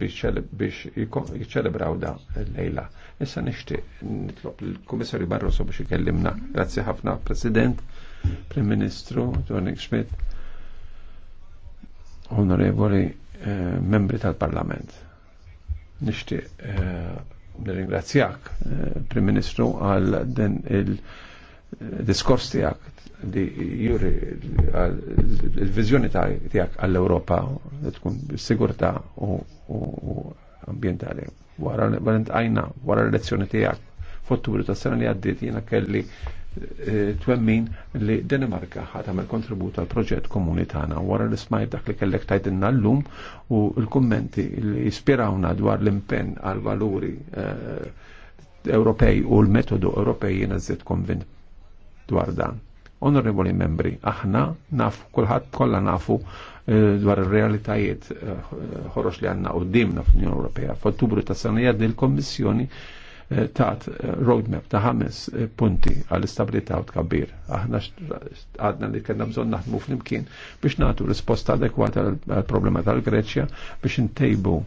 biex jiċċelebraw da l-lejla. Issa nixtieq nitlob l komissarju Barroso biex ikellimna. Grazzi ħafna, President, Prim Ministru, Tonik Schmidt, onorevoli eh, membri tal-Parlament. Nixtieq eh, nirringrazzjak, eh, Prim Ministru, għal den il- diskors tijak li juri il-vizjoni tijak għall-Europa tkun sigurta u ambientali. Wara l-int għajna, wara l-lezzjoni tijak fotturi ta' sena li għaddit jena kelli eh, twemmin li Danimarka ħatamel kontribut għal proġett komuni tagħna wara li smajt dak li kellek tajdinna llum u l-kummenti li jispirawna dwar l-impenn għal valuri eh, Ewropej u l-metodu Ewropej jena zid konvint dwar dan. Onorevoli membri, aħna nafu, kulħadd kollha nafu eh, dwar ir-realitajiet eh, ħorox li għandna qudiemna fl-Unjoni Ewropea. F'Ottubru ta' sanija il kommissjoni eh, tat roadmap ta' ħames punti għall istabilità u tkabbir. Aħna għadna li kellna bżonn naħdmu flimkien biex nagħtu risposta adekwata għall problema tal-Greċja biex intejbu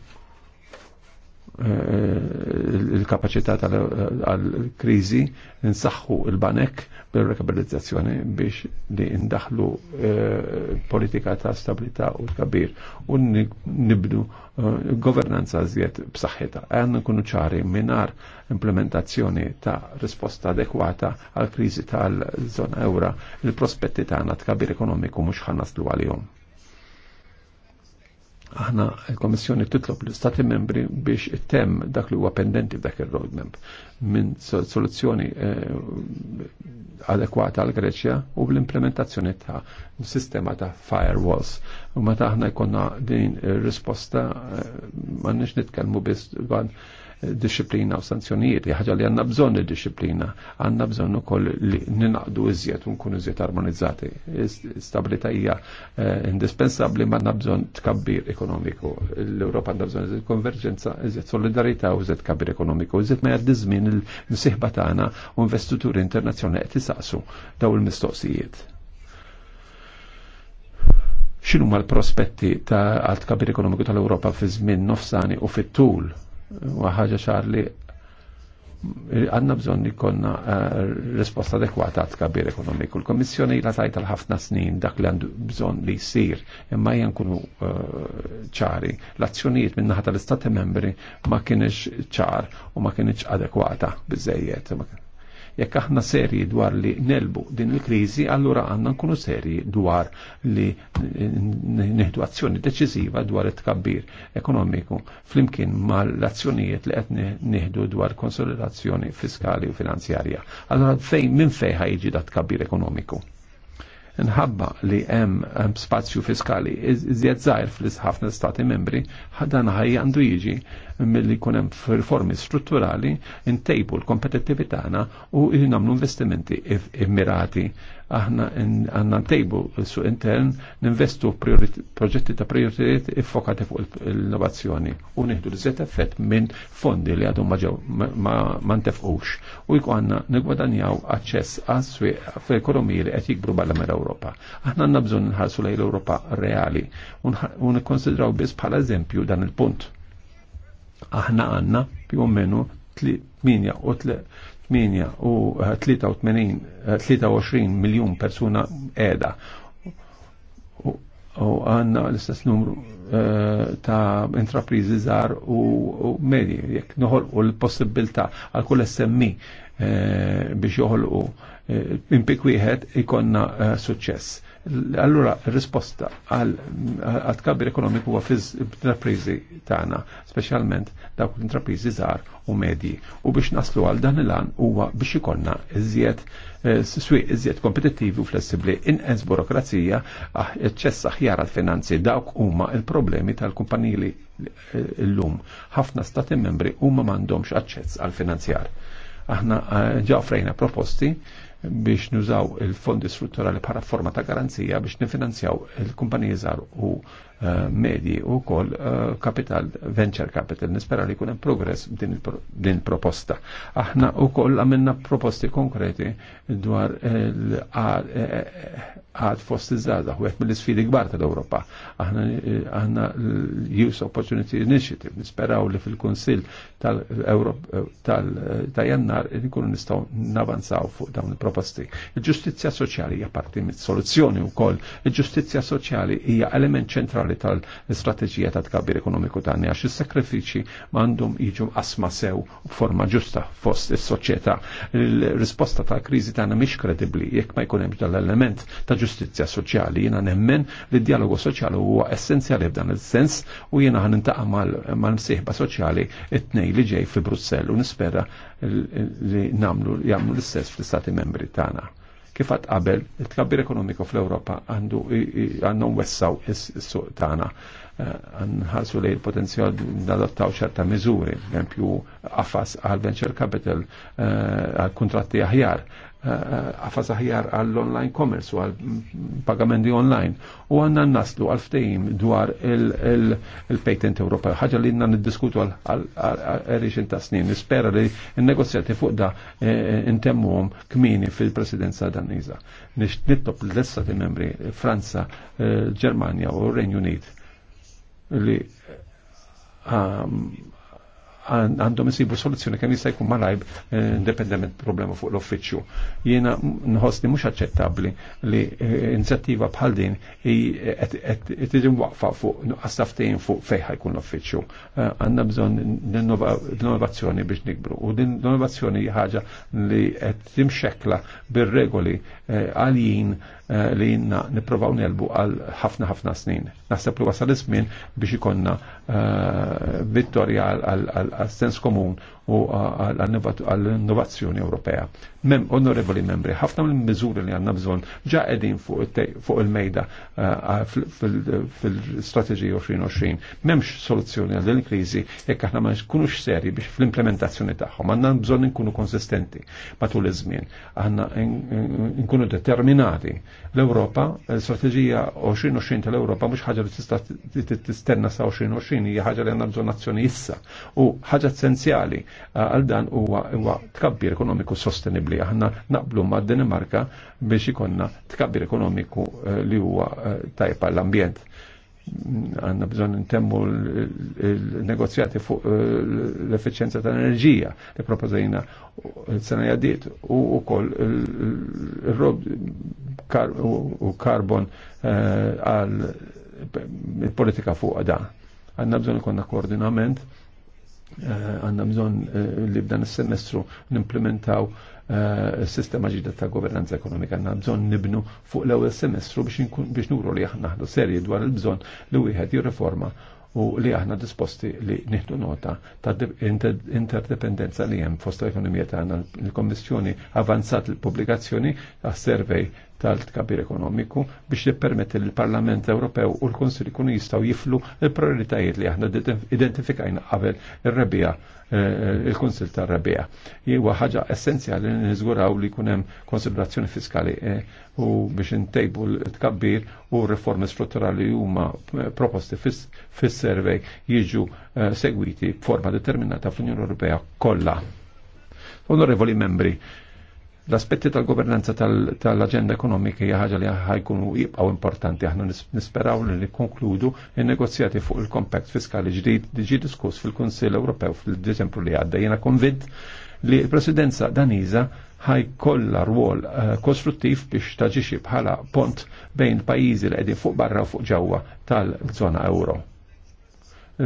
Eh, il-kapacità tal-krizi nsaħħu il-banek bil-rekabilizzazzjoni biex li ndaħlu eh, politika ta' stabilità u kabir u nibdu eh, governanza zjed b'saħħitha. Għan nkunu ċari minar implementazzjoni ta' risposta adekwata għal krizi tal-zona eura il-prospetti tagħna tkabir ekonomiku mhux ħannaslu għalihom. Aħna l-Komissjoni titlob l-Stati membri biex it-tem dak li huwa pendenti f'dak il-roadmap minn soluzzjoni eh, adekwata għal Greċja u bl-implementazzjoni ta' sistema ta' firewalls. U meta aħna jkollna din eh, risposta eh, ma nix nitkellmu biss dwar disciplina u sanzjonijiet, ħaġa li għanna bżon il-disciplina, għanna bżon ukoll li ninaqdu iżjed u nkunu iżjed armonizzati. Stabilita hija eh, indispensabbli ma għanna bżon tkabbir ekonomiku. L-Ewropa għandha bżon iżjed konverġenza, iżjed solidarita u iżjed tkabbir ekonomiku. Iżjed ma jgħaddi żmien il-msiħba tagħna u investituri internazzjonali qed isaqsu daw il-mistoqsijiet xinu ma l-prospetti ta' għal kabir ekonomiku tal-Europa fi żmien nofsani u fit-tul ħaġa xar li għanna bżon konna eh, risposta adekwata għat kabir ekonomiku. L-Komissjoni la tajt ħafna snin dak li għandu bżon li jisir, imma jankunu eh, ċari. L-azzjonijiet minna ħata l-Istati membri ma kienx ċar u ma kienx adekwata bizzejiet. Jekk aħna serji dwar li nelbu din il-kriżi, allura għandna nkunu serji dwar li neħdu azzjoni deċiżiva dwar it-tkabbir ekonomiku flimkien mal-azzjonijiet li qed nieħdu dwar konsolidazzjoni fiskali u finanzjarja. Allura fejn minn fejn ħajġi dat tkabbir ekonomiku? nħabba li hemm spazju fiskali iżjed zaħir fl ħafna stati membri, ħadan ħaj għandu jiġi milli jkun hemm reformi strutturali ntejbu l kompetitivitana u nagħmlu investimenti immirati. Aħna għandna ntejbu su intern ninvestu proġetti ta' prioritiet iffokati fuq l-innovazzjoni u nieħdu l-żet effett minn fondi li għadhom ma ntefqux u jkun għandna nigwadanjaw aċċess għas-swieq fl-ekonomiji li qed jikbru barra mill-Ewropa. Aħna għandna bżonn nħarsu lejn l-Ewropa reali u nikkonsidraw biss bħala eżempju dan il-punt. Aħna għanna più menu 83 eh, eh, miljon persuna edha u għanna l-istess numru eh, ta' intraprizi zar u medji, jek noħol u l-possibilta għal kull SMI biex joħol u impik wieħed ikonna suċċess. Allura, risposta għal kabir ekonomiku huwa fiż intraprizi tagħna, speċjalment dawk l-intraprizi żgħar u medji. U biex naslu għal dan il-għan huwa biex ikollna iżjed eh, swieq iżjed kompetittivi u flessibbli inqes burokrazija ah, eċċess aħjar għall finanzi dawk huma il-problemi tal-kumpanili eh, l-lum. Ħafna stati membri huma m'għandhomx aċċess għal-finanzjar. Aħna eh, ġafrejna proposti biex nużaw il-fondi strutturali bħala forma ta' garanzija biex nifinanzjaw il-kumpaniji żgħar u eh, medji u kol kapital, eh, venture capital. Nispera li kunem progress din proposta. Aħna u koll għamilna proposti konkreti dwar eh, għad fost iż żada u mill-isfidi kbar tal-Ewropa. Aħna l use Opportunity Initiative nisperaw li fil konsil tal-Jannar nkunu nistgħu navanzaw fuq dawn il-proposti. Il-ġustizzja soċjali hija parti mit-soluzzjoni wkoll. Il-ġustizzja soċjali hija element ċentrali tal-istrateġija ta' tkabbir ekonomiku tagħna għax is-sakrifiċi m'għandhom jiġu asma sew b'forma ġusta fost is-soċjetà. Il-risposta tal-kriżi tagħna mhix kredibbli jekk ma jkun hemm dal-element ta' ġustizja soċjali. Jiena nemmen li d-dialogu soċjali huwa essenzjali f'dan il-sens u jiena għan intaqa' mal-msieħba soċjali it nej li ġej fi Brussell u nispera li namlu jagħmlu l-istess fl-istati membri tagħna kif qabel, il klabbir ekonomiku fl-Europa għandu għannu wessaw il-suq tagħna. Eh, għanħarsu li l-potenzjal nadattaw ċerta miżuri, għempju għafas għal-venture capital, eh, għal-kontratti aħjar, Eh, għafa saħjar għall-online commerce u għall-pagamenti online u għanna naslu għal-ftejim dwar il-patent Ewropew. ħagġa li għanna niddiskutu għal reġin ta' snin. Nispera li n negozjati fuq da għom eh, kmini fil-presidenza daniza. Nittop l-lessa di membri Franza, eh, Germania u Renju Unit li ehm, għandhom isibu soluzzjoni kemm jista' jkun malajb eh, indipendent problema fuq l-uffiċċju. Jiena nħossni mhux aċċettabbli li eh, inizjattiva bħal din qed waqfa fuq nuqqas taftejn fuq fejn ħajkun l-uffiċċju. Eh, għandna bżonn l-innovazzjoni biex nikbru u din l-innovazzjoni ħaġa li qed timxekkla bir-regoli għaljin Eh, li jinnna niprovaw nelbu għal ħafna ħafna snin. Naħseb li wasal biex ikonna eh, vittorja għal sens komun u għall-innovazzjoni Ewropea. Mem, onorevoli membri, ħafna mill-miżuri li għanna bżon ġa edin fuq il-mejda fil strategi 2020. Memx soluzzjoni għal din krizi jekk aħna ma nkunux seri biex fl-implementazzjoni tagħhom. Għanna bżon nkunu konsistenti matul iż-żmien. Għandna nkunu determinati. L-Ewropa, l-strategija 2020 tal-Ewropa mhux ħaġa li tista' tistenna sa 2020 hija ħaġa li għandna bżonn azzjoni issa u ħaġa essenzjali għal dan huwa tkabbir ekonomiku sostenibli. Aħna naqblu ma' Danimarka biex ikonna tkabbir ekonomiku eh, li huwa eh, tajpa l-ambjent. Għanna bżon intemmu l-negozjati fuq eh, l-efficienza ta' enerġija li propozajna s sena jadiet u kol l rob u karbon għal politika fuq da. Għanna bżon ikonna koordinament Eh, għanna bżon eh, li b'dan is-semestru nimplementaw eh, sistema ġida ta' governanza ekonomika għanna bżon nibnu fuq l-ewwel semestru biex nuru li aħna naħdu serji dwar il-bżon li wieħed jirriforma u li aħna disposti li nieħdu nota ta' interdependenza li hemm fost ekonomija tagħna. Il-Kommissjoni avanzat il-pubblikazzjoni għas-servej tal-tkabir ekonomiku biex jippermetti li l-Parlament Ewropew u l-Konsil ikunu jistgħu jiflu l-prioritajiet li aħna identifikajna qabel ir-rebija eh, il-Konsil tar-rebija. Huwa ħaġa essenzjali li niżguraw li jkun hemm konsiderazzjoni fiskali eh, u biex intejbu l-tkabbir u reformi strutturali huma eh, proposti fis servej jiġu segwiti b'forma determinata fl-Unjoni Ewropea kollha. Onorevoli membri, L-aspetti tal-governanza tal-agenda ekonomika hija ħaġa li ħajkunu jibqgħu importanti aħna nisperaw li nikkonkludu n-negozjati fuq il kompakt fiskali ġdid li ġie diskuss fil-Kunsill Ewropew fil-Deċembru li għadda. Jiena konvint li l-Presidenza Daniża ħajkollha rwol eh, kostruttiv biex taġixi bħala pont bejn pajjiżi li qegħdin fuq barra u fuq ġewwa tal-żona Ewro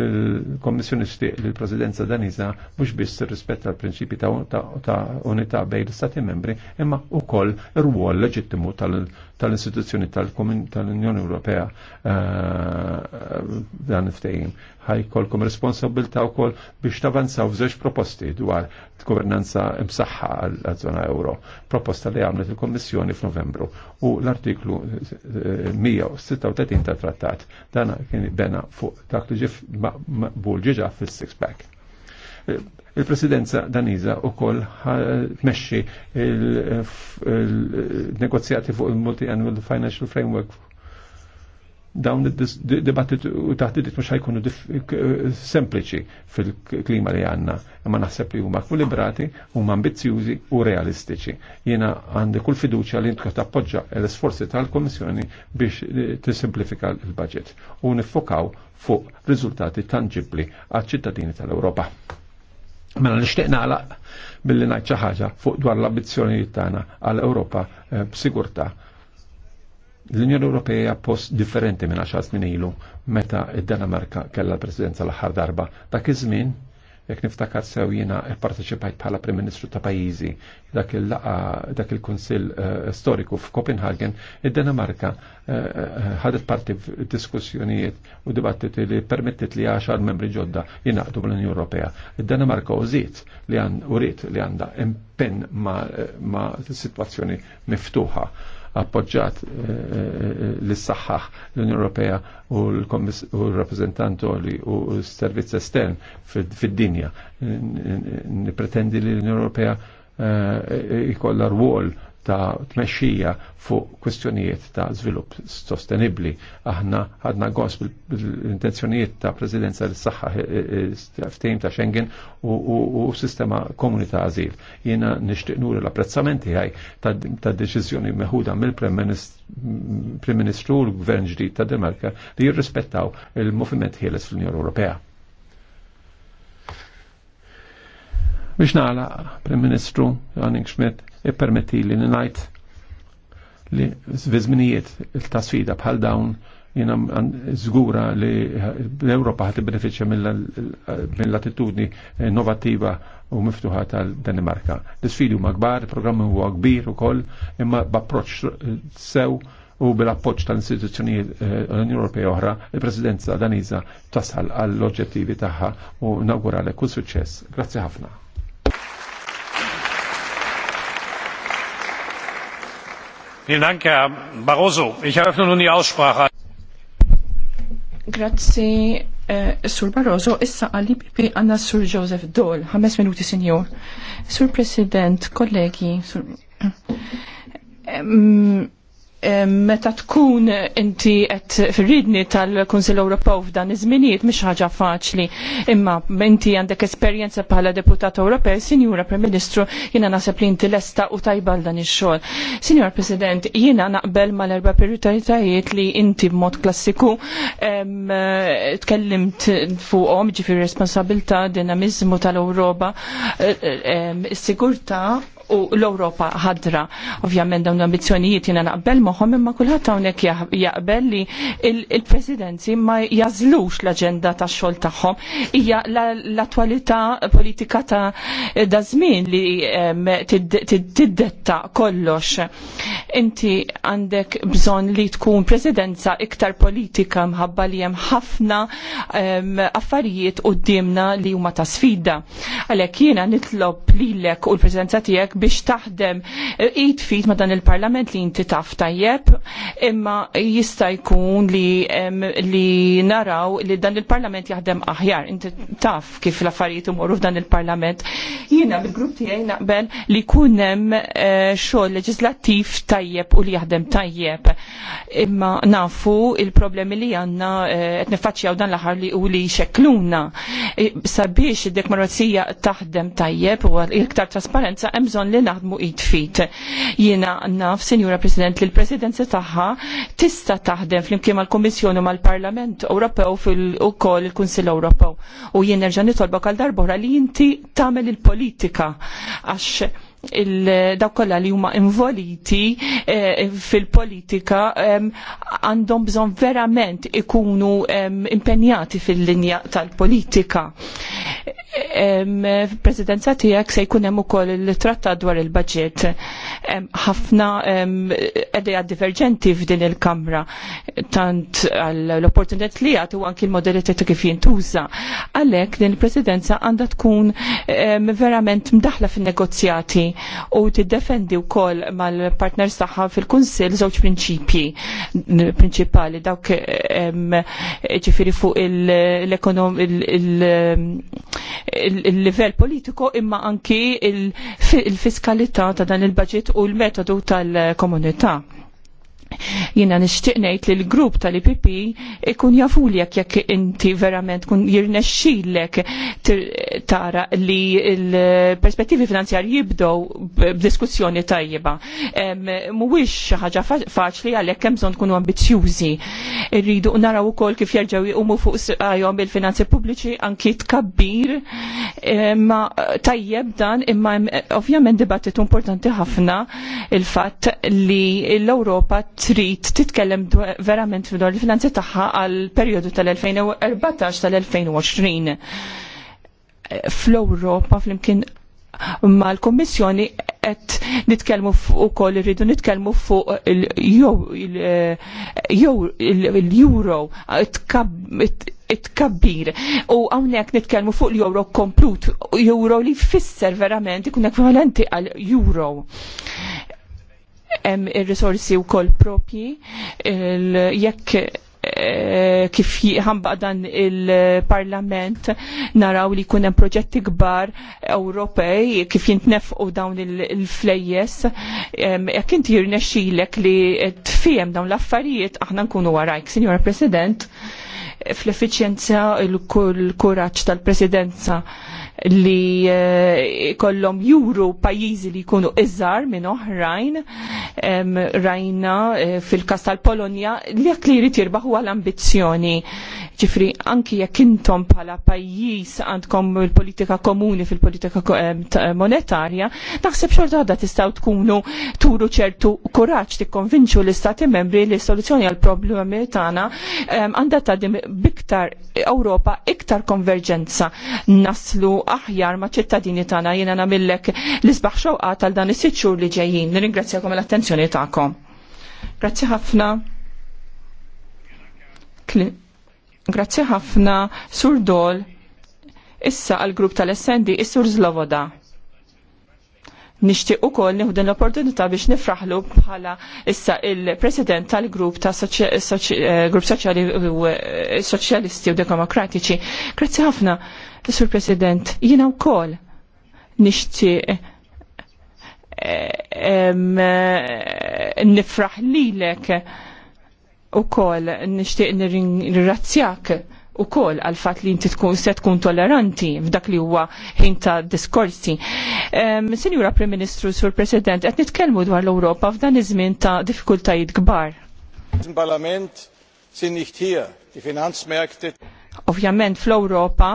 il-Kommissjoni li l-Presidenza Daniza mhux biss rispetta l-prinċipi ta' unità bejn l-Stati membri, imma wkoll ir-rwol leġittimu tal- tal-istituzzjoni tal-Unjoni Ewropea eh, eh, dan ftehim. Ħajkolkom responsabilta wkoll biex tavanzaw żewġ proposti dwar governanza msaħħa għal-żona euro. Proposta li għamlet il-Kommissjoni f'Novembru u l-artiklu 136 eh, ta' trattat dan kien bena fuq dak li ġif maqbul ġiġa fil-six pack Il-presidenza daniza u koll meċi il-negozjati fuq il-multi-annual financial framework dawn id-dibattit u taħtidit mux ħajkunu sempliċi fil-klima li għanna, imma naħseb li huma kwilibrati, huma ambizzjużi u realistiċi. Jena għandi kull fiduċa li ntkun tappoġġa l-esforzi tal-Komissjoni biex eh, t-simplifika l-budget u nifokaw fuq riżultati tangibli għal ċittadini tal-Ewropa. Mela nixtieq nagħlaq billi ngħid xi ħaġa fuq dwar l-ambizzjonijiet tagħna għal Ewropa eh, b'sigurtà. L-Unjoni Ewropea hija post differenti minn għaxar snin ilu meta d-Danamarka kellha l-Presidenza l-aħħar darba. Dak iż-żmien jekk niftakar sew jiena parteċipajt bħala Prim Ministru ta' pajjiżi dak il il-Kunsill eh, storiku f'Copenhagen, id-Danimarka eh, eh, ħadet parti f'diskussjonijiet u dibattiti li permettit li għaxar membri ġodda jingħaqdu bl-Unjoni Ewropea. Id-Danimarka użiet li għand urit li għandha impenn ma' sitwazzjoni miftuħa appoġġat l-saħħaħ l-Unjoni Ewropea u l-rappresentanti u s-servizz estern fid-dinja. Nipretendi li l-Unjoni Ewropea ikolla rwol ta' tmexxija fuq kwestjonijiet ta' żvilupp sostenibbli. Aħna ħadna gos bil-intenzjonijiet ta' Presidenza l saħħa eh, eh, eh, ftehim ta' Schengen u sistema komuni ta' azil. Jiena nixtieq nuri l-apprezzamenti għaj ta' deċiżjoni meħuda mill-Prim Ministru u l-Gvern ġdid ta' Demarka li jirrispettaw il-moviment ħieles fl-Unjoni Ewropea. Biex nagħlaq Prim Ministru, Janik Schmidt, permetti li najt li zvizminijiet ta' sfida bħal dawn jena zgura li l-Europa ħat beneficja mill-attitudni innovativa u miftuħa tal-Danimarka. L-sfidi huma kbar, il-programm huwa kbir ukoll, imma b'approċċ sew u bil-appoġġ tal-istituzzjonijiet l-Unjoni eh, Ewropea oħra, il-Presidenza Daniża tasal għall-oġġettivi tagħha u nawguralek kull suċċess. Grazzi ħafna. Vielen Dank, Herr Barroso. Ich eröffne nun die Aussprache. Grazzi, eh, Sur Barroso. Issa għal-IPP għanna Sur Joseph Dole. Ħames minuti, Signor. Sur President, kollegi, sur... Eh, mm, meta tkun inti qed firridni tal-Kunsill Ewropew f'dan iż-żminijiet mhix ħaġa faċli. Imma inti għandek esperjenza bħala deputat Ewropew, Sinjura Prim Ministru, jiena naħseb li inti lesta u tajba dan ix-xogħol. Sinjur President, jiena naqbel mal-erba' prioritajiet li inti b'mod klassiku tkellimt fuqhom ġifier responsabilità, dinamiżmu tal-Ewropa, is-sigurtà u l-Ewropa ħadra. Ovvjament dawn l-ambizzjonijiet jiena naqbel moħħom imma kulħadd hawnhekk jaqbel li il-Presidenzi ma jażlux l-aġenda tax-xogħol tagħhom. Hija l-attwalità politika ta' da' żmien li tiddetta kollox. Inti għandek bżonn li tkun presidenza iktar politika mħabba li hemm ħafna affarijiet qudiemna li huma ta' sfida. Għalhekk jiena nitlob lilek u l-presidenza tiegħek biex taħdem id fit ma dan il-parlament li inti taf tajjeb, imma jista' jkun li, li naraw li dan il-parlament jaħdem aħjar. Inti taf kif l-affarijiet imorru f'dan il-parlament. Jiena bil-grupp tiegħi naqbel li jkun hemm eh, xogħol leġislattiv tajjeb u li jaħdem tajjeb. Imma nafu il-problemi li għandna eh, qed nifaċċjaw dan l-aħħar li u li xekluna. Eh, sabiex id-dekmarazija taħdem tajjeb u iktar trasparenza hemm bżonn dan li naħdmu id fit. Jiena naf, Sinjura President, li l-Presidenza tagħha tista taħdem flimkien mal-Kummissjoni mal-Parlament Ewropew u ukoll il-Kunsill Ewropew. U jien nerġa' nitolbok għal darbora li inti tagħmel il-politika għax daw kollha li huma involiti eh, fil-politika għandhom bżonn verament ikunu impenjati fil-linja tal-politika. Presidenza tiegħek se jkun hemm ukoll il-trattat dwar il-budget. Ħafna idea diverġenti f'din il-Kamra tant l opportunitet li għatu anki l-modalità ta' kif jintuża. Għalhekk din il-Presidenza għandha tkun verament mdaħla fin-negozjati u tiddefendi wkoll mal-partner saħħa fil-Kunsill żewġ prinċipji prinċipali dawk ġifiri fuq il-livell politiku imma anki il-fiskalità ta' dan il-baġit u l-metodu tal-komunità Jina nixtieq ngħid li l-grupp tal-IPP ikun jafulek jekk inti verament kun jirnexxilek tara li l-perspettivi finanzjarji jibdow b'diskussjoni tajjiba. Mhuwiex ħaġa faċli għalhekk hemm bżonn nkunu ambizzjużi. Irridu naraw ukoll kif jerġgħu jqumu fuq għajom bil finanzi pubbliċi anki tkabbir ma tajjeb dan imma ovvjament dibattitu importanti ħafna il-fatt li l-Ewropa trid titkellem verament dwar il-finanzi tagħha għal perjodu tal-2014 tal-2020. Fl-Ewropa flimkien ma l-Kommissjoni qed nitkellmu ukoll irridu nitkellmu fuq il-euro it-kabbir. U hawnhekk nitkellmu fuq l-euro komplut, euro li fisser verament ikun ekvivalenti għal euro hemm ir-risorsi wkoll propji jekk eh, kif ħanbaq dan il-parlament naraw li kunem proġetti kbar Ewropej kif jintnefqu dawn il-flejjes jekk inti jirnexxilek li tfihem dawn l-affarijiet aħna nkunu warajk, Sinjora President fl-effiċjenza il-kuraġġ tal-presidenza li eh, kollom juru pajizi li jkunu iżar minn oħrajn rajna eh, fil kastal tal-Polonja li jekk li jrid jirbaħ huwa l-ambizzjoni. Ġifri, anki jekk intom bħala pajjiż għandkom il-politika komuni fil-politika monetarja, naħseb xorta għadha tistgħu tkunu turu ċertu kuraġġ tikkonvinċu l-istati membri li soluzzjoni għal problemi tagħna għandha tgħaddim biktar Ewropa iktar konverġenza naslu aħjar ma' ċittadini tagħna jiena nagħmillek l-isbaħ xewqa tal dan is-sitt li ġejjin. Nirringrazzjakom l-attenzjoni tagħkom. Grazzi ħafna. Grazzi ħafna Sur Dol. Issa għall grupp tal-Essendi is-Sur Zlovoda. Nixtieq ukoll nieħu din l-opportunità biex nifraħlu bħala issa il-President tal-Grupp ta' eh, Grupp eh, Soċjalisti u Demokratiċi. Grazzi ħafna, Sur President, jiena wkoll nixtieq eh, nifraħ lilek ukoll nixtieq nirrazzjak u kol għal fat li inti tkun se tkun toleranti f'dak li huwa ħin ta' diskorsi. Um, Sinjura Prim Ministru, Sur President, qed nitkellmu dwar l europa f'dan iż-żmien ta' diffikultajiet kbar. Parlament sin nicht di Finanzmärkte Ovvjament fl-Ewropa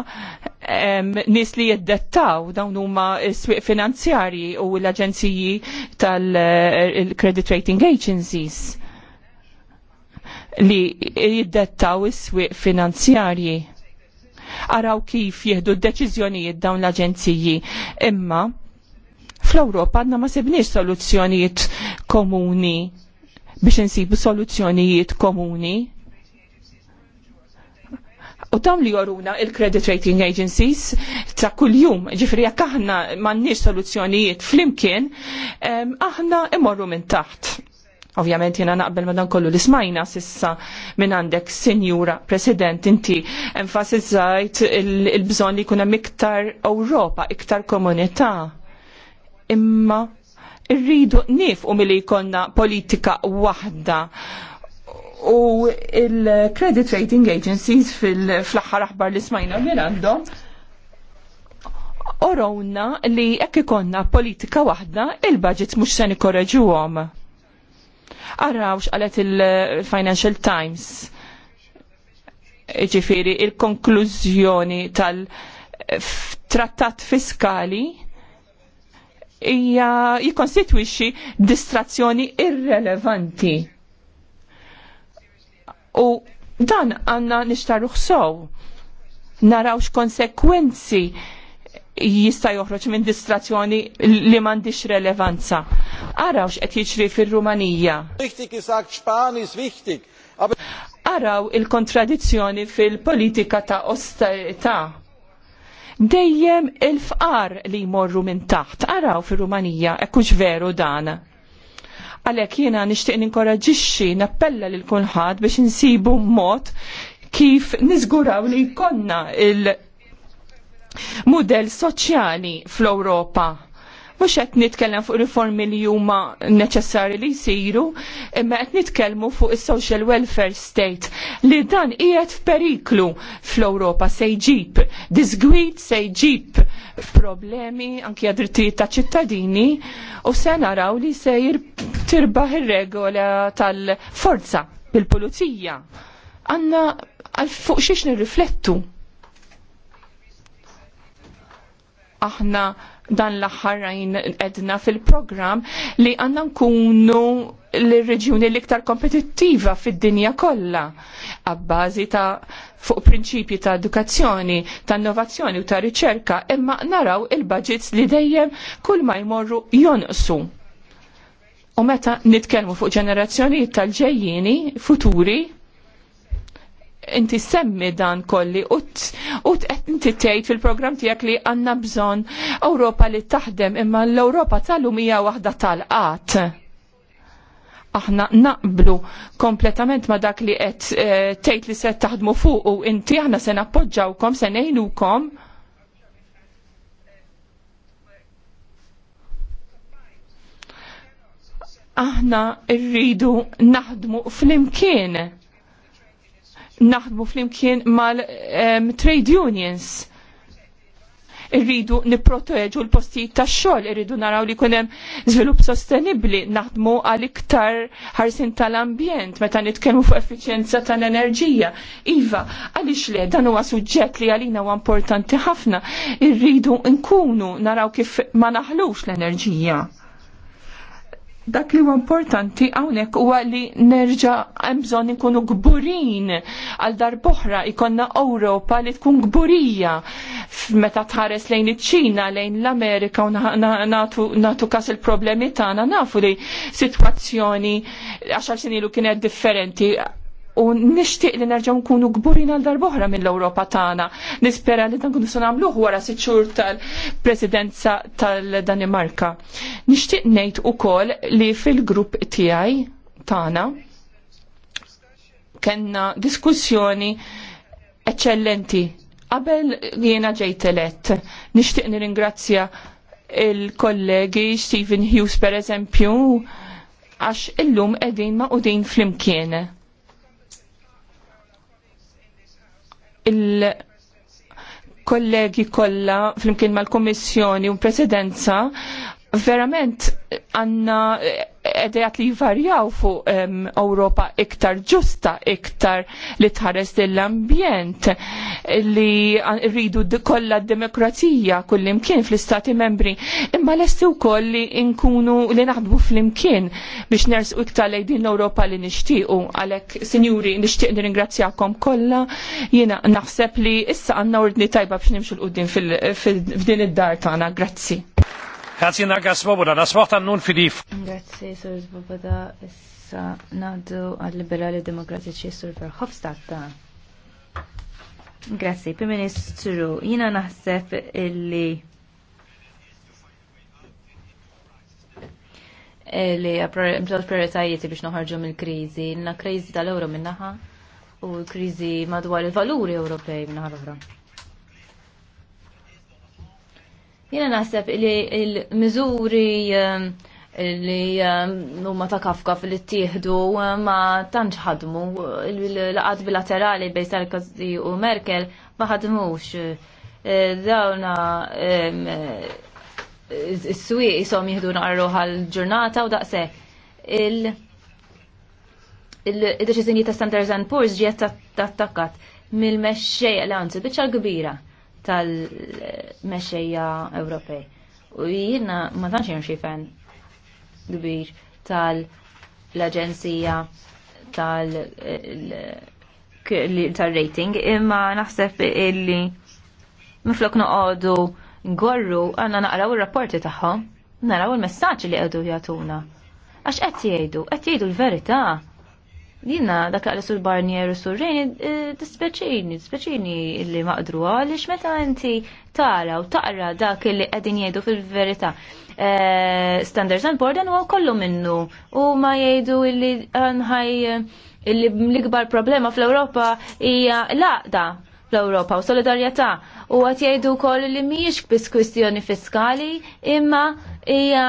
nis li jiddettaw dawn huma s-swieq finanzjarji u l-aġenziji tal-credit eh, rating agencies li jiddettaw is-swieq finanzjarji. Araw kif jieħdu d-deċiżjonijiet dawn l-aġenziji. Imma fl-Ewropa għanna ma sibniex soluzzjonijiet komuni biex insibu soluzzjonijiet komuni. U dawn li joruna il-credit rating agencies ta' kull-jum, ġifri jekk aħna m'għandniex soluzzjonijiet flimkien, aħna imorru minn taħt. Ovvjament jena naqbel ma dan kollu li smajna sissa minn għandek Sinjura President inti enfasizzajt il-bżon li kuna miktar Ewropa, iktar komunità. Imma irridu mill milli jkollna politika waħda u il-credit rating agencies fil-flaħħar aħbar li smajna minn għandhom orowna li jekk konna politika waħda il-budget mhux se nikorreġuhom Arrawx għalet il-Financial Times. Ġifiri, il-konklużjoni tal-trattat fiskali hija jikonstitwixxi distrazzjoni irrelevanti. U dan għanna nixtarruħ sow. Narawx konsekwenzi jista joħroġ minn distrazzjoni li m'għandix relevanza. Araw x'qed jiġri fir-Rumanija. Araw il-kontradizzjoni fil-politika ta' austerità. Dejjem il-fqar li jmorru minn taħt. Araw fir-Rumanija, ekkux veru dan. Għalhekk jiena nixtieq ninkoraġixxi nappella lil kulħadd biex insibu mod kif niżguraw li jkollna il- mudell soċjali fl-Ewropa mux għet nitkellem fuq riformi li huma neċessari li jisiru, imma għet nitkellmu fuq il-social welfare state li dan qiegħed f'periklu fl-Ewropa se jġib disgwid, se jġib problemi anki drittijiet ta' ċittadini u se naraw li se tirbaħ ir-regola tal-forza bil-pulizija. Għanna għal fuq xiex nirriflettu. aħna dan l-aħħarajn edna fil-program li għanna nkunu l-reġjuni l-iktar kompetittiva fid-dinja kollha għabbażi ta' fuq prinċipji ta' edukazzjoni, ta' innovazzjoni u ta' riċerka, imma naraw il-budgets li dejjem kull ma jmorru jonqsu. U meta nitkellmu fuq ġenerazzjoni tal-ġejjini futuri, inti semmi dan kolli u qed inti tgħid fil-programm tiegħek li għandna bżonn Ewropa li taħdem imma l-Ewropa tal-lum hija waħda tal qat Aħna naqblu kompletament ma dak li qed eh, tgħid li se taħdmu fuq u inti aħna se nappoġġawkom se ngħinukom. Aħna rridu naħdmu fl-imkien naħdmu flimkien mal-trade unions irridu niprotoġu l-postijiet tax xogħol, irridu naraw li kunem żvilupp sostenibbli, naħdmu għal iktar ħarsin tal-ambjent, meta nitkellmu fuq effiċjenza tal-enerġija. Iva, għaliex le dan huwa suġġett li għalina huwa importanti ħafna, irridu nkunu naraw kif ma naħlux l-enerġija. Dak li huwa importanti hawnhekk huwa li nerġa' hemm bżonn ikunu gburin għal darboħra ikonna Ewropa li tkun gburija meta tħares lejn iċ-Ċina lejn l-Amerika u natu, każ kas il-problemi tagħna nafu li sitwazzjoni għaxar sinilu kienet differenti u nixtieq li nerġgħu nkunu gburin għal darboħra mill-Ewropa tagħna. Nispera li dan kunu se nagħmluh wara sitt tal-Presidenza tal-Danimarka. Nixtieq ngħid ukoll li fil-grupp tiegħi tagħna kenna diskussjoni eccellenti. Qabel jiena ġejt elett, nixtieq nirringrazzja il-kollegi Stephen Hughes per eżempju, għax illum edin ma' udin flimkien il- kollegi kollha flimkien mal-Kummissjoni u Presidenza verament għanna għedijat li jvarjaw fuq um, Ewropa iktar ġusta, iktar li tħares l-ambjent, li rridu kollha d-demokrazija kullimkien fl-istati membri, imma lesti wkoll li nkunu li naħdbu fl-imkien biex nersqu iktar lejn din l-Ewropa li nixtiequ. Għalhekk, sinjuri, nixtieq nirringrazzjakom kollha. jina naħseb li issa għandna ordni tajba biex nimxu l fil f'din id-dar tagħna. Grazzi. Grazie Naga Svoboda, das Wort nun für Grazie Sur Svoboda, issa nadu għal-liberali demokratiċi Sur Verhofstadt ta' Grazzi, Prim Ministru, jina naħseb illi li mżol prioritajieti biex noħarġu mill-krizi, na krizi tal-euro minnaħa u krizi madwar il-valuri Ewropej minnaħa l-oħra. Jena naħseb li l-mizuri ehm, li ehm, huma ta' kafka fil ittieħdu ehm, ma tantx ħadmu l-laqat bilaterali bejn Sarkozy u Merkel ma ħadmux eh, dawna eh, is-swieq isom naqarru naqru ġurnata u daqshekk il Il-deċizjoni ta' Standards and Poor's ġiet attakkat mill-mexxejja l-anzi biċċa kbira tal-mexxejja Ewropej. U jiena ma tantx hemm xi fen kbir tal-Aġenzija eh, tal-rating imma naħseb illi miflok noqogħdu ngorru għandna naqraw ir-rapporti tagħhom, naraw il-messaġġ li qegħdu jagħtuna. Għax qed jgħidu, qed jgħidu l-verità Dina dak għal sur Barnier u sur Rejni eh, dispeċini, dispeċini li maqdru għalix meta inti tara u taqra dak li qegħdin jgħidu fil-verità. Eh, standards and Board huwa kollu minnu u ma jgħidu li illi l-ikbar problema fl-Ewropa hija laqda fl-Ewropa u solidarjetà u għat jgħidu wkoll li mhijiex biss kwistjoni fiskali imma hija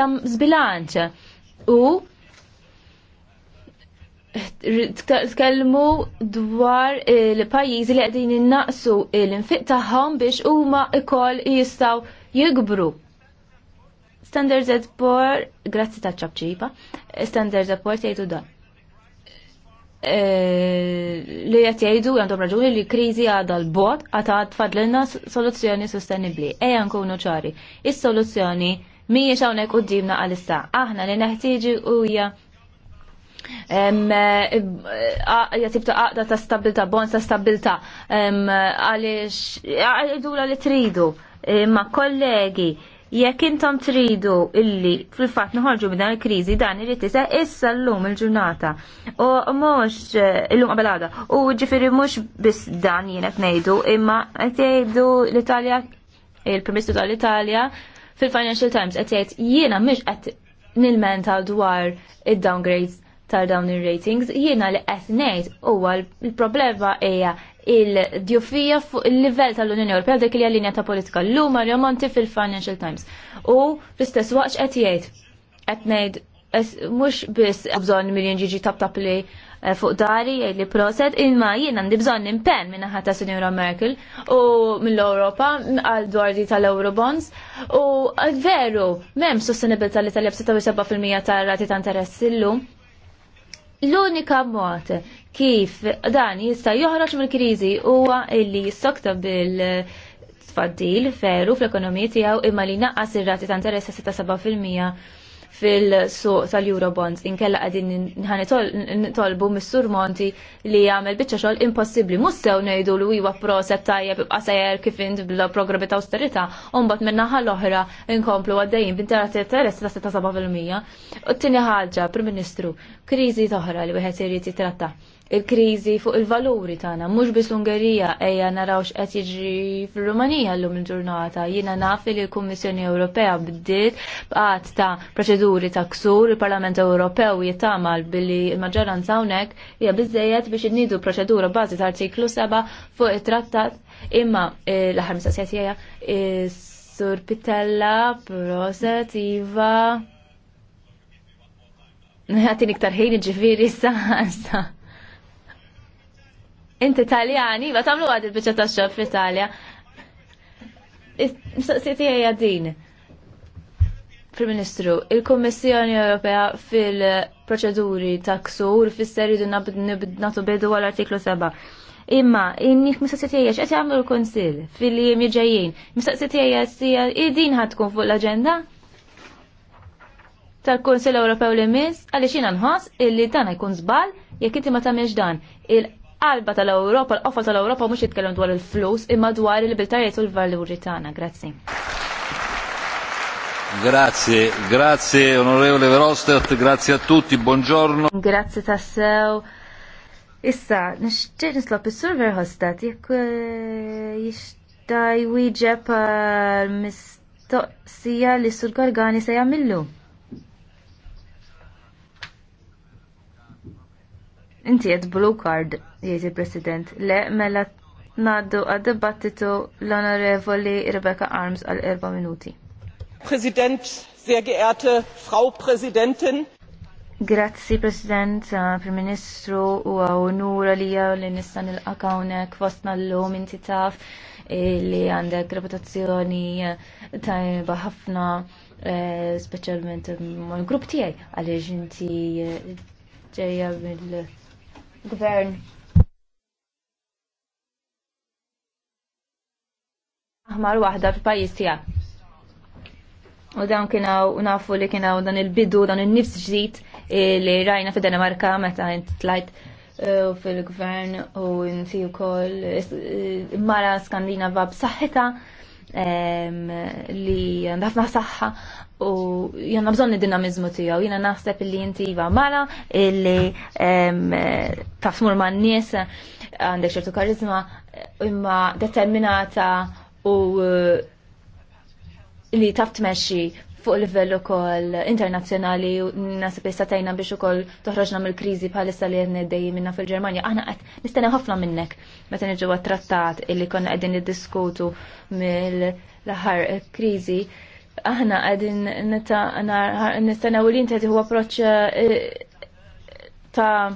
tam zbilanċ. U tkellmu dwar il-pajjiżi eh, li qegħdin innaqsu l-infiq tagħhom biex huma ikoll jistgħu jikbru. Standards at poor, grazzi ta' ċabċipa, Standards at Poor jgħidu dan. Eh, li qed jgħidu għandhom raġuni li kriżi għadha l-bot għad tfadlilna soluzzjoni sostenibbli. Ejja nkunu ċari, is-soluzzjoni mhijiex hawnhekk qudiemna għal-issa. Aħna li neħtieġi huja Eh, eh, jatib għaqda ta' stabilta, bon ta' stabilta, għalix, għidula li tridu, ma' kollegi, jekk intom tridu illi fil-fat noħorġu minn dan il-krizi dan irid tisa issa llum il-ġurnata. U mhux eh, illum qabel għada. U ġifieri mhux biss dan qed ngħidu, imma qed jgħidu l-Italja il-Primistru tal-Italja fil-Financial Times qed jgħid jiena mhux qed nilmenta dwar id-downgrades tal dawn ir-ratings, jiena li qed ngħid huwa l-problema hija il-djufija fuq il-livell tal-Unjoni Ewropea dik li linja ta' politika llum Mario Monti fil-Financial Times. U fl-istess waqt qed jgħid qed ngħid mhux biss bżonn miljon ġiġi tap tab li eh, fuq dari li proset imma jien għandi bżonn impenn minn naħa ta' Sinjora Merkel u mill-Ewropa għal dwar di tal-Eurobonds u eh, veru m'hemm sostenibilità li tal-7 fil-mija tar-rati ta' interess illum L-unika mod kif dan jista' joħroġ mill-kriżi huwa li jissokta bil tfaddil feru fl-ekonomija tiegħu imma li naqqas ir-rati ta' interess sa' 7 fil-mija fil-suq tal-Eurobonds inkella għadin nitolbu mis-Sur Monti li jagħmel biċċa xogħol impossibbli. Mussew ngħidu li huwa proset tajjeb ibqa' sejjer kif int programmi ta' austerità u mbagħad min-naħa l-oħra inkomplu għaddejjin t interess ta' 7 fil-mija. U t-tieni ħaġa, Prim Ministru, kriżi toħra li wieħed irid jitratta il-kriżi fuq il-valuri tagħna. Mhux biss l-Ungerija ejja narawx qed jiġri fir-Rumanija llum il-ġurnata. Jiena naf li l-Kummissjoni Ewropea bdiet b'qatt ta' proċeduri ta' ksur, il-Parlament Ewropew jitamal billi l-maġġoranza hawnhekk hija biżejjed biex innidu proċedura bażi ta' artiklu 7 fuq it-trattat imma eh, l-aħħar mistaqsija eh, Sur Pitella, Proset, Iva. Għatin ħin ġifiri sa' sa' Inti Taljani, ma tagħmlu għad il-biċċa tax-xogħol fl-Italja. Mistoqsieti hija din. Prim Ministru, il-Kommissjoni Ewropea fil-proċeduri ta' ksur fisser jridu natu bidu għal artiklu 7. Imma, innik mistaqsitija x'qed jagħmlu l-Kunsill fil-jiem ġejjin. Mistaqsitija sija din ħad tkun fuq l-aġenda tal-Kunsill Ewropew li miss għaliex jiena nħoss illi dan jkun żball jekk inti ma tagħmilx dan qalba tal-Ewropa, l-qofa tal-Ewropa mhux jitkellem dwar il-flus imma dwar il biltajiet u l-valuri tagħna. Grazzi. Grazie, grazie onorevole Verostert, grazie a tutti, buongiorno. Grazie tassew. Issa, nixtieq nislob is-Sur hostat. jekk eh, jista' jwieġeb eh, mistoqsija li sur Gorgani se jagħmillu. Inti għed blue card, jieti president le mela naddu għad-dibattitu l-Onorevoli Rebecca Arms għal erba minuti. President, sehr geehrte Frau Präsidentin, Grazzi President, Prim Ministru, u għonura li li nistan il-akawnek fostna l-lum inti taf eh, li għandek reputazzjoni eh, tajba ħafna, eh, specialment mal-grupp tijaj, għaliex inti ġeja mill- gvern. Aħmar waħda fil-pajjiż tiegħek. U dan u nafu li kienaw dan il-bidu, dan il-nifs ġdid li rajna fi Danimarka meta tlajt uh, fil-gvern u nsi u koll uh, mara skandinava b'saħħita um, li għandafna saħħa u jenna bżonni dinamizmu tijaw, jenna naħseb li jinti jiva mala, illi tafsmur ma' n-nies, għandek ċertu karizma, imma determinata u eh, li taft meċi fuq livellu kol internazzjonali u nasib li satajna biex ukoll toħroġna mill-kriżi bħalissa li qed dejjem minna fil-Ġermanja. Aħna qed nistennew ħafna minnek meta niġu trattat illi konna qegħdin diskutu mill-aħħar kriżi aħna għadin nistanaw eh, eh, li inti huwa approċċ ta'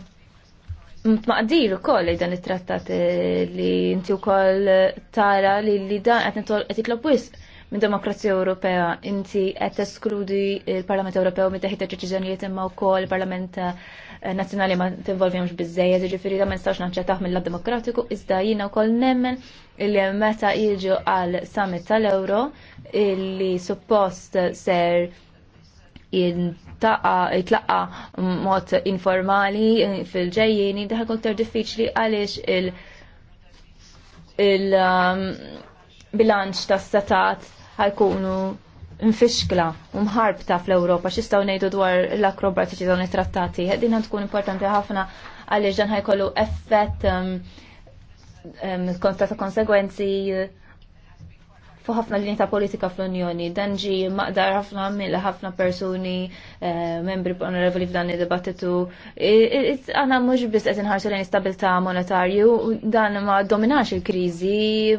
maqdir u koll dan it-trattat li inti u koll tara li li dan għet nitlob wisq minn demokrazija Ewropea inti qed teskludi l-Parlament Ewropew minn teħid deċiżjonijiet imma wkoll il-Parlament eh, Eh, nazzjonali ma tinvolvjomx biżejjed, jiġifieri da ma nistax naċċettaħ mill-lab demokratiku, iżda jiena wkoll nemmen li meta jiġu għal summit tal-Euro illi suppost ser jitlaqa mod informali fil-ġejjini, daħal kontar diffiċli għaliex il- il-bilanċ um, tas statat ħajkunu nfixkla u mħarbta fl-Ewropa x'istgħu ngħidu dwar l-akrobatiċi dawn it-trattati. Din tkun importanti ħafna għaliex dan ħajkollu effett um, um, ta' konsegwenzi Fu ħafna linja ta' politika fl-Unjoni. Dan ġi maqdar ħafna mill ħafna persuni eh, membri onorevoli f'dan id-dibattitu. Għana mhux biss qed inħarsu lejn istabilità monetarju, dan ma dominax il-kriżi,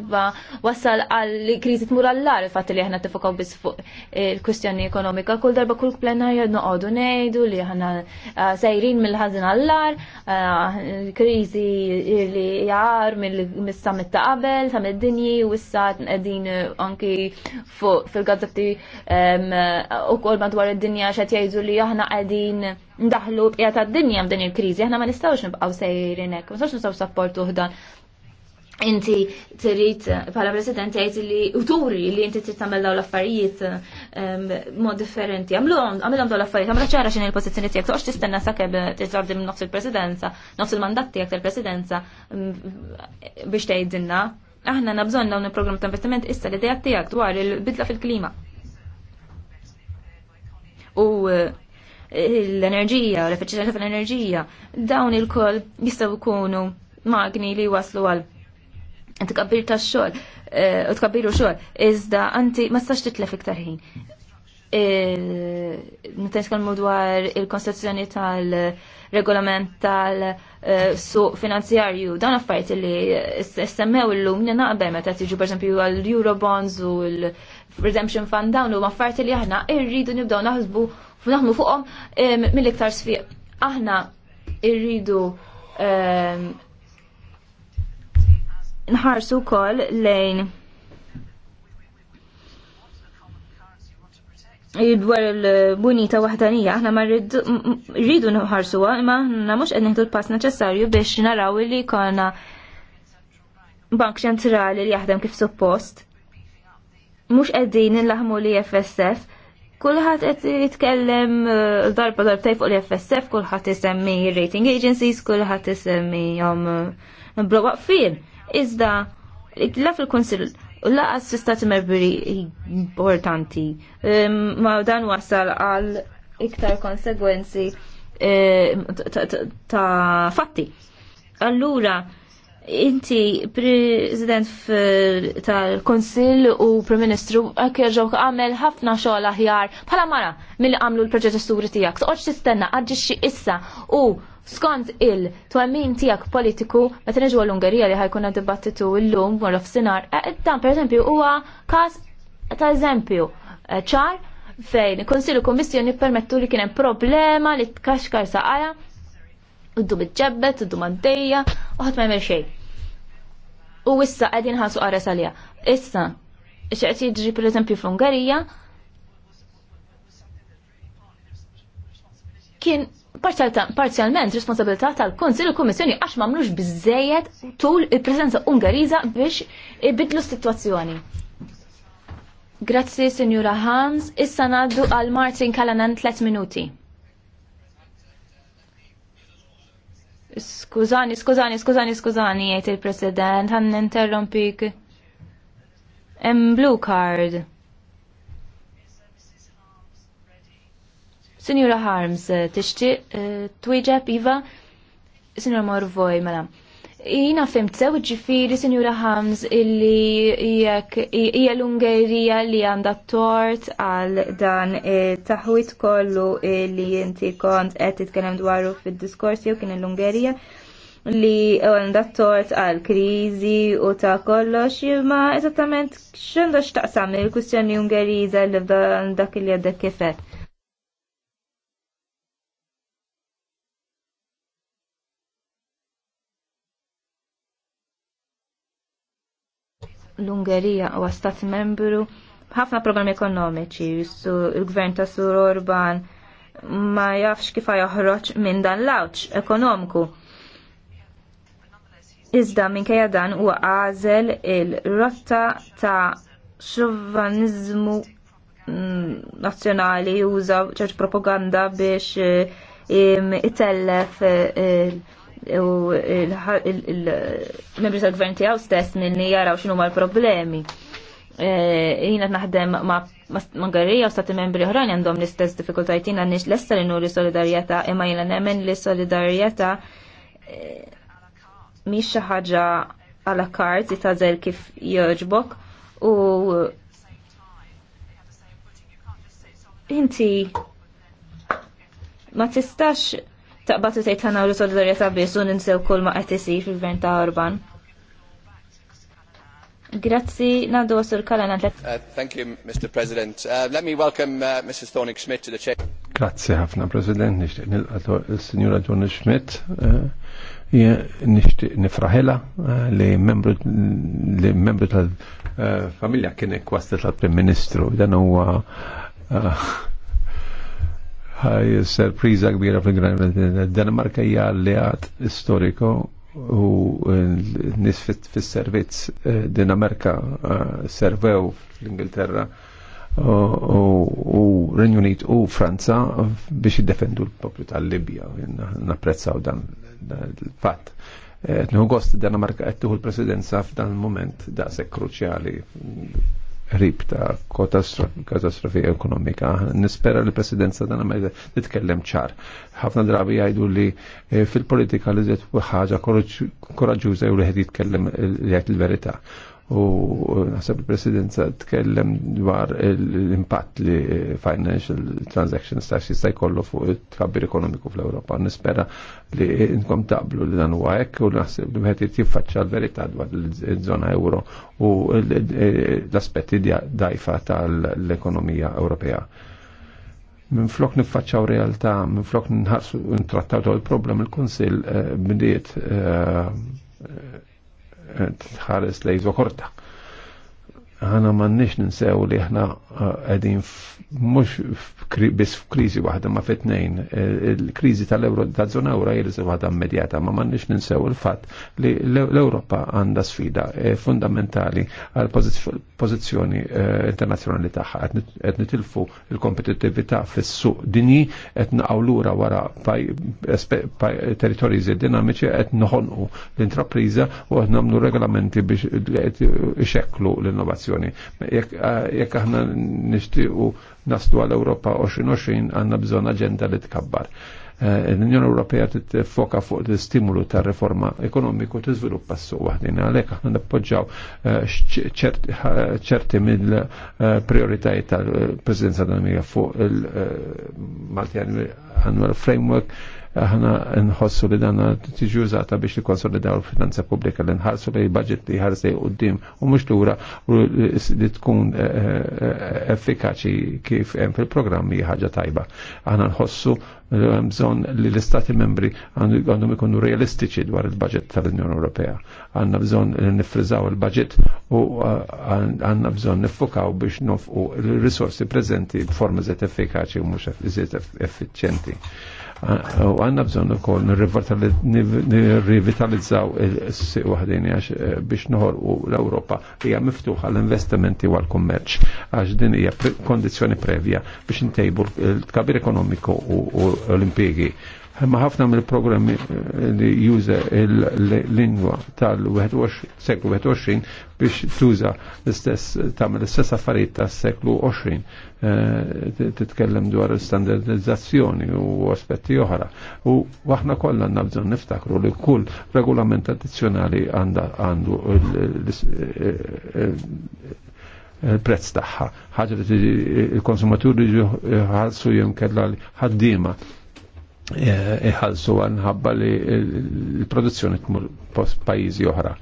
wassal għall-kriżi tmur għall-lar fatt li aħna tifokaw biss fuq il-kwistjoni ekonomika. Kull darba kull plenarja noqogħdu ngħidu li aħna eh, sejrin mill ħazin għall-lar, eh, kriżi li jar mill-summit ta' qabel, ta' mid-dinji, u issa qegħdin anki fil-gazzetti u kol madwar id-dinja xat jajdu li aħna għadin ndaħlu bqija ta' dinja mdin il-krizi, aħna ma nistawx nibqaw sejrinek, ma nistawx nistaw sapportu uħdan. Inti trid bħala president jgħid li uturi li inti trid tagħmel daw l-affarijiet mod differenti. Għamluhom għamilhom daw l-affarijiet, għamilha ċara x'in il-pożizzjoni tiegħek, toqgħodx tistenna sakemm titgħaddi minn nofs il-presidenza, nofs il-mandat tiegħek tal-presidenza biex tgħidilna Aħna nabżonna dawn il ta' investiment issa li dejat tiegħek dwar il-bidla fil-klima. U eh, l-enerġija, l-efficienza fil enerġija dawn il-koll jistgħu jkunu magni li waslu għal tkabbir tax-xogħol eh, u tkabbiru xogħol iżda anti ma stax titlef iktar Nitan eh, nitkellmu dwar il-konstituzzjoni tal-regolament tal-suq finanzjarju. Dan affarijiet li semmew l-lum li naqbel meta tiġu esempio għal eurobonds u l-Redemption Fund dawn u affarijiet li aħna irridu nibdaw naħsbu naħdmu fuqom mill-iktar sfiq. Aħna irridu nħarsu kol lejn dwar il-bunita wahdanija, aħna ma rridu nħarsuwa, imma aħna mux qed neħdu l-pass neċessarju biex naraw li konna bank ċentrali li jaħdem kif suppost. Mux qegħdin nlaħmu li FSF, kulħadd qed jitkellem uh, darba tajf fuq li FSF, kulħadd isemmi rating agencies, kulħadd isemmihom jom uh, up fin. Iżda, laf il-konsil laqas fl-istati importanti. Ma dan wasal għal iktar konsegwenzi ta' fatti. Allura, inti president tal-konsil u prim-ministru għakirġawk għamel ħafna xogħol aħjar bħala mara mill-għamlu l-proġettisturi tijak. Toqgħodx tistenna għadġiċi issa u skont il-twemmin tiegħek politiku meta niġu l-Ungerija li ħajkun dibattitu llum wara sinar. Eh, dan pereżempju huwa każ ta' eżempju eh, ċar fejn il-Konsilju Kummissjoni permettu li kien hemm problema li tkaxkar u id-dum iġġebbet, id-dum għaddejja, ħat ma jmel xejn. U issa għedin ħasu għarres għalija. Issa, xeqt ġri per eżempju fl-Ungarija, kien parzialment responsabilità tal-Konsil u Kommissjoni għax mamlux bizzejet tul il-presenza Ungariża biex ibidlu s-situazzjoni. Grazzi, Signora Hans. Issa naddu għal Martin Kalanan 3 minuti. Skużani, skużani, skużani, skużani, jgħid il-President, għan interrompik. Em blue card. Sinjura Harms, eh, tixtieq eh, twieġeb Iva? Sinjura Morvoj, mela. Jina fimt sew ġifiri Sinjura Harms illi hija l-Ungerija li għandha tort għal dan eh, taħwit kollu li inti kont qed titkellem dwaru fid diskors jew kien l-Ungerija li għanda tort għal krizi u ta' kollox, ma eżattament xandu taqsam il-kustjoni Ungerija li dak li għadda kifet. l-Ungerija u għastat membru ħafna problemi ekonomiċi, il-gvern ta' Sur Orban ma jafx kif joħroġ minn dan l-awċ ekonomiku. Iżda minkejja dan huwa għażel il-rotta ta' xovanizmu mm, nazzjonali uża ċerċ propaganda biex eh, itellef il- eh, u il-membri tal-gvern tiegħu stess milli jaraw x'inhuma l-problemi. E, jiena naħdem ma' garrija u stati membri oħrajn għandhom l-istess diffikultajt jiena nix lesta li nuri solidarjetà imma jiena nemmen li solidarjetà e, mhix xi ħaġa għala kart jitażel kif jogħġbok u inti ma tistax taqbat u tgħid ħanawlu solidarjetà biss u ninsew kol ma għetisi fil-gvern ta' urban. Grazzi, nadu għasur kalana. Uh, thank you, Mr. President. Uh, let me welcome uh, Mrs. Thornik Schmidt to the chair. Grazzi ħafna, President. Nishtiq nilqatu il-Signora Thornik Schmidt. Uh, nishtiq nifraħela uh, li membru tal-familja kien kwasta tal prem Ministru. Dan huwa sorpriża kbira fil-Gran Danimarka hija alleat istoriko u nis fis-servizz eh, Danimarka eh, servew fl-Ingilterra u Renju Unit u Franza biex jiddefendu l-poplu tal-Libja. Napprezzaw dan l-fatt. Eh, nħu gost Danimarka għettuħu l-presidenza f'dan il moment da' kruċjali rib ta' katastrofi ekonomika. Nispera li presidenza dan għamil nitkellem ċar. ħafna drabi jgħidu li eh, fil-politika li zet ħaġa koraġuża u li jitkellem li jgħid il-verità u għasab eh, il-presidenza tkellem dwar l-impatt li eh, financial transactions ta' jista' jkollu fuq il tkabbir ekonomiku fl europa Nispera li nkom tablu li dan huwa hekk u naħseb li wieħed jiffaċċa l-verità dwar l-zona euro u eh, l-aspetti dajfa tal-ekonomija Ewropea minn flok nifacċaw realtà, minn flok nħarsu ntrattaw il problem il-Konsil bdiet tħares lejn korta. Ħana m'għandniex ninsew li aħna eh, qegħdin mux bis krizi waħda ma fitnejn, e, il-krizi tal-euro ta' zona euro jirżi waħda immedjata, ma mannix ninsew il-fat li l-Europa għanda sfida e, fundamentali għal pozizjoni e, internazjonali tagħha qed nitilfu il kompetitivita fis-suq dinji qed naqawlura wara territorji dinamiċi qed noħonqu l-intrapriża u qed nagħmlu regolamenti biex ixekklu l-innovazzjoni. Jekk aħna nixtiequ nastu għal Europa 2020 għanna bżon agenda li tkabbar. Eh, L-Unjoni Ewropea t-foka fuq l-stimulu ta' reforma ekonomiku tiżviluppa s-suq waħdin għalhekk aħna nappoġġaw eh, ċerti mill-prioritajiet eh, tal-Presidenza Dinamika fuq il-Malti Annual Framework aħna nħossu li dan tiġi użata biex konsolidaw l finanza publika li nħarsu li budget li ħarsej d-dim u mhux lura li tkun eh, eh, effikaċi kif hemm fil-programmi ħagġa tajba. Aħna nħossu eh, bżon li l-istati membri għandhom ikunu realistiċi dwar il-budget tal-Unjoni Ewropea. Għanna bżon li nifrizaw il-budget u għanna bżon nifukaw biex nofqu l-risorsi prezenti b'forma zet effikaċi u mux zet effiċenti u għanna bżon ukoll nirrivitalizzaw s siq waħdini għax eh, biex u l-Ewropa hija miftuħa l-investimenti u għal-kummerċ għax din hija kondizjoni previa biex intejbu l-kabir ekonomiku u l impiegi Ma ħafna mill-programmi eh, li juża l-lingwa tal-21 seklu 21 biex tuża l-istess tamil l-istess affarijiet tas-seklu 20 Eh, titkellem dwar standardizzazzjoni u aspetti oħra. U waħna kollha għanna bżon niftakru li kull regolament addizjonali għandu il-prezz eh, eh, tagħha. Ħagġa li il-konsumaturi ħalsu kella li ħaddiema Eh, iħalsu għanħabba li l-produzzjoni tmur pajizi oħra.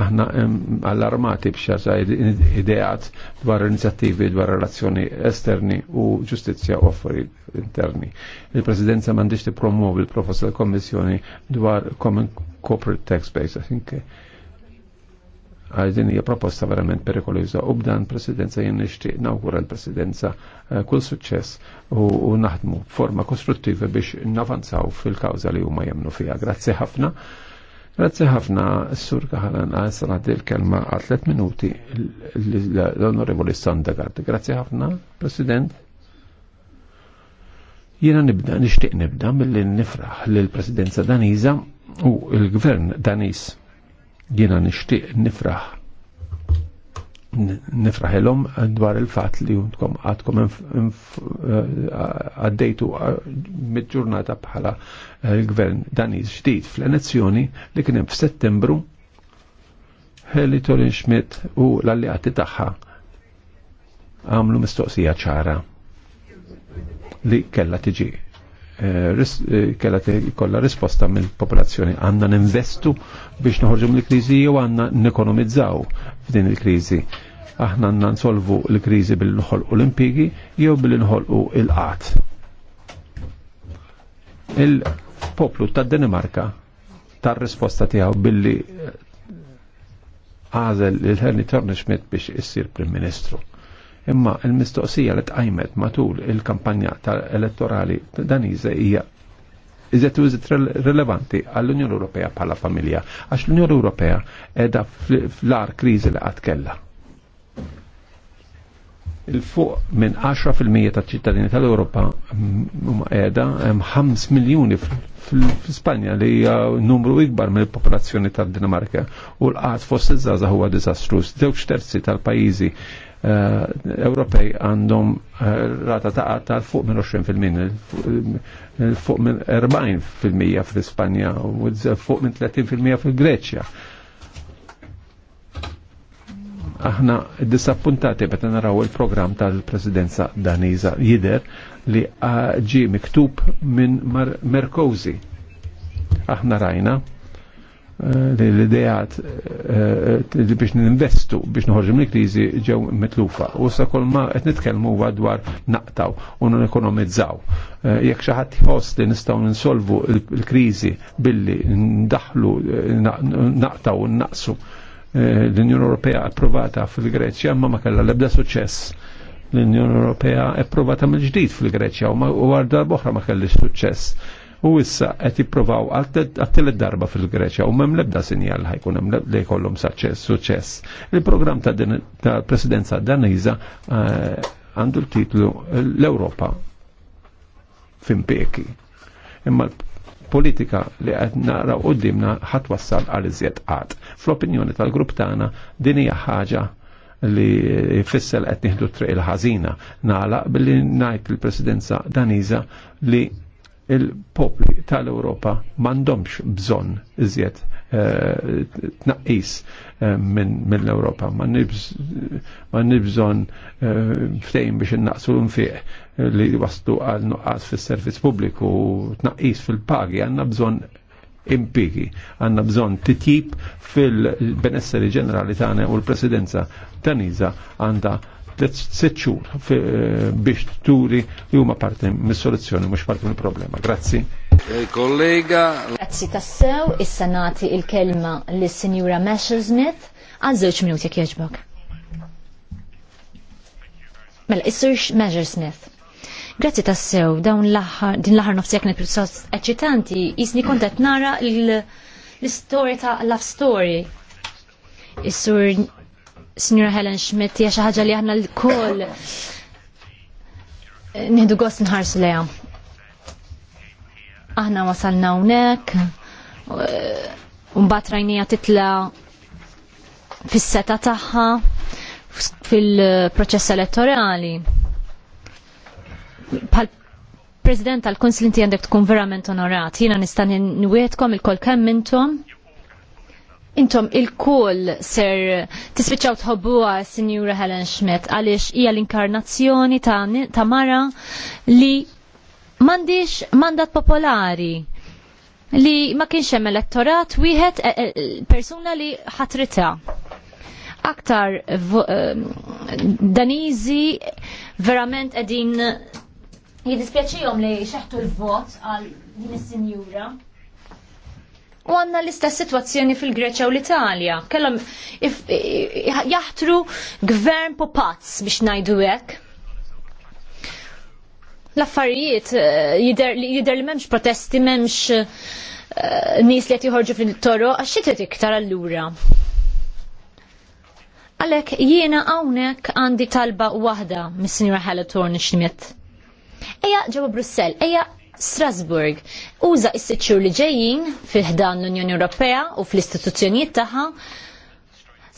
Aħna allarmati bċerta ideat dwar inizjattivi dwar relazzjoni esterni u ġustizja u affari interni. Il-Presidenza mandiġ ti promuovi il-proposta tal-Kommissjoni dwar Common Corporate Tax Base. I think eh, Għajdin hija proposta verament perikoliza u b'dan presidenza jien nixtieq nawgura l-presidenza eh, kull suċċess u naħdmu forma kostruttiva biex navanzaw fil-kawża li huma jemnu fiha. Grazzi ħafna. Grazzi ħafna, s-sur Kaħalan, għasra ah, il-kelma għal 3 minuti l-onorevoli Sandagard. Grazzi ħafna, President. Jiena nibda, nixtieq nibda mill-nifraħ l-Presidenza Daniza u l-Gvern Danis Jiena nishtiq nifraħ nifraħilhom dwar il-fatt li juntkom għadkom eh, għaddejtu eh, mid-ġurnata bħala eh, l-gvern Daniż ġdid fl-elezzjoni li kien hemm f'Settembru Heli Torin Schmidt u l-alleati tagħha għamlu mistoqsija ċara li kella tiġi Eh, eh, kella kolla risposta mill popolazzjoni għanna ninvestu biex noħorġu mill-krizi u għanna nekonomizzaw f'din il-krizi. Aħna għanna nsolvu l-krizi bil-nħol u l-impigi jew bil-nħol u il-qat. Il-poplu ta' Danimarka tar risposta tiegħu billi eh, għazel il-Herni Tornishmet biex issir Prim-Ministru Imma il-mistoqsija li tqajmet matul il-kampanja tal-elettorali daniża hija iżet u iżet relevanti għall-Unjoni Ewropea bħala familja, għax l-Unjoni Ewropea edha fl-ar kriżi li għatkella il-fuq minn 10% ta' ċittadini tal-Europa mm, huma qiegħda hemm 5 miljuni fl-Spanja li hija numru ikbar mill-popolazzjoni tad-Dinamarka u l qat fost iż-żgħażagħ huwa diżastruż. Żewġ terzi tal-pajjiżi eh, Ewropej għandhom eh, rata ta' qatt tal fuq minn 20%, fuq minn 40% fl-Ispanja u fuq minn 30% fil-Greċja aħna disappuntati meta naraw il-programm tal-presidenza Daniża jider li ġi miktub minn Merkozi. Aħna rajna eh, li l-idejat li eh, eh, biex ninvestu biex nħorġu mill kriżi ġew mitlufa. U sa kol ma qed nitkellmu dwar naqtaw u nekonomizzaw. Jekk xi ħadd li nistgħu ninsolvu l-kriżi billi ndaħlu naqtaw naqsu Eh, l-Unjoni Ewropea approvata fil-Greċja ma ma kellha l-ebda suċċess. L-Unjoni Ewropea approvata mill-ġdid fil-Greċja u għarda boħra ma kellix suċċess. U issa qed jippruvaw għat darba fil-Greċja u mem l-ebda sinjal ħajkun hemm li jkollhom suċċess. Il-programm ta' presidenza Daniża eh, għandu l-titlu l-Ewropa f'impeki. Imma politika li qed naraw qudiemna ħadd wassal għal iżjed qatt. Fl-opinjoni tal-grupp tagħna din hija ħaġa li fissel qed nieħdu triq il-ħażina. Nagħlaq billi ngħid il-Presidenza Daniża li il-popli tal ewropa m'għandhomx bżonn iżjed eh, tnaqqis mill europa ma nibżon ftejn biex innaqsu l-nfiq li waslu għal nuqqas fis-servizz pubbliku u tnaqqis fil-pagi għandna bżonn impigi. Għanna bżon titjib fil-benesseri ġenerali tane u l-presidenza taniza għanda t xhur biex turi li huma parti mis-soluzzjoni mhux parti mill-problema. Grazzi. Eh, kollega. Grazzi tassew, issa nati il-kelma lis-Sinjura Messersmith għal żewġ minuti jekk Mela, is Smith. Messersmith. Grazzi tassew, dawn l-aħħar, din l-aħħar nofsi kienet pjuttost eċitanti, jisni kont qed nara l-istorja ta' love story. Is-sur Signora Helen Schmidt hija xi ħaġa li aħna l-koll eh, nieħdu gost nħarsu leha. Aħna wasalna hawnhekk, eh, un mbagħad rajnija titla fis-seta tagħha fil-proċess elettorali. President tal-Konsil inti għandek tkun verament onorat. Jina nistan nwietkom il-kol kemm intom. Intom il-kol ser tispiċaw tħobbuha Sinjura Helen Schmidt għaliex hija l-inkarnazzjoni ta, ta' mara li mandiġ mandat popolari li ma kienx hemm elettorat wieħed e, e, persuna li ħatrita. Aktar eh, danizi verament qegħdin jom li xeħtu l-vot għal din is-sinjura. U għanna l-istess situazzjoni fil-Greċja u l-Italja. Kellom jaħtru gvern popazz biex najdu hekk. L-affarijiet eh, jider li memx protesti, memx eh, nis li jħorġu fil-toro, għaxxiet iktar allura. Għalek jiena għawnek għandi talba wahda mis-sinjura ħala tornix xnimet. Eja ġewwa Brussell, eja Strasburg. Uża is-sitxur li ġejjin fil-ħdan l-Unjoni Ewropea u fl-istituzzjonijiet tagħha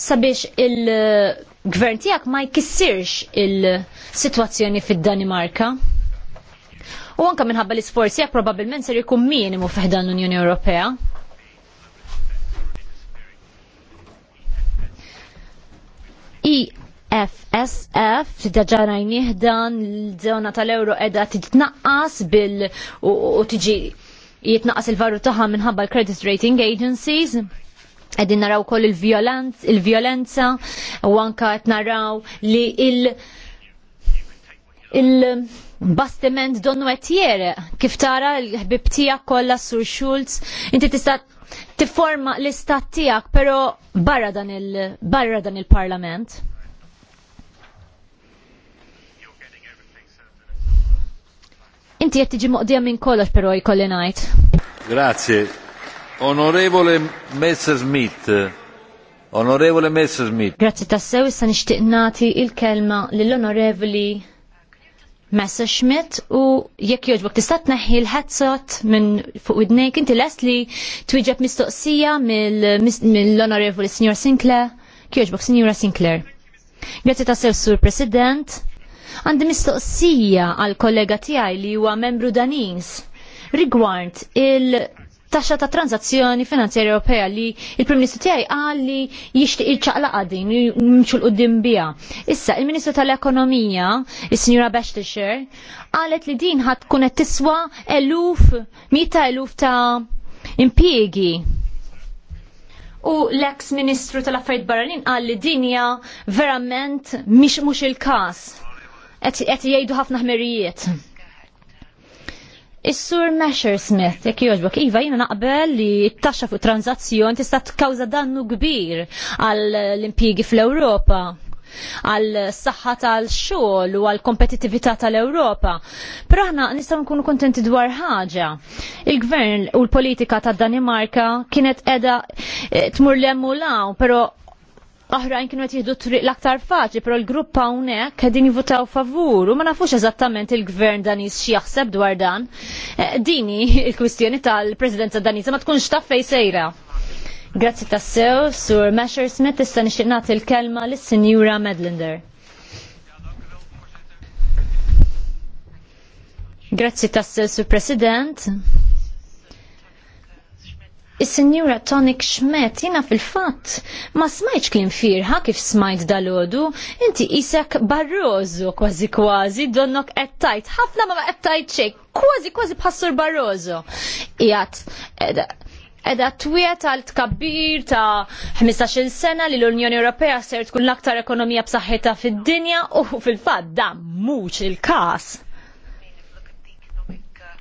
sabiex il-gvern tiegħek ma jkissirx il-sitwazzjoni fid-Danimarka. U anka minħabba l-isforzi jekk probabbilment ser ikun minimu ħdan l-Unjoni Ewropea. I FSF daġara jnihdan l-żona tal-euro edha titnaqqas bil u tiġi jitnaqqas il-varu taħħa minħabba l-credit rating agencies Għedin naraw koll il-violenza u anka naraw li il- il- bastiment donnu għetjere, kif tara l-ħbib tijak kolla sur Schulz, inti tista tifforma l-istat tijak, pero barra dan il-parlament. Inti jett tiġi moqdija minn kollox però jkolli ngħid. Grazie. Onorevole Messerschmidt. Onorevole Messerschmidt. Grazzi tassew issa nixtieq nagħti l kelma lill-Onorevoli Messerschmidt u jekk jogħġbok tista' tneħħi l-headset minn fuq idnejk inti lest li twieġeb mistoqsija mill-Onorevoli Signor Sinclair. Kjoġbok Signora Sinclair. Grazzi tassew Sur President. Għandi mistoqsija għal kollega tiegħi li huwa membru Danis rigward il- taxxa ta' tranzazzjoni finanzjarja Ewropea li il-Prim Ministru tiegħi qal li jixtieq il ċaqla din nimxu l qudiem biha. Issa il-Ministru tal-Ekonomija, is-Sinjura Bestisher, qalet li din ħadd tkun qed tiswa eluf, mieta' eluf ta' impjiegi. U l eks ministru tal-Affarijiet Barranin qal li dinja verament mhix mhux il-każ qed jgħidu ħafna ħmerijiet. Is-sur Mesher Smith, jekk jogħġbok, iva jiena naqbel li t-taxxa fuq tranzazzjon tista' tkawża dannu kbir għall impjiegi fl-Ewropa għal saħħa tal-xogħol u għal kompetittività tal-Ewropa. Però aħna nistgħu nkunu kontenti dwar ħaġa. Il-gvern u l-politika tad Danimarka kienet qiegħda eh, tmur l-emmu law, però oħrajn kienu qed jieħdu triq l-aktar faċli, però l-grupp hawnhekk qegħdin jivutaw favur u ma nafux eżattament il-gvern Daniż xi jaħseb dwar dan. Eh, Dini il-kwistjoni tal-Presidenza Daniża ma tkunx taf fejn sejra. Grazzi tassew, Sur Masher Smith issa nixtieq nagħti l-kelma lis-Sinjura Medlinder. Grazzi tassew, Sur President is senjura Tonic Schmidt jina fil-fatt ma smajċ klim firħa kif smajt dalodu, inti isek Barroso kważi kważi donnok qed ħafna ma qed tajt kważi kważi passur Barroso. Ijat, edha twiet għal tkabbir ta' 15 sena li l-Unjoni Ewropea ser tkun l-aktar ekonomija b'saħħitha fid-dinja u fil-fatt da mhux il-każ.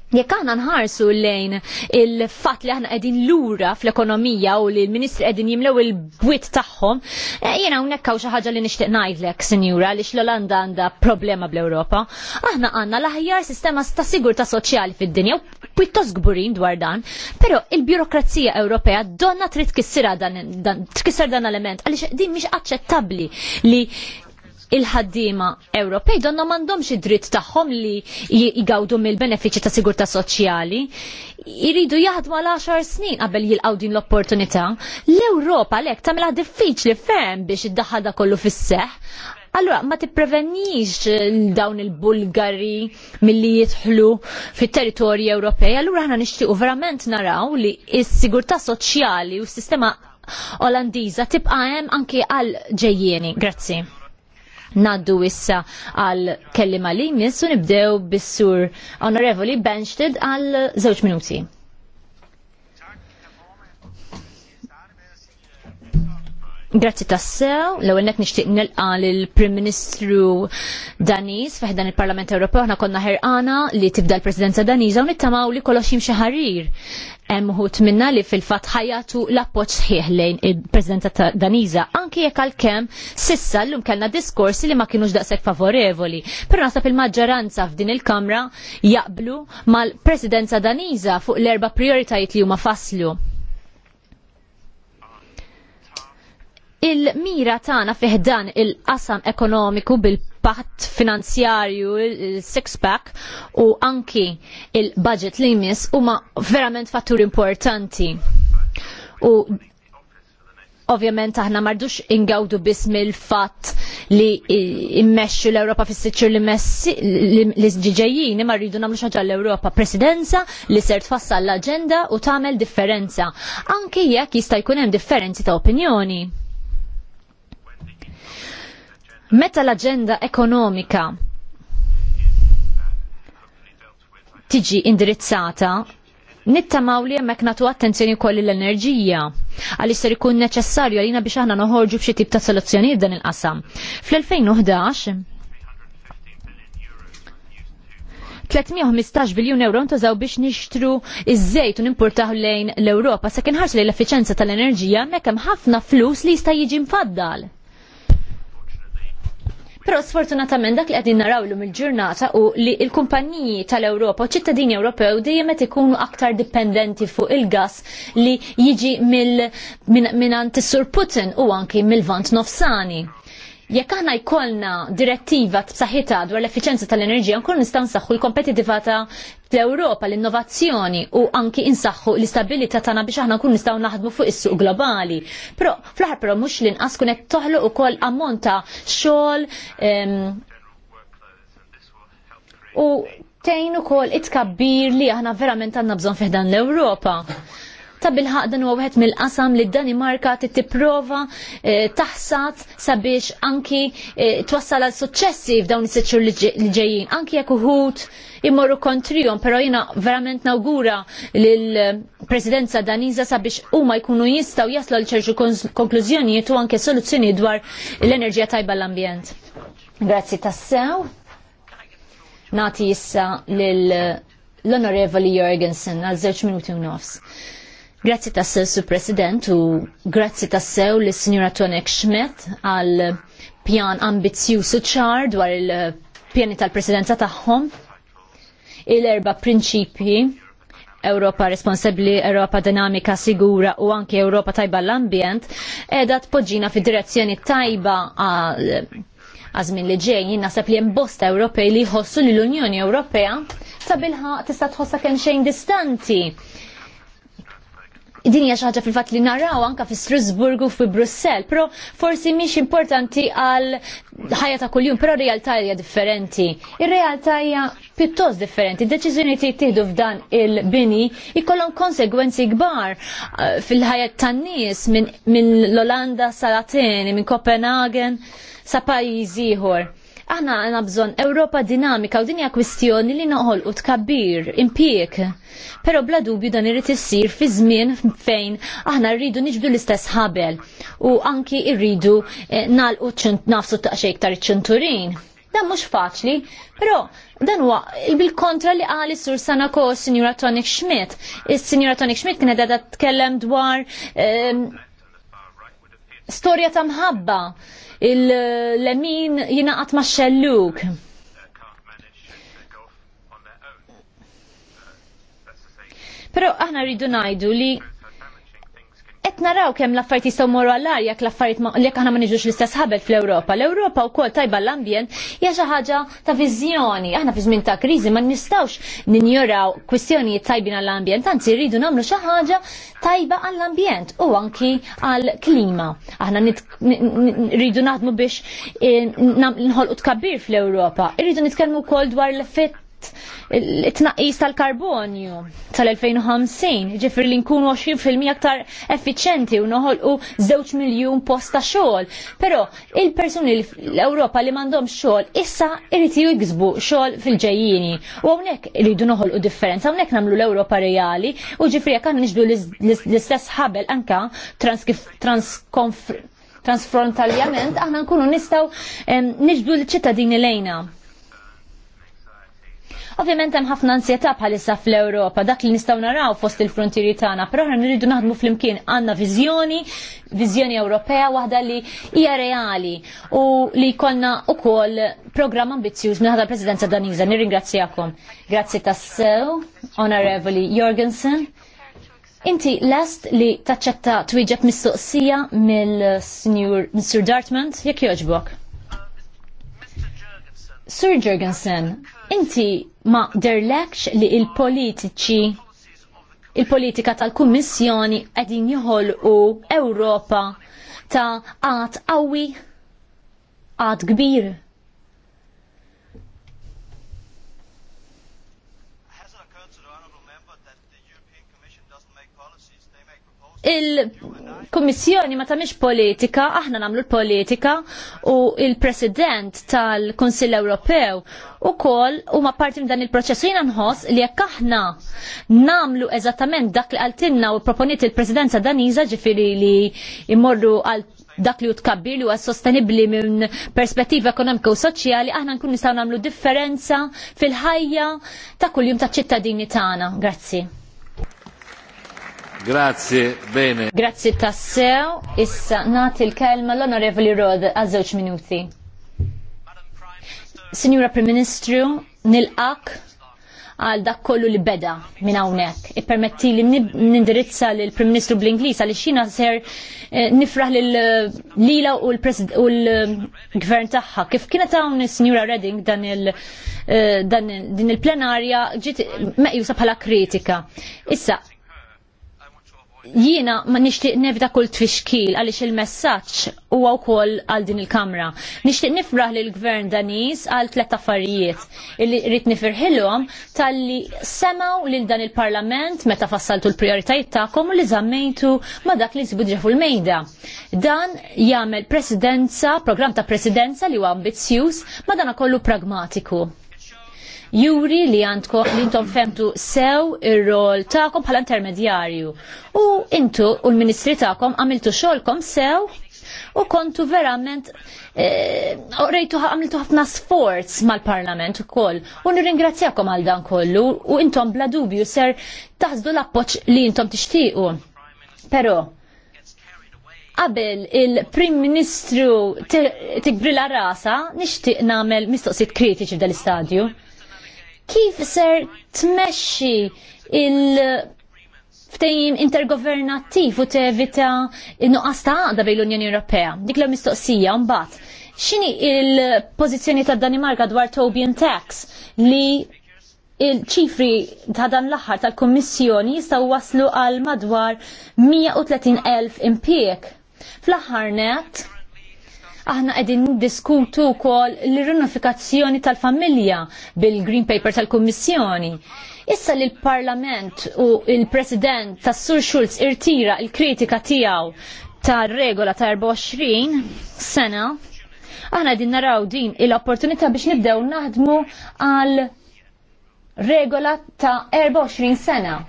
Jekk aħna nħarsu lejn il-fatt li aħna qegħdin lura fl-ekonomija u li l-ministri qegħdin jimlew il-bwit tagħhom, eh, jiena hawnhekk hawn xi ħaġa li nixtieq ngħidlek, sinjura, li l-Olanda għandha problema bl-Ewropa. Aħna għandna l-aħjar sistema ta' sigurta soċjali fid-dinja u pjuttost gburin dwar dan, però il-birokrazija Ewropea donna trid tkissira dan trid dan element għaliex din mhix aċċettabbli li il-ħaddima Ewropej donna mandom id-dritt tagħhom li jgawdu mill benefiċċji ta' sigurtà soċjali. Iridu jaħdmu għal 10 snin qabel jilqgħu din l-opportunità. L-Ewropa lek tagħmilha diffiċli ferm biex iddaħħa kollu fis-seħħ. Allora, ma tipprevenix eh, dawn il-Bulgari milli jidħlu fit-territorji Ewropej, allura aħna nixtiequ verament naraw li s-sigurtà soċjali u s-sistema Olandiża tibqa' hemm anke għal ġejjieni. Grazzi. Naddu issa għal kellima li jmiss u nibdew bis-sur Onorevoli Benchted għal żewġ minuti. Grazzi tassew, l ewwel nixtieq nilqa lill prim Ministru Daniż f'ħdan il-Parlament Ewropew aħna konna ħerqana li tibda l-Presidenza Daniża u nittamaw li kollox jimxi ħarir. Hemm uħut minna li fil-fatt ħajatu l-appoġġ sħiħ lejn il-Presidenza Daniża anke jekk għalkemm sissa llum kellna diskorsi li ma kinux daqshekk favorevoli. Però naħseb il-maġġoranza f'din il-Kamra jaqblu mal-Presidenza Daniża fuq l-erba' prioritajiet li huma faslu il-mira tagħna fih dan il-qasam ekonomiku bil-patt finanzjarju, il-six pack u anki il-budget li jmiss huma verament fattur importanti. U ovvjament aħna mardux ingawdu biss mill-fatt li immexxu l-Ewropa fis-sitxur li ġiġejjin imma rridu nagħmlu xaġa l-Ewropa presidenza li ser tfassal l-aġenda u tagħmel differenza anke jekk jista' jkun hemm differenzi ta' opinjoni. Meta l-agenda ekonomika tiġi indirizzata, nittamaw li jemmek natu attenzjoni kolli l-enerġija, għalli ser ikun neċessarju għalina biex aħna noħorġu b'xi tip ta' soluzzjoni dan il-qasam. Fl-2011, 315 biljun euro ntużaw biex nixtru iż-żejt u nimportaw lejn l-Ewropa sa kien li l efficienza tal-enerġija mekkem ħafna flus li jista' jiġi mfaddal. Però sfortunatament dak li qegħdin narawlu mill-ġurnata u li l-kumpaniji tal-Ewropa u ċittadini Ewropew dejjem qed ikunu aktar dipendenti fuq il-gas li jiġi mill minant is-Sur Putin u anki mill-Vant Nofsani. Jekk aħna jkollna direttiva b'saħħitha dwar l-effiċenza tal-enerġija, nkunu nistgħu nsaħħu l-kompetitività l ewropa l-innovazzjoni u anki insaħħu l-istabilità tagħna biex aħna nkunu nistgħu naħdmu fuq is-suq globali. Però fl-aħħar però mhux l-inqas kun qed toħloq ukoll ammont ta' xogħol u tejn ukoll it-tkabbir li aħna verament għandna bżonn fiħdan l-Ewropa ta' bilħaq dan huwa wieħed mill-qasam li d-Danimarka tipprova eh, taħsad sabiex anki eh, twassal għal suċċessi f'dawn is-sitxur li ġejjin. Anki jekk uħud immorru kontrihom, però jiena verament nawgura lill-Presidenza eh, Daniża sabiex huma jkunu jistgħu jaslu għal ċerġu konklużjonijiet u anke soluzzjoni dwar l-enerġija tajba l-ambjent. Grazzi tassew. Nati issa lil l-Onorevoli Jorgensen għal żewġ minuti u nofs. Grazzi tassew su President u grazzi tassew li signora Tonek Schmidt għal pjan ambizju ċar dwar il-pjani tal-presidenza tagħhom. Il-erba prinċipji Ewropa responsabli, Ewropa dinamika sigura u anki Ewropa tajba l-ambjent edha tpoġġina fi direzzjoni tajba għal għazmin li ġej, jien naħseb li bosta Ewropej li jħossu li l-Unjoni Ewropea ta' tista' tħossa kemm xejn distanti din hija xi ħaġa fil-fatt li naraw anke fi Strasburgu fi Brussell, però forsi mhix importanti għal ħajja ta' kuljum, però realtà hija differenti. Ir-realtà hija pjuttost differenti. Deċiżjoni li jittieħdu f'dan il-bini jkollhom konsegwenzi kbar eh, fil-ħajja tan-nies minn l-Olanda sa Latini, minn Copenhagen sa pajjiż ieħor. Aħna għandna bżonn Ewropa dinamika u dinja kwistjoni li u tkabbir, impjieg. Però bla dubju dan irid issir fi żmien fejn aħna rridu niġbdu l-istess ħabel u anki rridu eh, nagħlqu nafsu taqxej iktar iċ-ċinturin. Dan mhux faċli, però dan huwa bil-kontra li għali sur sana ko Signora Tonic Schmidt. Is-Sinjura Tonic Schmidt kienet qiegħda tkellem dwar ehm, storja ta' mħabba il-lemin jinaqat ma' xelluk. Pero aħna rridu najdu li naraw kemm l-affarijiet jistgħu morru għall-ar jekk l-affarijiet jekk aħna ma niġux l-istess ħabel fl-Ewropa. L-Ewropa wkoll tajba l-ambjent hija xi ħaġa ta' viżjoni. Aħna fi żmien ta' kriżi ma nistgħux ninjoraw kwistjoni tajbin għall-ambjent, anzi rridu nagħmlu xi ħaġa tajba għall-ambjent u anki għall-klima. Aħna rridu naħdmu biex eh, nħolqu tkabbir fl-Ewropa. Irridu nitkellmu wkoll dwar l-effett it-tnaqqis tal-karbonju tal-2050, ġifir li nkunu 20% aktar effiċenti u noħolqu 2 miljun post ta' xogħol. Però il-persuni l-Ewropa li m'għandhom xogħol issa irriti jiksbu xogħol fil-ġejjini. U hawnhekk iridu noħolqu differenza, hawnhekk nagħmlu l-Ewropa reali u ġifri jekk niġdu l-istess ħabel anka transfrontaljament, aħna nkunu nistgħu niġdu l-ċittadini lejna Ovvjament hemm ħafna ansjetà bħalissa fl-Ewropa, dak li nistgħu naraw fost il-frontieri tagħna, però aħna nridu naħdmu flimkien għandna viżjoni, viżjoni Ewropea waħda li hija reali u li jkollna wkoll programm ambizzjuż minn ħadha l-Presidenza Daniża. Nirringrazzjakom. Grazzi tassew, Onorevoli Jorgensen. Inti lest li taċċetta twieġeb mistoqsija mill-Sur Dartmouth, jekk jogħġbok. Sir Jorgensen, inti ma derlekx li il-politiċi il-politika tal-Kummissjoni qegħdin u Ewropa ta' għat qawwi għad kbir. il kummissjoni ma tagħmilx politika, aħna nagħmlu l-politika u il-President tal-Kunsill Ewropew ukoll huma parti minn dan il-proċess jiena nħoss li jekk aħna nagħmlu eżattament dak li qaltilna u proponiet il-Presidenza Daniża ġifieri li jmorru għal dak li u tkabbir li huwa sostenibbli minn perspettiva ekonomika u soċjali, aħna nkun nistgħu nagħmlu differenza fil-ħajja ta' kuljum taċ ċittadini tagħna. Grazzi. Grazie, bene. Grazie tassew. Issa nati l-kelma l-Onorevoli Rod għazewċ minuti. Signora Prim Ministru, nil-ak għal dak kollu li beda minn hawnhekk. Ippermetti li nindirizza lil Prim Ministru bl-Ingliż għal xina ser eh, nifraħ lil eh, lila u l-gvern tagħha. Kif kienet hawn is-Sinjura Redding dan il eh, dan din il-plenarja ġiet meqjusa bħala kritika. Issa, jiena ma nixtieq nebda kull tfixkil għaliex il-messaġġ huwa wkoll għal din il-kamra. Nixtieq nifraħ l gvern Daniż għal tliet affarijiet illi rrid nifirħilhom talli semgħu lil dan il-Parlament meta fassaltu l prioritajiet tagħkom u li żammejtu ma dak li nsibud ġefu l-mejda. Dan jagħmel presidenza, programm ta' presidenza li huwa ambizzjuż ma dan kollu pragmatiku juri li għandkom li intom femtu sew ir-rol tagħkom bħala intermedjarju. U intu u l-ministri tagħkom għamiltu xogħolkom sew u kontu verament e, rejtu għamiltu ħafna sforz mal-parlament u koll. U nirringrazzjakom għal dan kollu u intom bla dubju ser taħzdu l-appoċ li intom tixtiequ. Pero, qabel il-Prim Ministru tikbrila rasa, nixtieq nagħmel mistoqsijiet kritiċi f'dal-istadju kif ser tmexxi il- ftejim intergovernattiv u tevita nuqqas ta' għada bejn l-Unjoni Ewropea. Dik l mistoqsija mbagħad. X'inhi il-pożizzjoni tad Danimarka dwar Tobin Tax li il-ċifri ta' dan l-aħħar tal-Kummissjoni jistgħu waslu għal madwar 130,000 impiek. Fl-aħħar net, aħna qegħdin diskutu wkoll l runifikazzjoni tal-familja bil-Green Paper tal-Kummissjoni. Issa li l-Parlament u l-President tas Sur Schulz irtira il-kritika tiegħu tar regola ta' 24 sena, aħna qegħdin naraw din l-opportunità biex nibdew naħdmu għal regola ta' 24 sena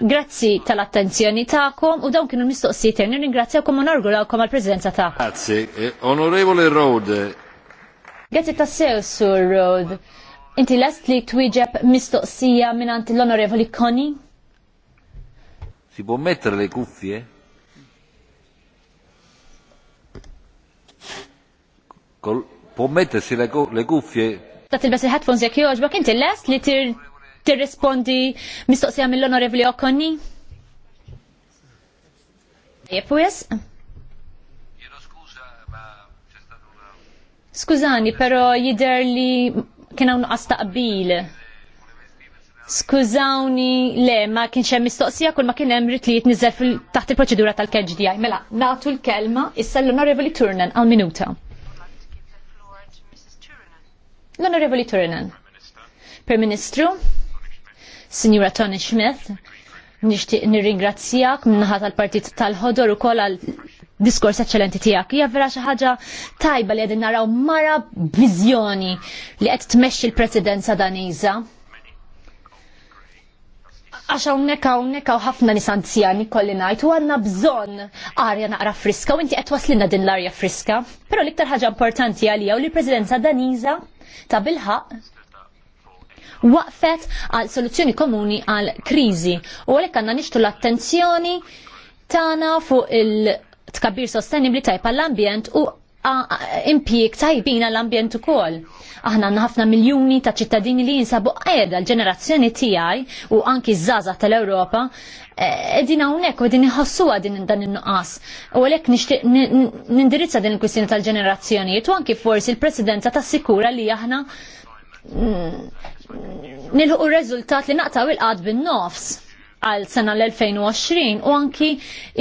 Grazzi tal-attenzjoni ta'kom u dawn kienu l-mistoqsijiet tiegħi. Nirringrazzjakom u nargulawkom għall-preżenza ta'kom. Grazzi. E, onorevole Rode, Grazzi tassew, Sur Rode, Inti lest li twieġeb mistoqsija minn l-Onorevoli Koni? Si può mettere le cuffie? Col, può mettersi le, le cuffie? Tat il-bess il-headphones jek inti lest li tir tirrispondi mistoqsija mill-Onorevoli Okonni? Jepwis? Skużani, pero jider li kien hawn nuqqas taqbil. Skużawni, le, ma kienx hemm mistoqsija kull ma kien hemm rit li jitniżel taħt il-proċedura tal-keġ DI. Mela, nagħtu l-kelma issa l-Onorevoli Turnen għal minuta. L-Onorevoli Turnen. Prim Ministru, Sinjura Tony Smith. Nixtieq nirringrazzjak minnaħa tal-Partit tal-Ħodor ukoll għal diskors eċċellenti tiegħek. Ija vera xi ħaġa tajba li qegħdin naraw mara viżjoni li qed tmexxi l-Presidenza daniza. Għax hawnhekk hawnhekk hawn ħafna nies anzjani kolli ngħid u għandna bżonn arja naqra friska u inti qed waslilna din l-arja friska. Però l-iktar ħaġa importanti għalija u li l-Presidenza Daniża ta' bilħaq waqfet għal soluzzjoni komuni għal kriżi. U għalhekk għandna nixtu l-attenzjoni tagħna fuq il-tkabbir sostenibli tajb għall-ambjent u impjieg tajbin għall-ambjent ukoll. Aħna għandna ħafna miljuni ta' ċittadini li jinsabu qiegħda l-ġenerazzjoni tiegħi u anki z-zaza tal-Ewropa edina hawnhekk u edin iħossuha din dan in-nuqqas. U għalhekk nixtieq nindirizza din il-kwistjoni tal-ġenerazzjonijiet u anki forsi l-Presidenza tassikura li aħna nilħu r-reżultat li naqtaw il-qad bin-nofs għal sena l-2020 u anki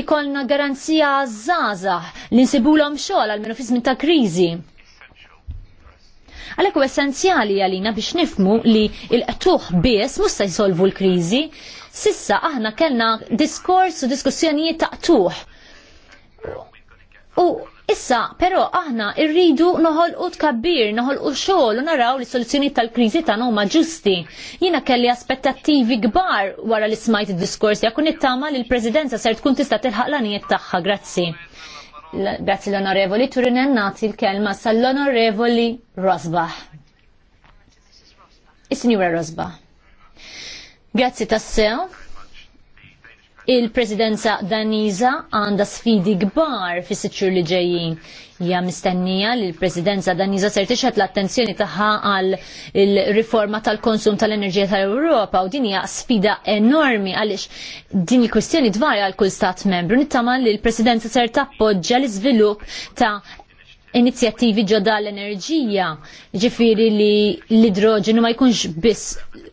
ikolna garanzija zaza li nsibulhom xogħol għal minu fizmin ta' kriżi. Għalhekk u essenzjali għalina biex nifmu li il-qtuħ biss mhux se jsolvu l-kriżi, sissa aħna kellna diskors u diskussjonijiet ta' qtuħ. U Issa, però aħna irridu noħol u tkabbir, noħol u xogħol u naraw li soluzzjoni tal-kriżi ta' huma ġusti. Jiena kelli aspettattivi kbar wara li smajt id-diskors jakun nittama li l-Presidenza ser tkun tista' tilħaq l-anijiet tagħha. Grazzi. Grazzi l-Onorevoli Turin nagħti l-kelma sal-Onorevoli Rosbach. is signora Rosbach. Grazzi tassew il-presidenza Daniza għandha sfidi kbar fi sitxur li ġejjin. Ja mistennija li l-presidenza Daniza ser tixħet l-attenzjoni tagħha għal il-riforma tal-konsum tal-enerġija tal-Ewropa u din hija sfida enormi għaliex din il-kwistjoni dvarja għal kull stat membru. Nittama li l-presidenza ser tappoġġa l-iżvilupp ta' inizjattivi ġodda l-enerġija, ġifiri li l-idroġenu ma jkunx biss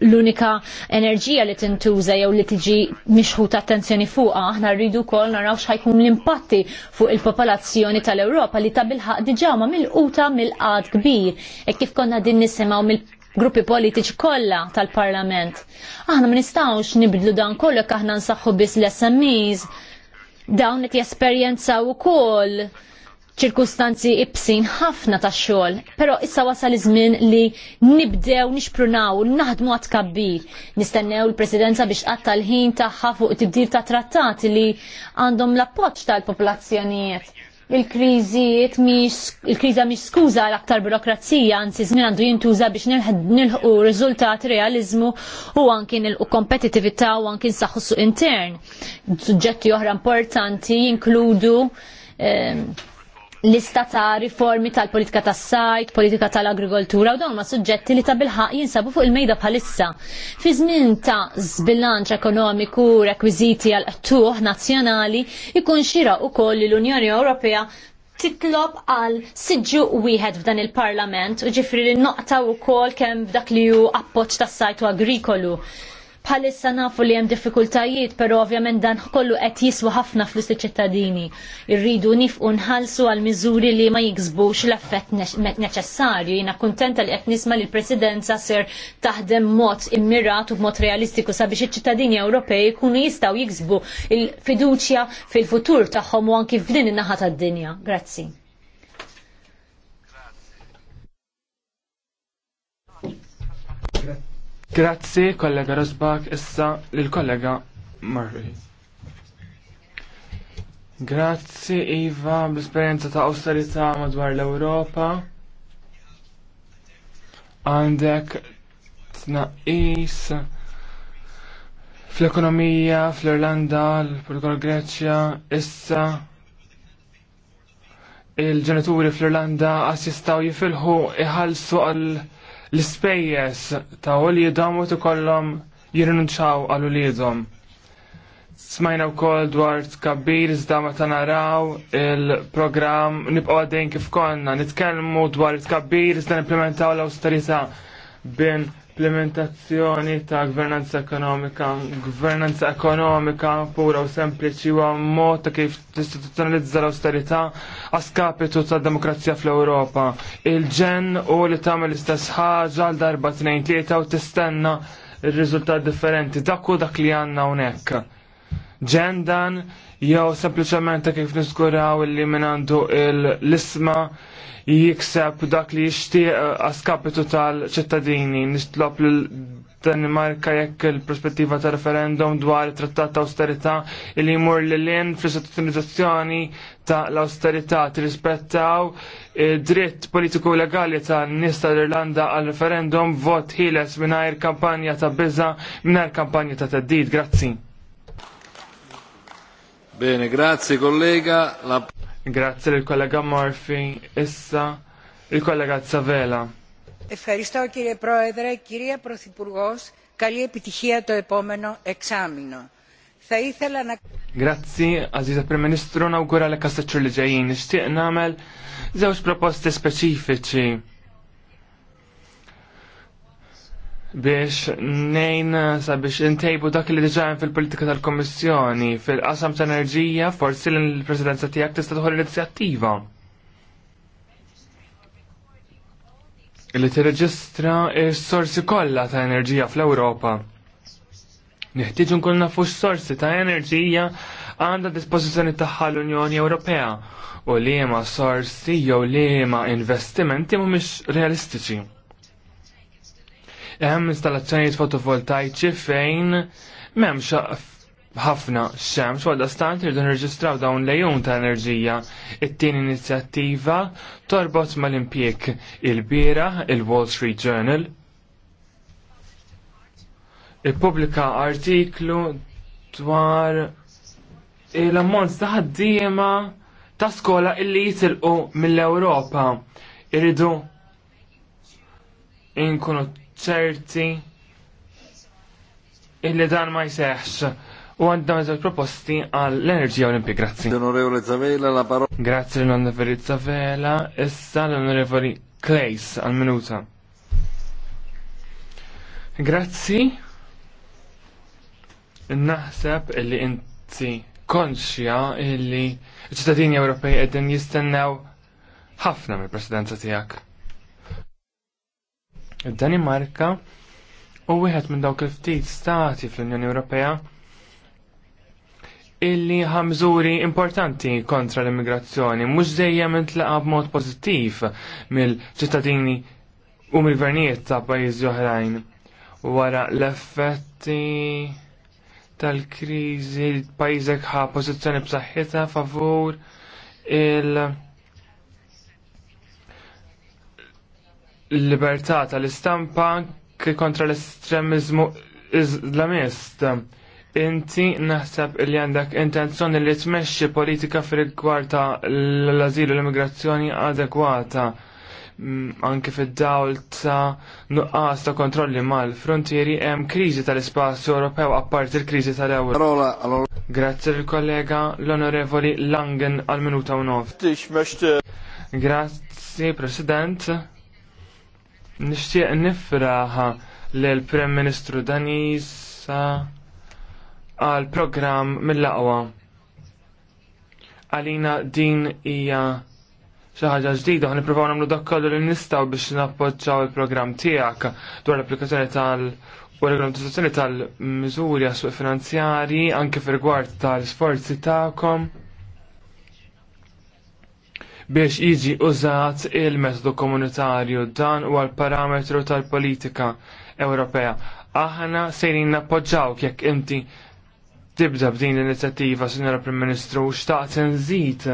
l-unika enerġija li tintuża jew li tiġi mixħuta attenzjoni fuqha, aħna rridu wkoll naraw x'ħajkun l-impatti fuq il-popolazzjoni tal-Ewropa li ta' bilħaq diġà ma mill-quta mill-qad kbir, e kif konna din nisimgħu mill gruppi politiċi kollha tal-Parlament. Aħna ma nistgħux nibdlu dan kollu kaħna aħna nsaħħu biss l-SMEs dawn qed jesperjenzaw ukoll ċirkustanzi ibsin ħafna ta' xogħol, però issa wasal iż-żmien li nibdew nixprunaw, naħdmu għad kabbir. Nistennew il presidenza biex qatta l-ħin tagħha fuq tibdil ta' trattati li għandhom l-appoġġ tal-popolazzjonijiet. Il-kriżijiet miex il-kriża mhix skuża l-aktar burokrazija, anzi żmien għandu jintuża biex nilħu riżultat realizmu u anki nilqu kompetitività u anki nsaħħu suq intern. Suġġetti oħra importanti jinkludu ehm, lista ta' riformi tal-politika tas sajt, politika tal-agrikoltura u dawn ma' suġġetti li ta' bilħaq jinsabu fuq il-mejda bħalissa. Fi żmien ta' zbilanċ ekonomiku, rekwiżiti għal tuħ nazzjonali, ikun xira u koll li l-Unjoni Ewropea titlob għal siġu wieħed f'dan il-parlament u ġifri li noqta u kol kem f'dak li ju appoċ tas sajt u agrikolu. Palissa nafu li hemm diffikultajiet, però ovvjament dan kollu qed jiswa ħafna flus iċ-ċittadini. Irridu nifqu nħallsu għal miżuri li ma jiksbux l-effett neċessarju. Jiena kuntenta li qed nisma' li l-Presidenza ser taħdem mod immirat u b'mod realistiku sabiex iċ-ċittadini Ewropej jkunu jistgħu jiksbu il-fiduċja fil-futur tagħhom u anki f'din in-naħa tad-dinja. Grazzi. Grazzi, kollega Rosbach, issa l-kollega Murray. Grazzi, Iva, bl-esperienza ta' austerità madwar l-Europa. Għandek tnaqis fl-ekonomija, fl-Irlanda, l-Portugal, Greċja, issa il-ġenituri fl-Irlanda għas jistaw jifilħu iħalsu għal l-ispejjeż ta' jidom u tikollhom jirrinunċaw għal uliedhom. Smajna wkoll dwar tkabbir iżda meta naraw il-programm nibqgħu għaddejn kif konna, nitkellmu dwar tkabbir iżda implementaw l-awsterità bin implementazzjoni ta' gvernanza ekonomika, gvernanza ekonomika pura u sempliċi u mod ta' kif tistituzzjonalizza l-austerità għaskapitu ta' demokrazija fl-Europa. Il-ġen u li tagħmel l-istess ħaġa l darba t tlieta u tistenna r-riżultat differenti. Dak u dak li għandna hawnhekk ġendan jew sempliċement kif niżguraw illi minn għandu l-isma jikseb dak li jixtieq eh, għaskapitu tal-ċittadini. Nitlob lil Danimarka jekk il-prospettiva ta' referendum dwar it-trattat ta' austerità li jmur l in fl-istituzzjonizzazzjoni ta' l-austerità tirrispettaw dritt politiku legali ta' nis tal-Irlanda għal referendum vot ħiles mingħajr kampanja ta' biża mingħajr kampanja ta' teddid. Grazzi. Bene, grazie kollega. La... Grazie il kollega Murphy. essa il kollega Zavela. Ευχαριστώ κύριε Πρόεδρε, κυρία Πρωθυπουργό, καλή επιτυχία το επόμενο εξάμεινο. Θα ήθελα να... Grazie, Aziza Prim Ministro nawgura l-kastaċċu li ġejjin. Nixtieq nagħmel żewġ proposti speċifiċi biex nejn eh, sabiex intejbu dak li diġajn fil-politika tal komissjoni fil-qasam ta' enerġija forsi l-Presidenza tijak tista' tħol inizjattiva. Li tirreġistra s-sorsi kollha ta' enerġija fl-Ewropa. Neħtieġu nkun nafu s-sorsi ta' enerġija għandha dispożizzjoni tagħha l-Unjoni Ewropea u liema sorsi jew liema investimenti mhumiex realistiċi. Hemm installazzjonijiet fotovoltaiċi fejn m'hemmx ħafna xemx għadda stant irridu nirreġistraw dawn lejun ta' enerġija. It-tieni inizjattiva torbot mal-impjek il-bira il-Wall Street Journal ippubblika artiklu dwar l-ammont ta' ħaddiema ta' skola illi jitilqu mill-Ewropa. Irridu inkunu ċerti illi dan ma jseħx u għandna mezzal proposti għall-enerġija olimpija. Grazzi. L-onorevole Zavela la parola. Grazzi l-onorevole Zavela, issa l-onorevole Klejs għal-minuta. Grazzi. Naħseb illi inti konxja illi ċittadini Ewropej qegħdin jistennew ħafna mill-presidenza tiegħek. Id-Danimarka u wieħed minn dawk il-ftit stati fl-Unjoni Ewropea illi ħamżuri importanti kontra l-immigrazzjoni, mhux dejjem intlaqa b'mod pożittiv mill-ċittadini u mill-gvernijiet ta' pajjiżi oħrajn. Wara l-effetti tal-kriżi l-pajjiżek ħa pożizzjoni b'saħħitha favur il- libertà tal-istampa kontra l-estremizmu islamist. Inti naħseb li għandek intenzjoni li tmexxi politika fir rigward ta' l-azil u l-immigrazzjoni adekwata mm, anke fid-dawl ta' nuqqas ta' kontrolli mal-frontieri hemm kriżi tal-ispazju Ewropew apparti l-kriżi tal-ewro. Grazzi l-kollega l-onorevoli Langen għal minuta u nof. Grazzi, President. Nixtieq nifraħ lill-Prem Ministru Danisa għal programm mill laqwa Għalina din hija xi ħaġa ġdida għan nippruvaw nagħmlu dak kollu li nistaw biex nappoġġaw il-programm tiegħek dwar l-applikazzjoni tal- u regolamentazzjoni tal-miżuri għas finanzjari anke fil-gwart tal-sforzi tagħkom biex jiġi użat il-metodu komunitarju dan huwa l-parametru tal-politika Ewropea. Aħna sejrin nappoġġawk jekk inti tibda b'din l-inizjattiva, Sinjora Prim Ministru, u xtaqt nżid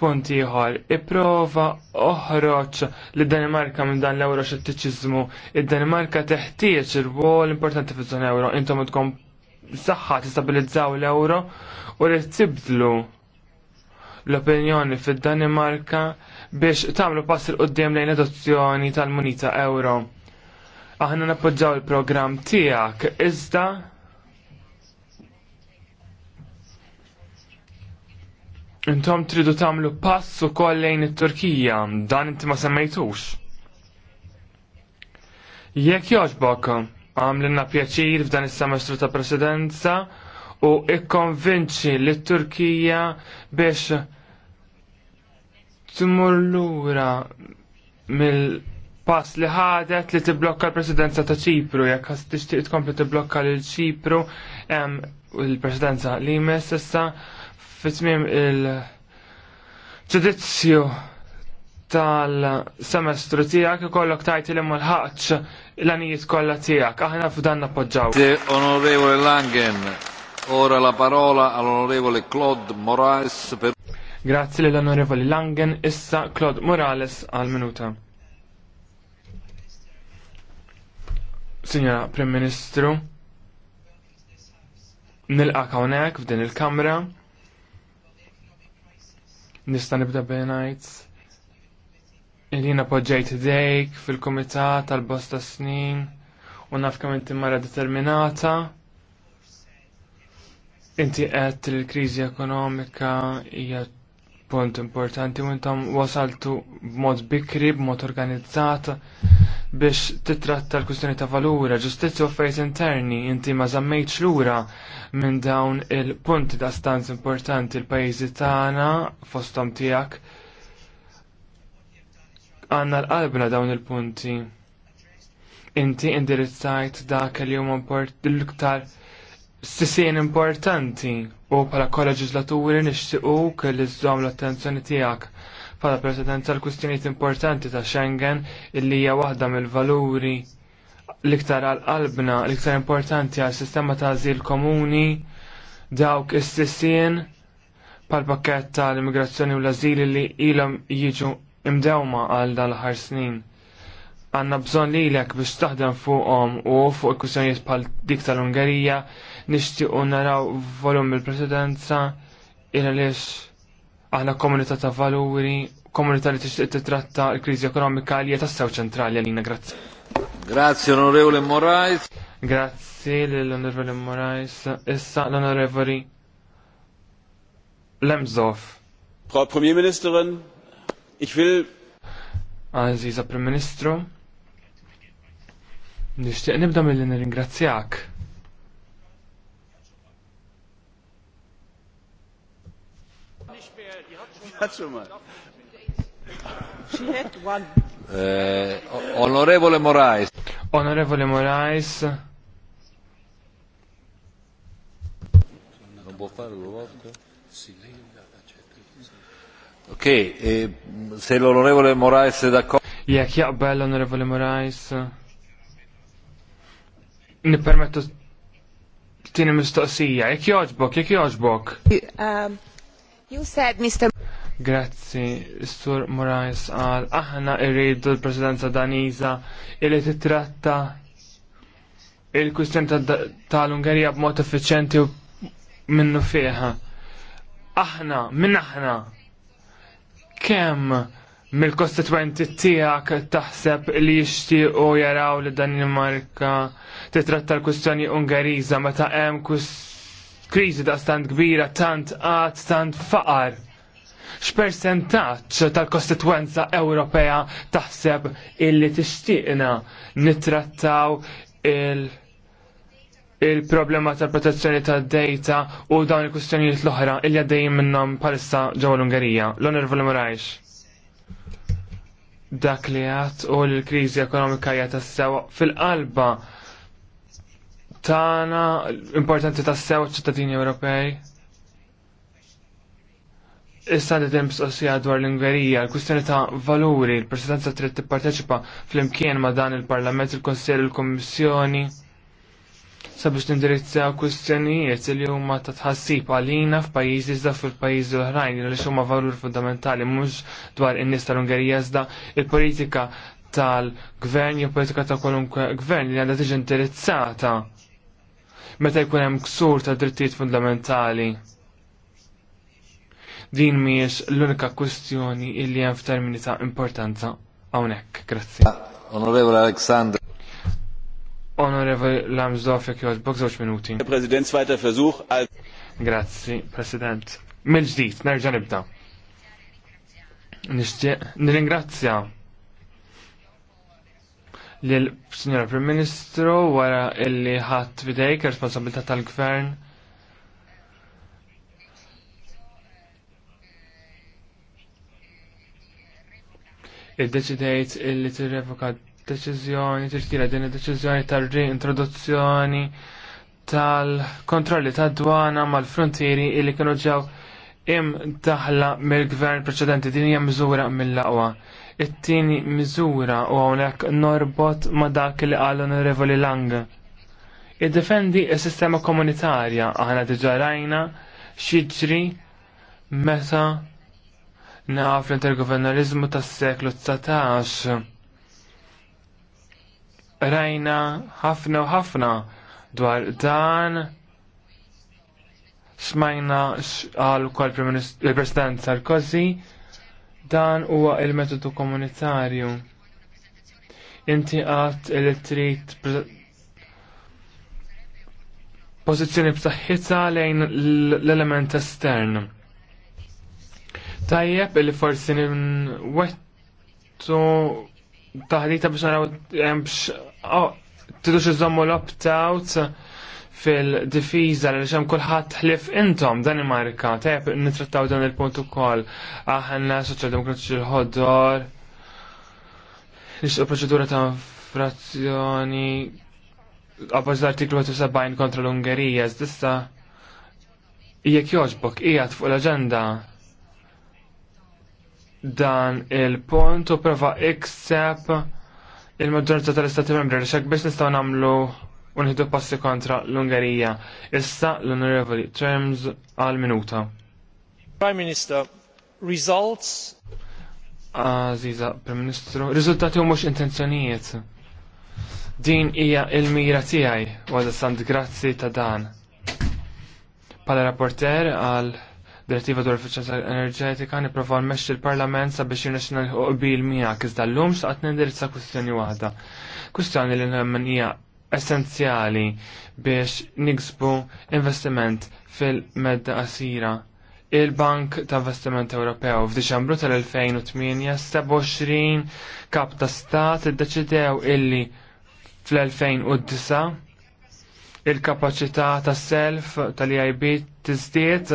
punti ieħor ipprova oħroġ li Danimarka minn dan l euro xettiċiżmu. Id-Danimarka teħtieġ il rwol importanti fiż-żona euro. Intom idkom saħħa tistabilizzaw l-euro u li tibdlu l-opinjoni fid-Danimarka biex tagħmlu pass il qoddim lejn adozzjoni tal-munita euro. Aħna nappoġġaw il-programm tiegħek iżda Intom tridu tagħmlu pass ukoll lejn it-Turkija, dan inti ma semmejtux. Jekk jogħġbok, għamlilna pjaċir f'dan is-semestru ta' presidenza u ikkonvinċi lit turkija biex tmur lura mill-pass li ħadet li tiblokka l-presidenza ta' ċipru, jekk ħas tixtieq tkompli tiblokka lil ċipru hemm il-presidenza li jmiss issa fi tmiem il-ġudizzju tal-semestru tijak kollok tajti li mulħaċ l-anijiet kolla tijak. Aħna f'dan nappoġġaw. Onorevole Langen, ora la parola all'onorevole Claude Moraes per Grazzi l onorevoli Langen, issa Claude Morales għal minuta. Signora Prim Ministru, nilqak hawnhekk f'din il-Kamra. Nista' nibda bejnajt. Ilina poġġejt dejk fil-Kumitat tal-Bosta Snin u naf inti mara determinata inti għed il-kriżi ekonomika hija punt importanti u intom wasaltu b'mod bikri, b'mod organizzat biex titratta l-kustjoni ta' valura, ġustizzja u affarijiet interni, inti ma żammejtx lura minn dawn il-punti da' stanz importanti l-pajjiżi tagħna fosthom tiegħek. Għanna l-qalbna dawn il-punti. Inti indirizzajt dak li huma l-iktar sisien importanti u bħala koreġislaturi nixtiequ kelli żżomm l-attenzjoni tiegħek bħala President tal-kustjonijiet importanti ta' Schengen illi hija waħda mill-valuri l-iktar għal-qalbna, l-iktar importanti għal-sistema ta' azil komuni, dawk istessin pal pakket tal-immigrazzjoni u l-azil li ilhom jiġu imdewma għal dal-ħar snin. Għanna bżon li l biex taħdem fuqhom u fuq il-kustjonijiet pal dik tal-Ungerija nixtiequ naraw volum il-presidenza il għaliex għana komunità ta' valuri, komunità li tixtieq titratta l-kriżi ekonomika li hija ċentrali għalina grazzi. Grazie onorevole Morais. Grazzi l-onorevole Morais. Issa l-onorevoli Lemzov. Frau Premierministerin, ich will Aziza Prim Ministru, nishtiq nibda mill nirringrazzjak Eh, onorevole Moraes. Onorevole Moraes. Non può fare due volte? Sì, lei Ok, eh, se l'onorevole Moraes è d'accordo. Jek yeah, bello onorevole Moraes. Ne Nipermettu tini mistoqsija, jek joġbok, jek joġbok. Um, you said, Mr. Grazzi, Sur Moraes għal aħna irridu l-Presidenza Daniza illi titratta il-kwistjoni tal-Ungerija b'mod effiċenti minnu fieħa. Aħna, minn aħna, kemm mill-kostituenti tiegħek taħseb li jixtiequ jaraw li Danimarka titratta l kustjoni Ungeriża meta hemm kriżi da' stand kbira, tant qatt, tant faqar x'persentaġġ tal kostitwenza Ewropea taħseb illi tixtieqna nittrattaw il- il-problema tal-protezzjoni tad-data u dawn il-kustjonijiet l-oħra illi għaddejjin minnhom palissa ġewwa l-Ungerija. L-Onorevoli Murajx. Dak li għat u l-kriżi ekonomika hija tassew fil-qalba tana importanti tassew ċittadini Ewropej. Issa li dem sosja dwar l-Ungerija, l-kustjoni ta' valuri, l-presidenza trid tipparteċipa fl-imkien ma' dan il-Parlament, il-Konsell, il-Kommissjoni sabiex nindirizzaw kustjonijiet li huma ta' tħassib għalina f'pajjiżi iżda fil-pajjiżi oħrajn li huma valur fundamentali mhux dwar in-nies tal-Ungerija iżda il-politika tal-gvern jew politika ta' kwalunkwe gvern li għandha tiġi indirizzata meta jkun hemm ksur ta' drittijiet fundamentali din miex l-unika kwestjoni illi hemm f'termini ta' importanza hawnhekk. Grazzi. Onorevole Aleksandr. Onorevole Lamsdorf, jek bok żewġ minuti. President, zweiter versuch. Grazzi, President. Mill-ġdid, nerġa' nibda. Nixtieq nirringrazzja lil Signora Prim Ministru wara illi ħadd fidejk responsabilità tal-Gvern id-deċidejt illi tirrevoka deċiżjoni, tirtira din id-deċiżjoni tal-reintroduzzjoni tal-kontrolli tad-dwana mal-frontieri illi kienu ġew im daħla mill-gvern preċedenti din hija miżura mill-laqwa. It-tieni miżura u hawnhekk norbot ma' dak li qal Onorevoli Lang. Id-defendi s-sistema komunitarja aħna diġa rajna xiġri meta naf l-intergovernalizmu tas-seklu 19. Rajna ħafna u ħafna dwar dan smajna għal kol il-President Sarkozy dan huwa il-metodu komunitarju. Inti għat il-trit pozizjoni b'saħħitha lejn l-element estern. Tajjeb li forsi wettu taħdita biex naraw t oh, tidux iżommu l-opt-out fil difiza li xem kulħadd ħlif intom Danimarka, tajjeb nitrattaw dan il-punt ukoll aħna soċal demokratiċi l-ħoddor nixtieq proċedura ta' frazzjoni għabbaż l-artiklu 70 kontra l-Ungerija, zdista jekk joġbok ijat fuq l-aġenda dan il-pont u prova ikseb il-maġġorità tal-Istati Membri għax biex nistgħu nagħmlu u nħidu passi kontra l-Ungerija. Issa l honorable Terms għal minuta. Prime Minister, results Aziza, Prime Ministru, riżultati u mhux intenzjonijiet. Din hija il-mira tiegħi u għadha grazzi ta' dan. Pala rapporter għal direttiva dwar efficienza enerġetika nipprova nmexxi l-Parlament sabiex jirnexxina qbil miegħek iżda llum x'qatt nindirizza kwistjoni waħda. Kwistjoni li nemmen hija essenzjali biex niksbu investiment fil-medda qasira. Il-Bank ta' Investiment Ewropew f'Diċembru tal-2008 27 kap ta' stat iddeċidew illi fl-2009 il-kapacità tas self tal ib tizdiet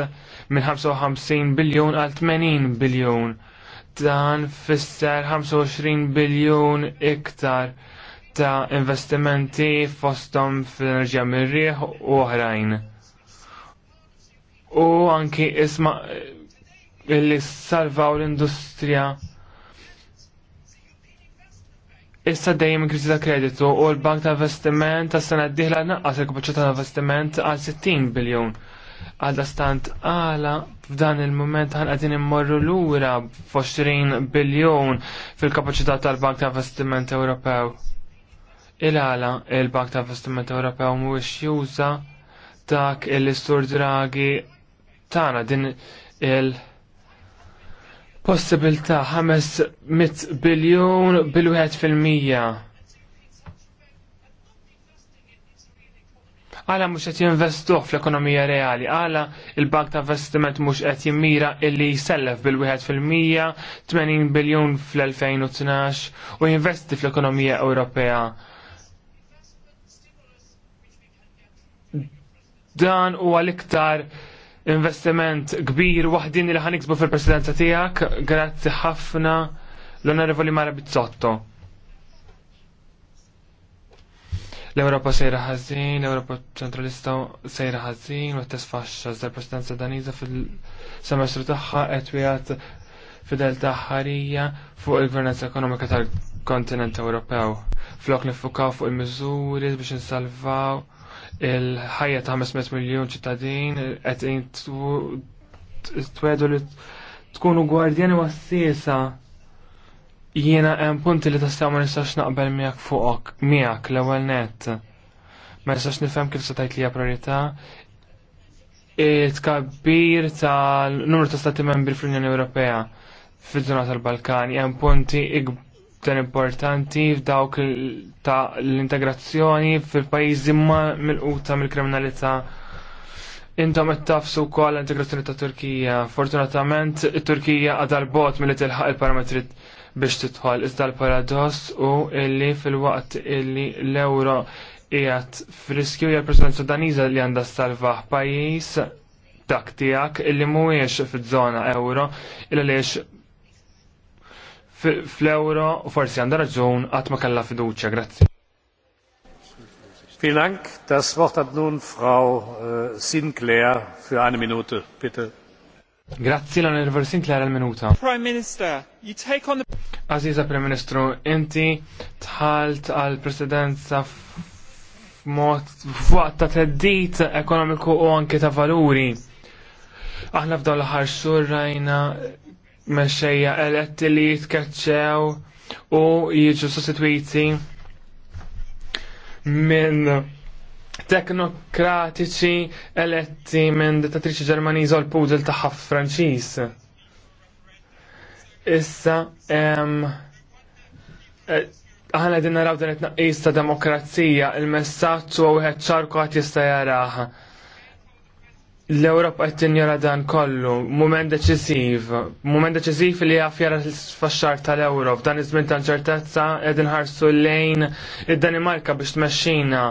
minn 55 biljun għal 80 biljun. Dan fisser 25 biljun iktar ta' investimenti fostom fil-enerġija mir-rieħ u oħrajn. U anki isma illi salvaw l-industrija Issa dejjem kriżi ta' kreditu u l-Bank ta' Investiment ta' sena d dihla naqqas il kapacità ta' investiment għal 60 biljun. Għadda stant għala f'dan il-moment għan għadin immorru l-ura f'20 biljon fil-kapacità tal-Bank ta' Investiment Ewropew. Il-għala il-Bank ta' Investiment Ewropew mhuwiex juża dak il-istur dragi tana din il- Possibilità 500 biljon bil-1 fil-mija għala mux għet jinvestuħ fl-ekonomija reali, għala il-bank ta' investiment mux għet jimmira illi jisellef bil-1% 80 biljon fl-2012 u jinvesti fl-ekonomija Ewropea. Dan u għal-iktar investiment kbir waħdin li ħanikbu fil-presidenza tijak, grazzi ħafna l-onorevoli Mara Bizzotto. L-Europa sejra Ħazzin, l-Europa ċentralista sejra ħażin, u t-tesfaxxa l-presidenza daniza fil-semestru tagħha qed wieħed taħħarija ħarija fuq il-gvernanza ekonomika tal-kontinent Ewropew. Flok nifukaw fuq il-miżuri biex insalvaw il-ħajja ta' 500 miljon ċittadin qed twedu li tkunu gwardjani wassisa Jiena hemm punti li tista' ma nistax naqbel miegħek fuqok miegħek l-ewwel nett. Ma nistax nifhem kif se tgħid li priorità it tkabbir tal-numru ta' stati membri fl-Unjoni Ewropea fil-żona tal-Balkani hemm punti iktar importanti f'dawk ta' l-integrazzjoni fil-pajjiżi ma milquta mill-kriminalità Intom qed tafsu wkoll l-integrazzjoni ta' Turkija. Fortunatament, it-Turkija l bot milli tilħaq il-parametri biex titħol. Iżda l-paradoss u illi fil-waqt illi l-euro jgħat friskju jgħal l-Presidenza Daniża li għandha salvaħ pajjiż dak tiegħek illi mhuwiex fiż-żona euro illa għaliex fl-euro u forsi għandha raġun qatt ma kellha fiduċja. Grazzi. Vielen Dank. Das Wort hat nun Frau äh, Sinclair für eine Minute. Bitte. Grazzi l-Univer minuta Prime Minister, you take on the... Aziza Prime Ministru, inti tħalt għal-presidenza f fuq ta' teddit ekonomiku u anke ta' valuri. Aħna f'dawn l-ħar xhur rajna meċċeja eletti li jitkaċċew u jiġu sostituiti minn teknokratiċi eletti minn dittatriċi Ġermaniża l pudel taħħa Franċiż. Issa eh, aħna din naraw din it-tnaqqis ta' demokrazija, il-messaġġ huwa wieħed ċarku għat jista' jaraha. L-Ewropa qed tinjora dan kollu, mument deċisiv, mument deċisiv li jaf jara l-faxxar tal-Ewrop, dan iż-żmien ta' ċertezza qegħdin ħarsu lejn id-Danimarka biex tmexxina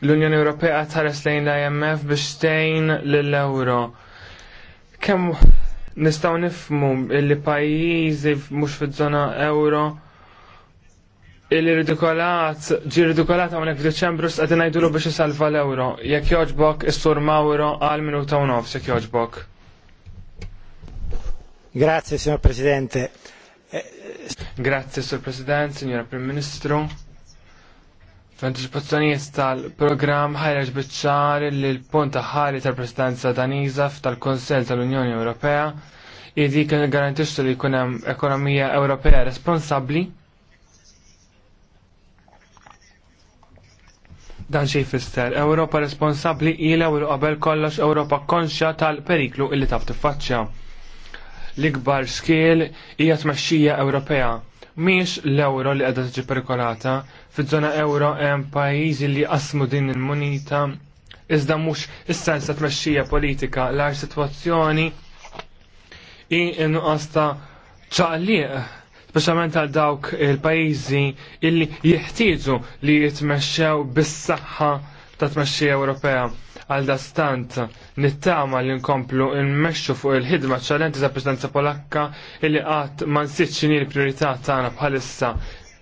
l-Unjoni Ewropea tħares lejn l-IMF biex tgħin lill-euro. Kemm nistgħu nifmu li pajjiżi mhux fiż-żona euro illi ridikolat, ġi ridikolat hawnhekk f'Diċembru s'qed ngħidulu biex isalva l-euro. Jekk jogħġbok is mawro Mauro għal minuta u nofs jekk jogħġbok. Grazie, signor Presidente. Eh, Grazie, Sur President, signora Prim Ministru. F'anticipazzjonijiet tal-programm ħareġ biċċar li l-punt ħari tal-Presidenza Daniża tal-Konsell tal-Unjoni Ewropea idi kien garantixxu li jkun hemm ekonomija Ewropea responsabbli. Dan xi fister, Ewropa responsabbli ilha u qabel kollox Ewropa konxja tal-periklu illi taf tiffaċċja. L-ikbar skiel hija tmexxija Ewropea miex l-euro li għadha tiġi perikolata, fiż-żona euro hemm pajjiżi li qasmu din il-munita, iżda mhux is sensa tmexxija politika l sitwazzjoni i inqas ta' ċaqliq, speċjalment għal dawk il-pajjiżi illi jeħtieġu li jitmexxew bis-saħħa ta' tmexxija Ewropea. Għal dastant nittama li nkomplu nmexxu fuq il-ħidma ċalenti ta' Presidenza Polakka illi qatt ma nsitx l-priorità tagħna bħalissa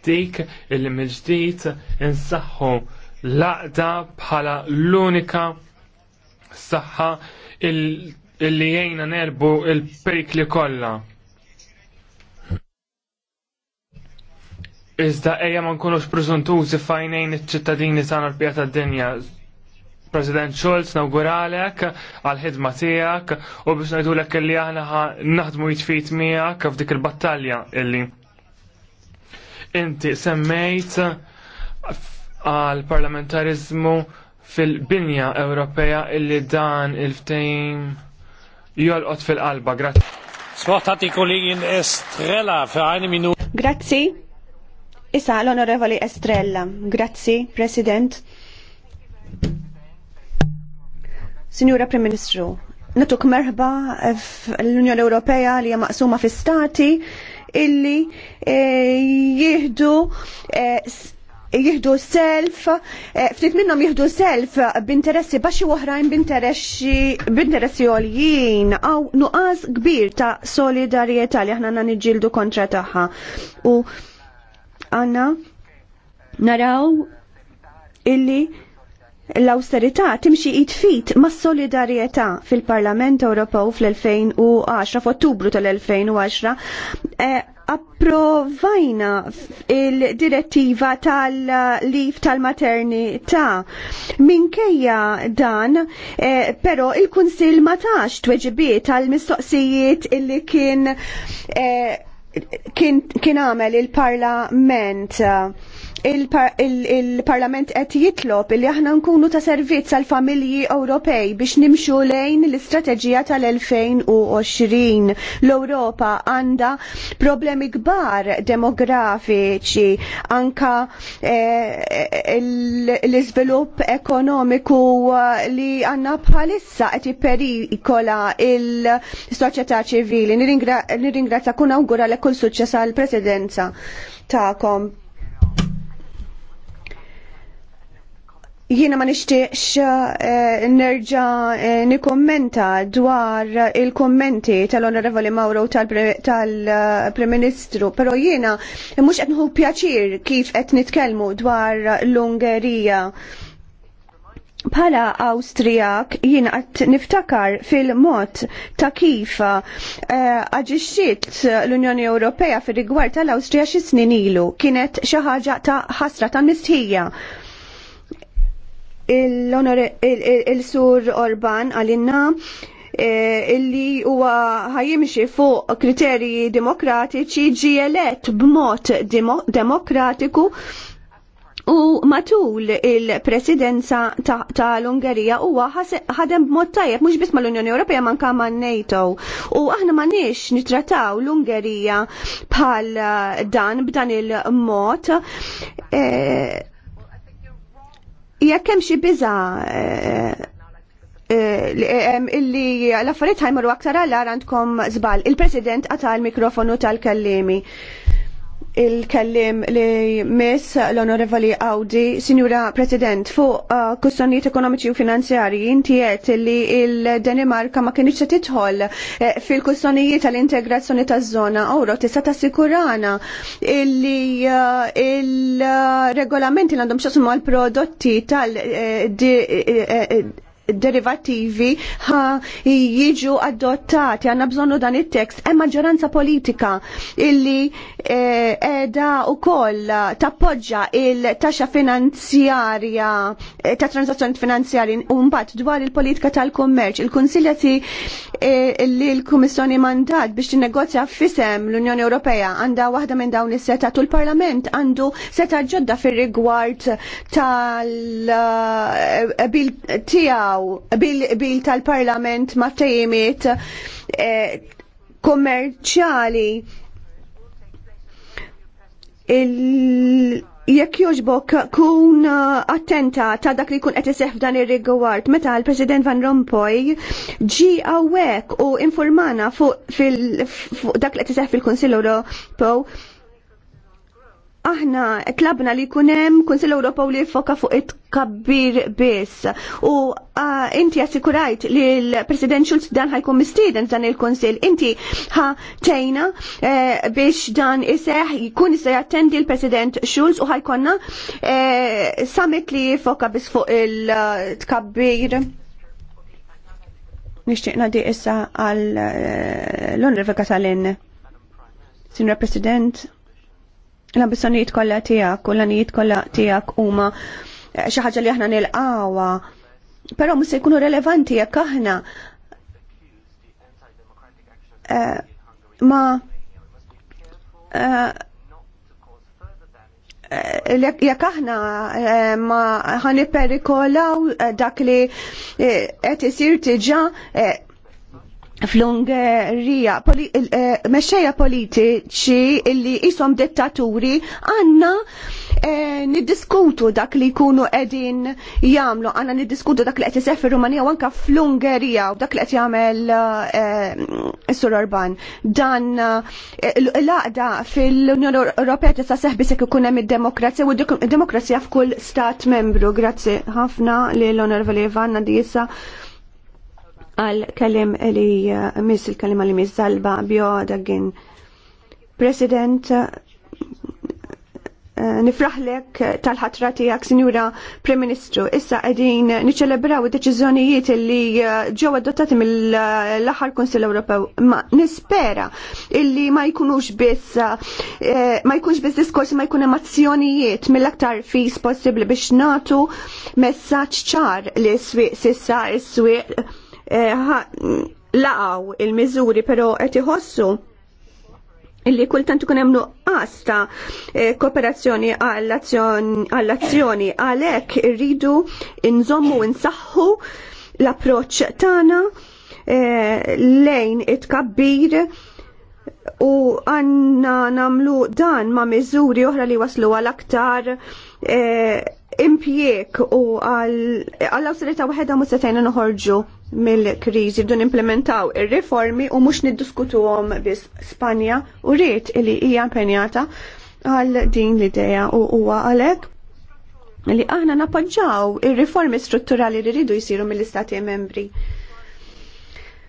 dik illi mill-ġdid insaħħu laqda bħala l-unika saħħa illi jgħina nerbu il-perikli kollha. Iżda ejja ma nkunux preżuntużi fajnejn iċ-ċittadini tagħna l-pjata d-dinja, President Schultz nawguralek għal-ħidma tijak u biex ngħidulek li aħna naħdmu jitfit miegħek f'dik il-battalja illi inti semmejt għal-parlamentarizmu fil-binja Ewropea illi dan il-ftejm jolqot fil-qalba. Grazie. Sport ħati kollegin Estrella fi għajni minu. Grazzi. Isa l-onorevoli Estrella. Grazzi, President. Signora Prim Ministru, natuk merħba l-Unjoni Ewropea li hija maqsuma fi stati illi eh, jihdu eh, jihdu self, eh, ftit minnhom jihdu self b'interessi baxxi oħrajn b'interessi b'interessi għoljien għaw nuqas kbir ta' solidarjetà li aħna niġġieldu kontra tagħha. U għanna naraw illi l-austerità timxi id-fit ma' solidarieta fil-Parlament Ewropew fl-2010, f'Ottubru tal-2010, eh, approvajna il-direttiva tal-lif tal-maternità. Minkejja dan, eh, però pero il-Kunsil ma tax tweġibiet tal-mistoqsijiet illi eh, kien kien għamel il-Parlament il-Parlament qed jitlob li aħna nkunu ta' servizz għal familji Ewropej biex nimxu lejn l-istrateġija tal-2020. L-Ewropa għandha problemi kbar demografiċi, anka eh, l-iżvilupp ekonomiku li għandna bħalissa qed jipperikola il-soċjetà ċivili. Nirringrazza kun awgura l kull suċċess għall presidenza ta'kom Jiena ma nixtieqx eh, nerġa' eh, nikkommenta dwar il-kommenti tal-Onorevoli Mauro tal-Prim Ministru, però jiena mhux qed nħu pjaċir kif qed nitkellmu dwar l-Ungerija. Bħala Awstrijak jien qed niftakar fil-mod ta' kif eh, aġixxiet l-Unjoni Ewropea fir-rigward tal-Awstrija xi snin ilu kienet xi ħaġa ta' ħasra ta' mistħija il-sur Orban għalinna eh, illi huwa ħajimxi fuq kriterji demokratiċi ġi elett b'mod demokratiku u matul il-presidenza tal-Ungerija huwa ħadem b'mod tajjeb mhux biss mal-Unjoni Ewropea manka man NATO u aħna m'għandniex nitrataw l-Ungerija bħal dan b'dan il-mod eh, Jekk kem xi biża eh, eh, eh, illi l-affarijiet ħajmorru aktar għal għandkom żball. Il-President għata l-mikrofonu tal kallimi il-kellim li miss l-onorevoli Audi, Signora President, fuq uh, kustonijiet ekonomiċi u finanzjari, inti li il denimarka ma kienx se tidħol eh, fil-kustonijiet tal-integrazzjoni taż-żona euro tista' tassikurana illi uh, il-regolamenti li għandhom x'asmu għal prodotti tal- eh, di, eh, eh derivativi jiġu adottati, għanna bżonnu dan il-tekst, hemm maġġoranza politika illi eh, edha u koll tappoġġa il-taxa finanzjarja, eh, ta' transazzjoni finanzjarja, un-bat dwar il-politika tal-kommerċ, il-Konsilja ti eh, li l-Kummissjoni mandat biex tinnegozja fisem l-Unjoni Ewropea għandha waħda minn dawn is-seta u l-Parlament għandu seta ġodda fir-rigward tal-bil tiegħu daw bil tal-parlament ma' tajemiet eh, kommerċjali jekk joġbok kun attenta ta' dak li kun qed iseħħ f'dan ir-rigward meta l-President Van Rompuy ġi hawnhekk u informana fuq fil dak li qed iseħħ fil-Kunsill Ewropew aħna tlabna li kunem Kunsill u li foka fuq it-kabbir biss. U inti assikurajt li l-President Schulz dan ħajkun mistieden dan il-Kunsill. Inti ħa tejna eh, biex dan iseħ jkun se jattendi l-President Schulz u ħajkonna eh, summit li foka biss fuq il-tkabbir. Nishtiqna di issa għal eh, l-Onrev Katalin. Signor President, l-ambizjonijiet kollha tiegħek u l-anijiet kollha tiegħek huma eh, xi ħaġa li aħna nilqawha. Però mhux se jkunu relevanti jekk aħna eh, ma eh, jekk aħna ma ħani perikolaw dak li qed isir diġà flung rija eh, meċċeja politiċi illi jisom dittaturi għanna eh, niddiskutu dak li jkunu edin jamlu, għanna niddiskutu dak li qed isef rumanija u anka fl-Ungerija u dak li qed jagħmel eh, sur Orban. Dan l-laqda fil-Unjoni Ewropea tista' seħbi se ikun hemm id-demokrazija u d-demokrazija f'kull stat membru. Grazzi ħafna lil Onorevoli Ivanna di jissa għal kalim li eh, miss il-kalima li mis zalba biodagin. President, eh, nifraħlek tal-ħatra tijak, Sinjura Prim Ministru. Issa għedin niċelebraw deċizjonijiet li eh, ġew adottati mill-aħħar Kunsill Ewropew. Ma nispera illi ma jkunux biss ma jkunx biss diskors ma jkun emozzjonijiet mill-aktar fis possibbli biex natu messaġġ ċar li s-swieq sissa s-swieq Eh, laqaw il-miżuri però qed iħossu illi kultant ikun hemm nuqqas ta' eh, kooperazzjoni għall-azzjoni għalhekk irridu nżommu insaħħu l-approċċ tagħna eh, lejn it-kabbir u għanna namlu dan ma' miżuri oħra li waslu għal aktar impjek u għall-awsirita waħedha mhux setgħina noħorġu mill-kriżi bdu implementaw ir-riformi u mhux niddiskutuhom biss Spanja u rrid li hija impenjata għal din l-idea u huwa għalhekk li aħna napoġġaw ir-riformi strutturali li rridu jsiru mill-istati membri.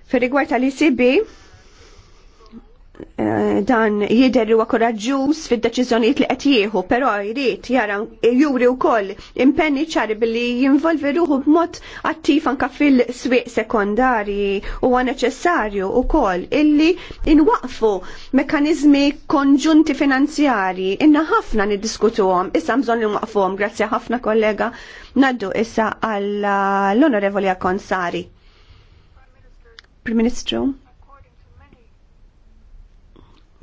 Fer rigward tal-ICB, Eh, dan jidher huwa koraġġuż fid-deċiżjonijiet li qed jieħu, però jrid jara juri wkoll impenni ċari billi jinvolvi ruħu b'mod attiv anke fil-swieq sekondarji huwa neċessarju wkoll illi inwaqfu mekkaniżmi konġunti finanzjarji inna ħafna niddiskutuhom issa bżonn li nwaqfuhom grazzi ħafna kollega naddu issa għall onorevoli Akonsari. Prim Ministru.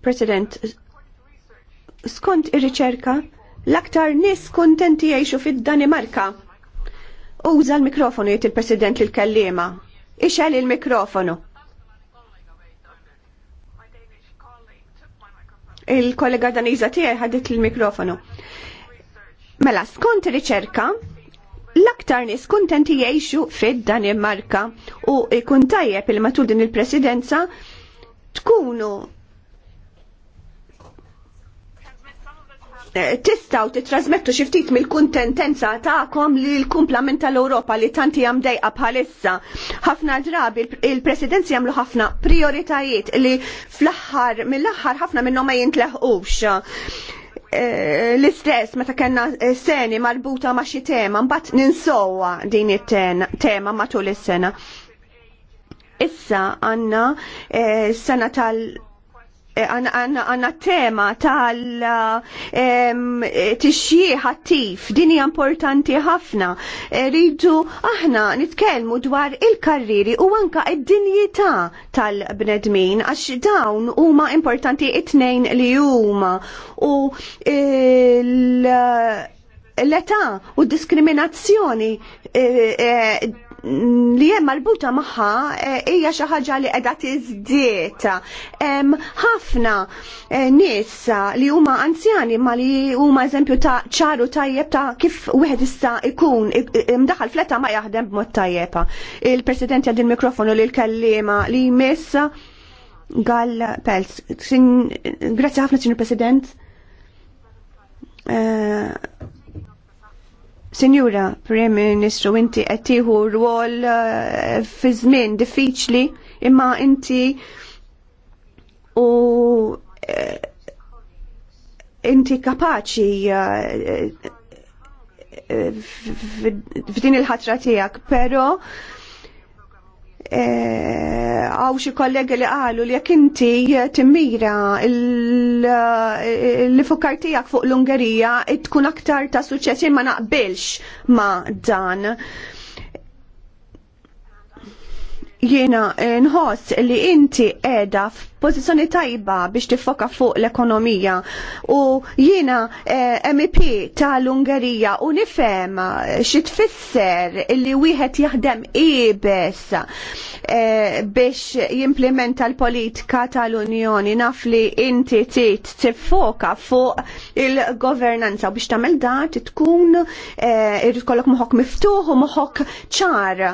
President, skont ir-riċerka, l-aktar nis kontenti jgħixu fid-Danimarka. Uża l-mikrofonu jiet il-President l-kellima. Ixel il-mikrofonu. Il-kollega Daniza tiegħi ħadit il-mikrofonu. Mela, skont riċerka, l-aktar nis kontenti jgħixu fid-Danimarka u ikun tajjeb il-matul din il-presidenza tkunu tistaw titrasmettu xiftit mill-kuntentenza ta'kom li l-kumplament tal-Europa li tanti jamdejqa bħalissa. ħafna drabi il-presidenzi jamlu ħafna prioritajiet li fl-axħar, mill-axħar ħafna minnhom ma jintleħqux. E, l-istess meta kena seni marbuta ma xi tema, mbagħad ninsowa din it-tema matul is-sena. Issa għanna e, sena tal- Eh, għanna tema tal eh, tixjie ħattif, dini importanti ħafna. Rridu aħna nitkelmu dwar il-karriri u anka id-dinjità tal-bnedmin, għax dawn huma importanti it-tnejn li huma. U l-età u diskriminazzjoni eh, li hemm marbuta magħha eh, hija xi ħaġa li qiegħda tiżdied. ħafna eh, nies li huma anzjani ma li huma eżempju ta' ċaru tajjeb ta' kif wieħed issa ikun imdaħal fletta ma jaħdem b'mod tajjeba. Il-President jgħaddi l-mikrofonu lil kellima li jmiss Gall Pels. Grazzi ħafna, Signor President. Eh, Signora, Prim Ministru, inti qed tieħu rwol eh, fi żmien diffiċli, imma inti u eh, inti kapaċi eh, f'din il-ħatra tiegħek, però għaw xi kollegi li qalu li jekk inti timmira li fukartijak fuq l-Ungerija tkun aktar ta' suċċessi ma naqbilx ma' dan jiena eh, nħoss li inti edha f'pożizzjoni tajba biex tiffoka fuq l-ekonomija u jiena eh, MEP tal-Ungerija u nifhem eh, xi tfisser li wieħed jaħdem ibes eh, biex jimplementa l-politika tal-Unjoni naf li inti trid tiffoka fuq il-governanza u biex tagħmel da tkun irid eh, kollok moħok miftuħ u moħok ċar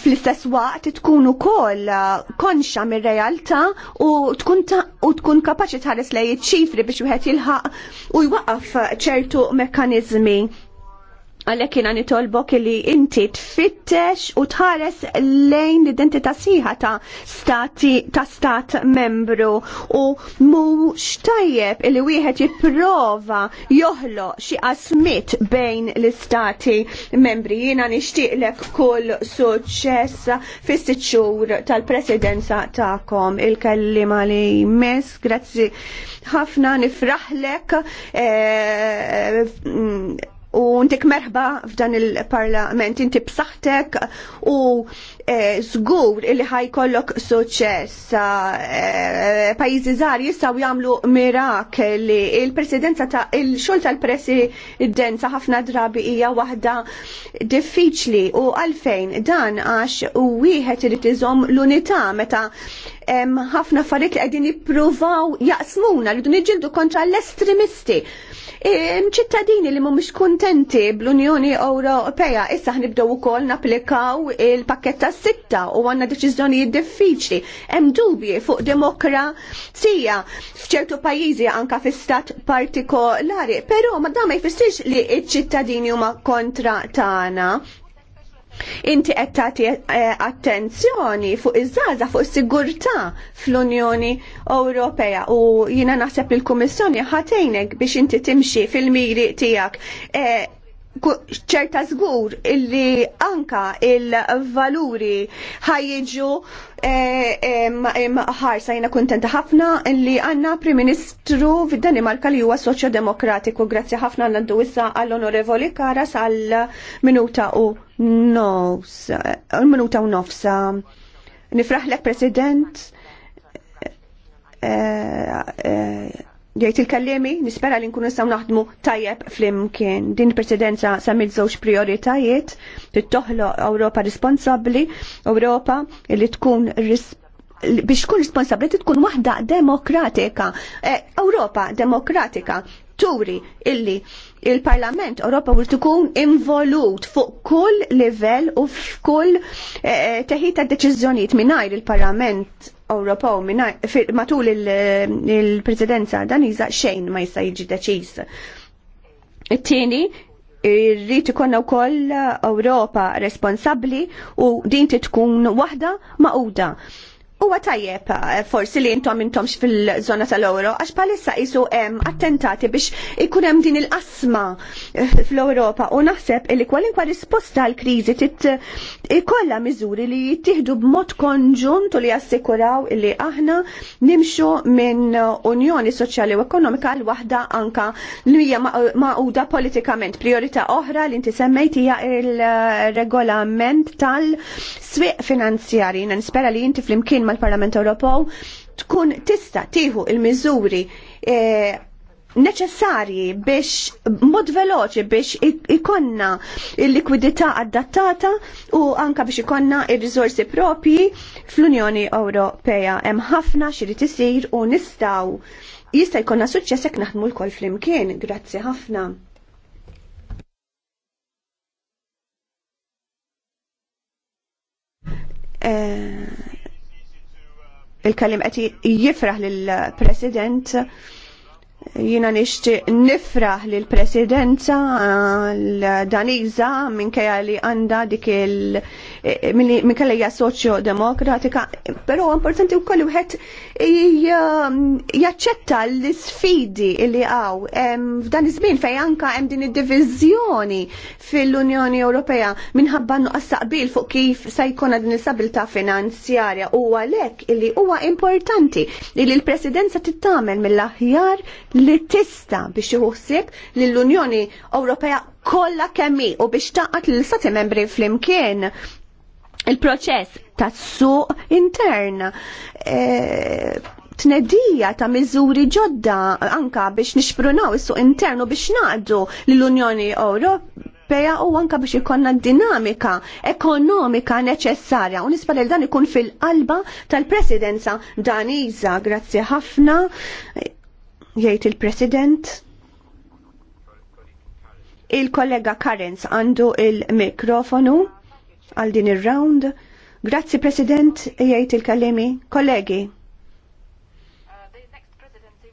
fl-istess waqt tkun ukoll uh, konxa mir-realtà u tkun u tkun kapaċi tħares lejn ċifri biex wieħed jilħaq u jwaqaf ċertu mekkaniżmi għalek jina nitolbok li inti tfittex u tħares lejn l-identità siħa ta' stati ta' stat membru u mux tajjeb li wieħed jipprova joħlo xi qasmit bejn l-istati membri. Jiena nixtieqlek kull suċċess fis-sitt xhur tal-presidenza tagħkom il-kellima li mess, grazzi ħafna nifraħlek. Eh, u ntik merħba f'dan il-parlament, inti b'saħħtek u żgur e, e, li ħajkollok suċċess. Pajjiżi żgħar jistgħu jagħmlu mirakli. Il-presidenza ta' il-xogħol tal-presidenza ħafna drabi hija waħda diffiċli u għalfejn dan għax wieħed irid iżomm l-unità meta ħafna affarijiet li qegħdin jippruvaw jaqsmuna li dun iġildu kontra l-estremisti. ċittadini li mhumiex kuntenti bl-Unjoni Ewropea issa ħnibdew ukoll napplikaw il-pakketta sitta u għandna deċiżjonijiet diffiċli. Hemm dubji fuq demokrazija f'ċertu pajjiżi anka fi stat partikolari, però ma dan ma jfissirx li ċ-ċittadini huma kontra tagħna Inti qed tagħti eh, attenzjoni fuq iż-żgħażagħ fuq is-sigurtà fl-Unjoni Ewropea u jiena naħseb il kummissjoni ħatejnek biex inti timxi fil-miri tiegħek eh, ċerta żgur illi anka il-valuri ħajġu eh, eh, ħarsa jina kontenta ħafna illi għanna Prim Ministru fid-Danimarka li huwa demokratiku. Grazzi ħafna għandu issa għall-Onorevoli Karas għall minuta u nofs. Eh, minuta u nofsa. Nifraħlek President. Jgħid il-kallemi, nispera li nkunu nistgħu naħdmu tajjeb flimkien. Din il-presidenza samil żewġ prioritajiet tittoħlo Ewropa responsabbli, Ewropa li tkun biex tkun responsabbli tkun waħda demokratika, eh, Ewropa demokratika turi illi il-Parlament Ewropa wrid ikun involut fuq kull livell u f'kull eh, teħid ta' deċiżjonijiet mingħajr il-Parlament Ewropew matul il-Presidenza Daniża xejn ma jista' jiġi deċiż. It-tieni irrid ikollna wkoll Ewropa responsabbli u din tkun waħda maquda. Huwa tajjeb eh, forsi li intom intomx fil-żona tal-Ewro għax palissa jisu hemm attentati biex ikun hemm din il-qasma eh, fl-Ewropa u naħseb li kwalinkwa risposta għal kriżi eh, ikollha miżuri li jittieħdu b'mod konġunt u li jassikuraw li aħna nimxu minn Unjoni Soċjali u Ekonomika għal waħda anka li hija maquda politikament. Priorità oħra li inti semmejt hija il-regolament tal-swieq finanzjari. Nispera li inti flimkien mal-Parlament Ewropew tkun tista' tieħu il-miżuri eh, neċessarji biex mod veloċi biex ikonna il-likwidità adattata u anka biex ikonna il-rizorsi propji fl-Unjoni Ewropea. Hemm ħafna xiri isir u nistaw jista' jkollna suċċess jekk naħdmu l flimkien. Grazzi ħafna. Uh il-kalim qed jifraħ lill-President jina nishti nifraħ l-presidenza l-Daniza minkejja li għanda dik il- minn kellejja soċjo-demokratika, però importanti wkoll wieħed um, jaċċetta l-sfidi li għaw f'dan iż-żmien fejn anka hemm din id-diviżjoni fil-Unjoni Ewropea minħabba nuqqas saqbil fuq kif se jkun din l-istabilità finanzjarja u għalhekk illi huwa importanti li l-Presidenza tittamel mill-aħjar li tista biex iħossib li l-Unjoni Ewropea kollha kemmi u biex taqat l sati membri flimkien il-proċess tas-suq intern. E, tnedija ta' miżuri ġodda anka biex nixprunaw is-suq internu biex naqdu l-Unjoni Europea u anka biex ikonna dinamika ekonomika neċessarja u nispa li dan ikun fil-qalba tal-presidenza Daniża. Grazzi ħafna. Jgħid il-President. Il-kollega Karenz għandu il-mikrofonu għal din ir-round. Grazzi President, jgħid il-kallimi, kollegi.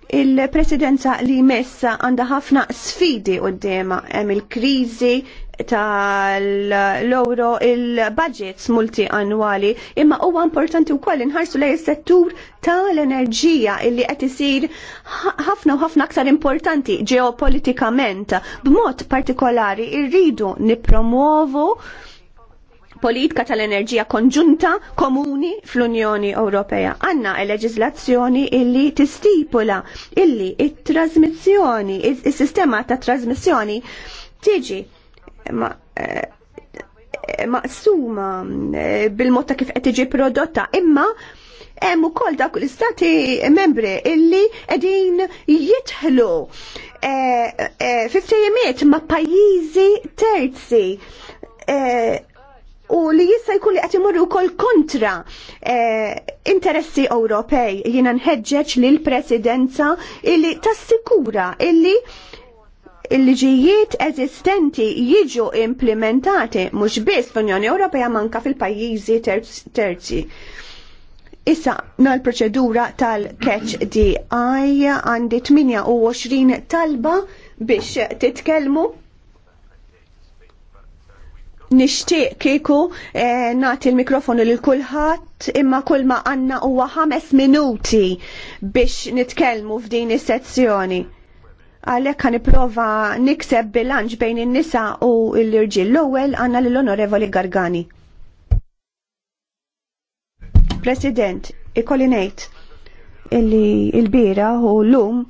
Il-presidenza li messa għandha ħafna sfidi qoddema hemm il-kriżi tal-loro il-budgets multi annwali imma huwa importanti wkoll inħarsu lejn is-settur tal-enerġija illi qed isir ħafna u ħafna aktar importanti ġeopolitikament b'mod partikolari irridu nippromovu politika tal-enerġija konġunta komuni fl-Unjoni Ewropea. Għanna il-leġizlazzjoni illi tistipula illi il-trasmissjoni, il-sistema ta' trasmissjoni tiġi ma, eh, maqsuma eh, bil motta kif qed tiġi prodotta, imma hemm ukoll dak l-istati membri illi qegħdin jitħlu e, e, ma' pajjiżi terzi. E, u li jissa jkun li qed imorru wkoll kontra eh, interessi Ewropej. Jiena nħeġġeġ l presidenza illi tassikura illi il-liġijiet eżistenti jiġu implementati mhux biss fl-Unjoni Ewropea manka fil-pajjiżi terzi. Issa, na l-proċedura tal-catch DI għandi 28 talba biex titkellmu nixtieq kieku eh, il l-mikrofonu lil kulħadd imma kull ma għandna huwa ħames minuti biex nitkellmu f'din is-sezzjoni. Għalhekk ħan nipprova nikseb bilanċ bejn in-nisa u l-irġiel. L-ewwel għandna lill-Onorevoli Gargani. President, ikolli ngħid illi l-bira u l-lum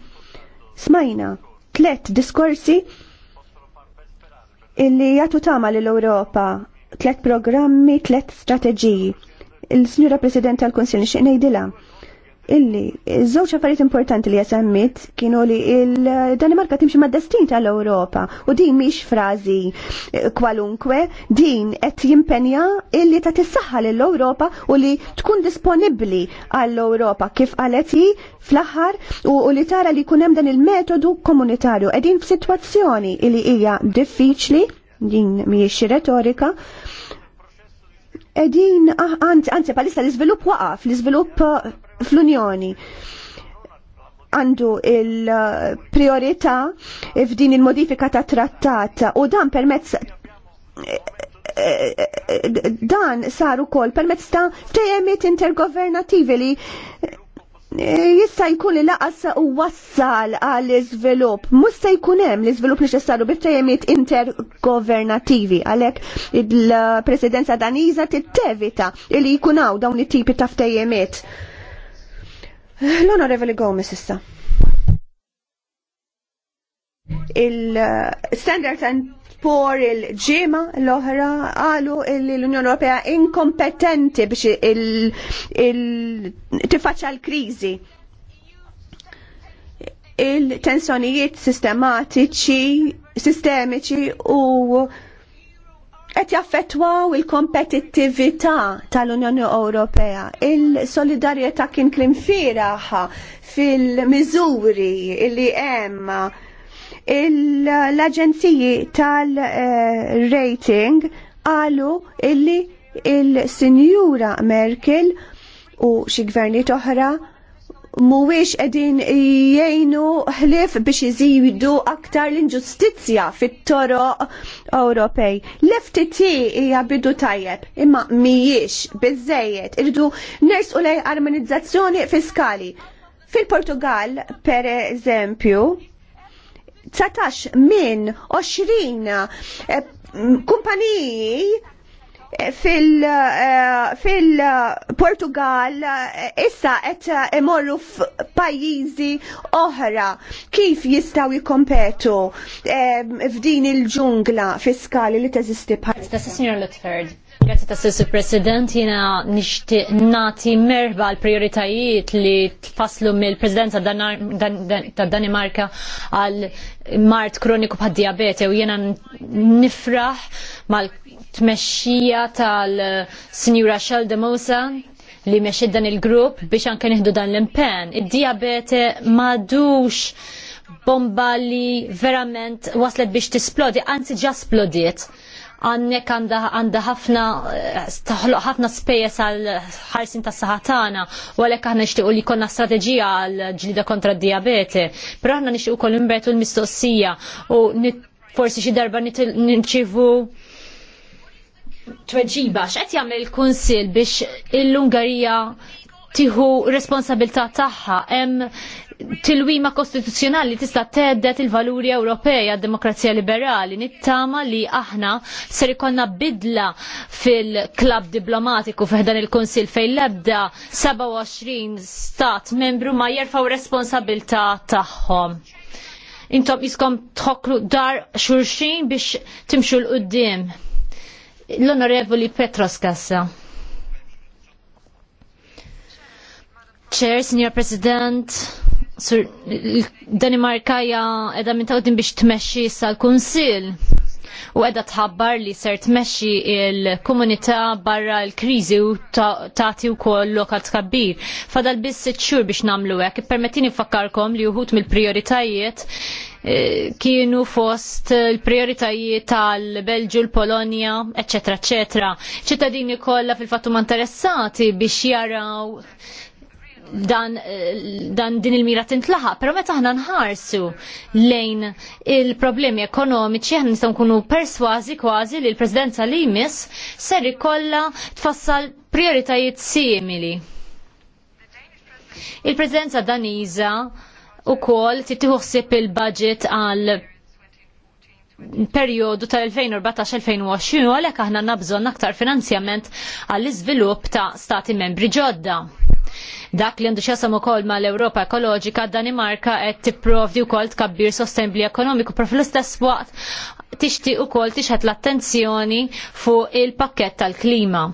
smajna tlet diskorsi illi jagħtu tama lill-Ewropa tlet programmi, tlet strateġiji. Il-Sinjura President tal-Konsil nixtieq ngħidilha illi żewġ affarijiet importanti li jasemmit kienu li il-Danimarka timxi mad-destin tal-Ewropa u din mhix frażi kwalunkwe, din qed jimpenja illi ta' tissaħħa lill-Ewropa u li tkun disponibbli għall-Ewropa kif qalet fl-aħħar u li tara li jkun hemm dan il-metodu komunitarju qegħdin f'sitwazzjoni illi hija diffiċli din mhijiex retorika edin, ah, anzi, anzi, palissa l-izvilup waqaf, l-izvilup fl-Unjoni għandu il-priorità f'din il-modifika ta' trattat u dan permezz dan saru kol permezz ta' ftejemiet intergovernativi li jista jkun li laqas u wassal għal iżvilupp. Musta jkun hemm l-iżvilupp neċessarju bittejjemiet intergovernativi għalhekk il-Presidenza Daniża tittevita li jkun hawn dawn it-tipi ta' ftejemiet. L-Onorevoli Gomez issa. Il-Standard uh, and Poor il-ġima l-oħra għalu l-Unjoni Ewropea inkompetenti biex tifaċċa l-kriżi. Il-tensjonijiet sistematiċi, sistemiċi u qed jaffettwaw il-kompetittività tal-Unjoni Ewropea. Il-solidarjetà kien kien firaħa fil-miżuri li hemm l-aġenziji tal-rating qalu illi il-Sinjura Merkel u xi gvernijiet oħra mhuwiex qegħdin jgħinu ħlief biex iżidu aktar l-inġustizzja fit toro Ewropej. L-FTT hija bidu tajjeb, imma mhijiex biżejjed irridu nersqu lej armonizzazzjoni fiskali. Fil-Portugal, per eżempju, 19 minn 20 kumpaniji fil-Portugal eh, eh, eh, issa qed imorru f'pajjiżi oħra kif jistgħu jikkompetu f'din il-ġungla fiskali li teżisti bħal. Signor Lutford, Grazie ta' sessu president, jina nishti nati merba l-prioritajiet li tfaslu mill-presidenza ta' Danimarka għal mart kroniku bħad diabete u jena nifraħ mal tmexxija tal-Sinjura Sheldon Mosa li mexxi dan il-grupp biex anke nieħdu dan l-impenn. Id-diabete m'għadux bomba li verament waslet biex tisplodi, anzi ġa splodiet għannek għanda ħafna taħloq ħafna spejjeż għal ħarsin tas saħatana u għalhekk aħna u li jkollna strateġija għal ġlida kontra d-diabete. Però aħna nixtiequ wkoll inbertu l-mistoqsija u forsi xi darba nirċivu tweġiba x'qed jagħmel il-Kunsill biex l-Ungarija tieħu responsabilità tagħha hemm tilwima kostituzzjonali tista' tedet il-valuri Ewropej għad-demokrazija liberali nittama li aħna ser ikonna bidla fil-klab diplomatiku fiħdan il-Kunsill fejn l-ebda 27 stat membru ma jerfaw responsabilità tagħhom. Intom jiskom tħoklu dar xurxin biex timxu l-qoddim. L-Onorevoli Petros Kassa. Chair, Signor President, Sur Danimarka ja edha minn tawdin biex tmexxi sal-Kunsil u edha tħabbar li ser tmexxi il-komunità barra l-kriżi u tagħti wkoll lokal tkabbir. Fadal biss sitt xhur biex nagħmlu hekk. permettini nfakkarkom li uħut mill prioritajiet Eh, kienu fost il-prioritajiet tal-Belġu, l-Polonja, eccetera, eccetera. ċittadini kollha fil-fattu interessati biex jaraw dan, eh, dan din il-mira tintlaħa, pero meta ħna nħarsu lejn il-problemi ekonomiċi ħna nistgħu nkunu persważi kważi li l-Presidenza li jmiss ser ikollha tfassal prioritajiet simili. Il-Presidenza Daniża u kol titiħuħsib il-budget għal periodu tal-2014-2020 u, għalek aħna nabżon aktar finanzjament għall iżvilupp ta' stati membri ġodda. Dak li għandu xasam u kol ma l-Europa ekoloġika, Danimarka qed tipprovdi u kol tkabbir sostenibli ekonomiku, per fl-istess waqt tixti u kol tixħet l-attenzjoni fuq il-pakket tal-klima.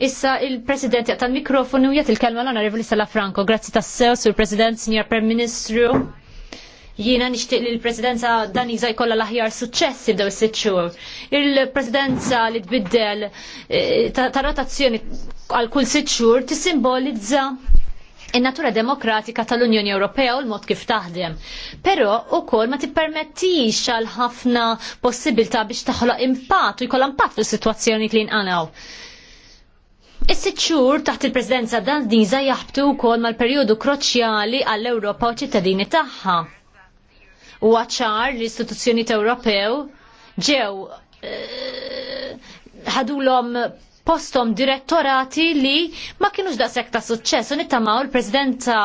Issa il-President jaqta' l-mikrofonu jgħat il-kelma l honorable Sala Franco. Grazzi tassew, Sur President, Signor Prem Ministru. Jiena nixtieq li l-Presidenza dan jkollha l-aħjar suċċess b'daw is-sitt xhur. Il-Presidenza li tbiddel eh, ta' rotazzjoni għal kull sitt xhur simbolizza in-natura demokratika tal-Unjoni Ewropea u l-mod kif taħdem. Però kol ma tippermettix għal ħafna possibilità biex taħloq impatt u jkollha impatt fis-sitwazzjoni li għanaw. Is-sitt xhur taħt il-Presidenza Daldiża jaħbtu wkoll mal-perjodu kruċjali għall-Ewropa u ċittadini tagħha. Huwa ċar l-istituzzjonijiet Ewropew ġew eh, ħadulhom postom direttorati li ma kienux daqshekk ta' suċċess u nittamaw il-Presidenza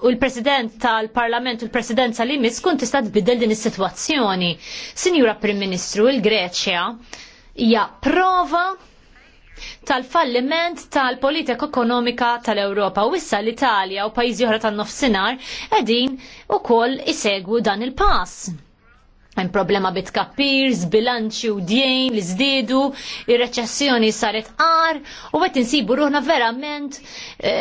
u l-President tal-Parlament u l-Presidenza li mis kun tista' tbiddel din is-sitwazzjoni. Sinjura Prim Ministru, il-Greċja hija prova tal-falliment tal-politika ekonomika tal-Ewropa u issa l-Italja u pajjiżi oħra tan-nofsinhar qegħdin ukoll isegwu dan il-pass. Hemm problema bit kappir, bilanċi u djejn li żdiedu, ir-reċessjoni saret qar u qed insibu ruħna verament e,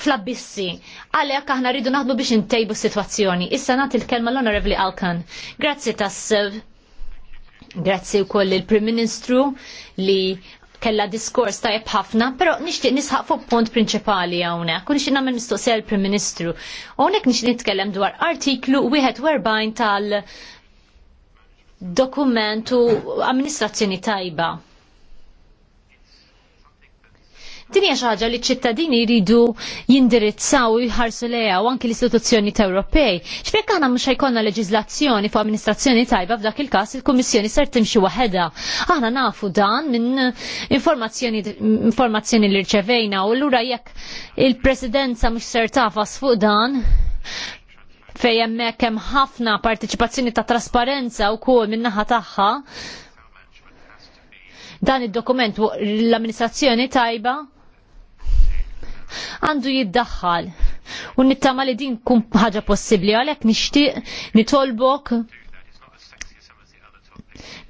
fl-abbissi. Għalhekk aħna rridu naħdmu biex intejbu s-sitwazzjoni. Issa nagħti l-kelma l-Onorevli Alkan. Grazzi tas Grazzi u koll il-Prim Ministru li kella diskors ta' ħafna, pero nixtieq nisħaq fuq punt prinċipali hawnhekk Kun nishtiq nagħmel mistoqsija l-Prim-Ministru. Hawnhekk nishtiq nitkellem dwar artiklu 41 tal dokumentu amministrazzjoni tajba. Din hija xi ħaġa li ċittadini jridu jindirizzaw u jħarsu lejha u anki l-istituzzjoni Ewropej. X'fek aħna mhux ħajkonna leġislazzjoni fuq amministrazzjoni tajba f'dak il-każ il-Kummissjoni ser timxi waħedha. Aħna nafu dan minn informazzjoni li rċevejna u lura jekk il-Presidenza mhux ser tafas fuq dan fej hemmhekk hemm ħafna partiċipazzjoni ta' trasparenza wkoll min-naħa tagħha dan id-dokument l-amministrazzjoni tajba għandu jiddaħħal. U nittama li din kum ħaġa possibli għalek nixtieq nitolbok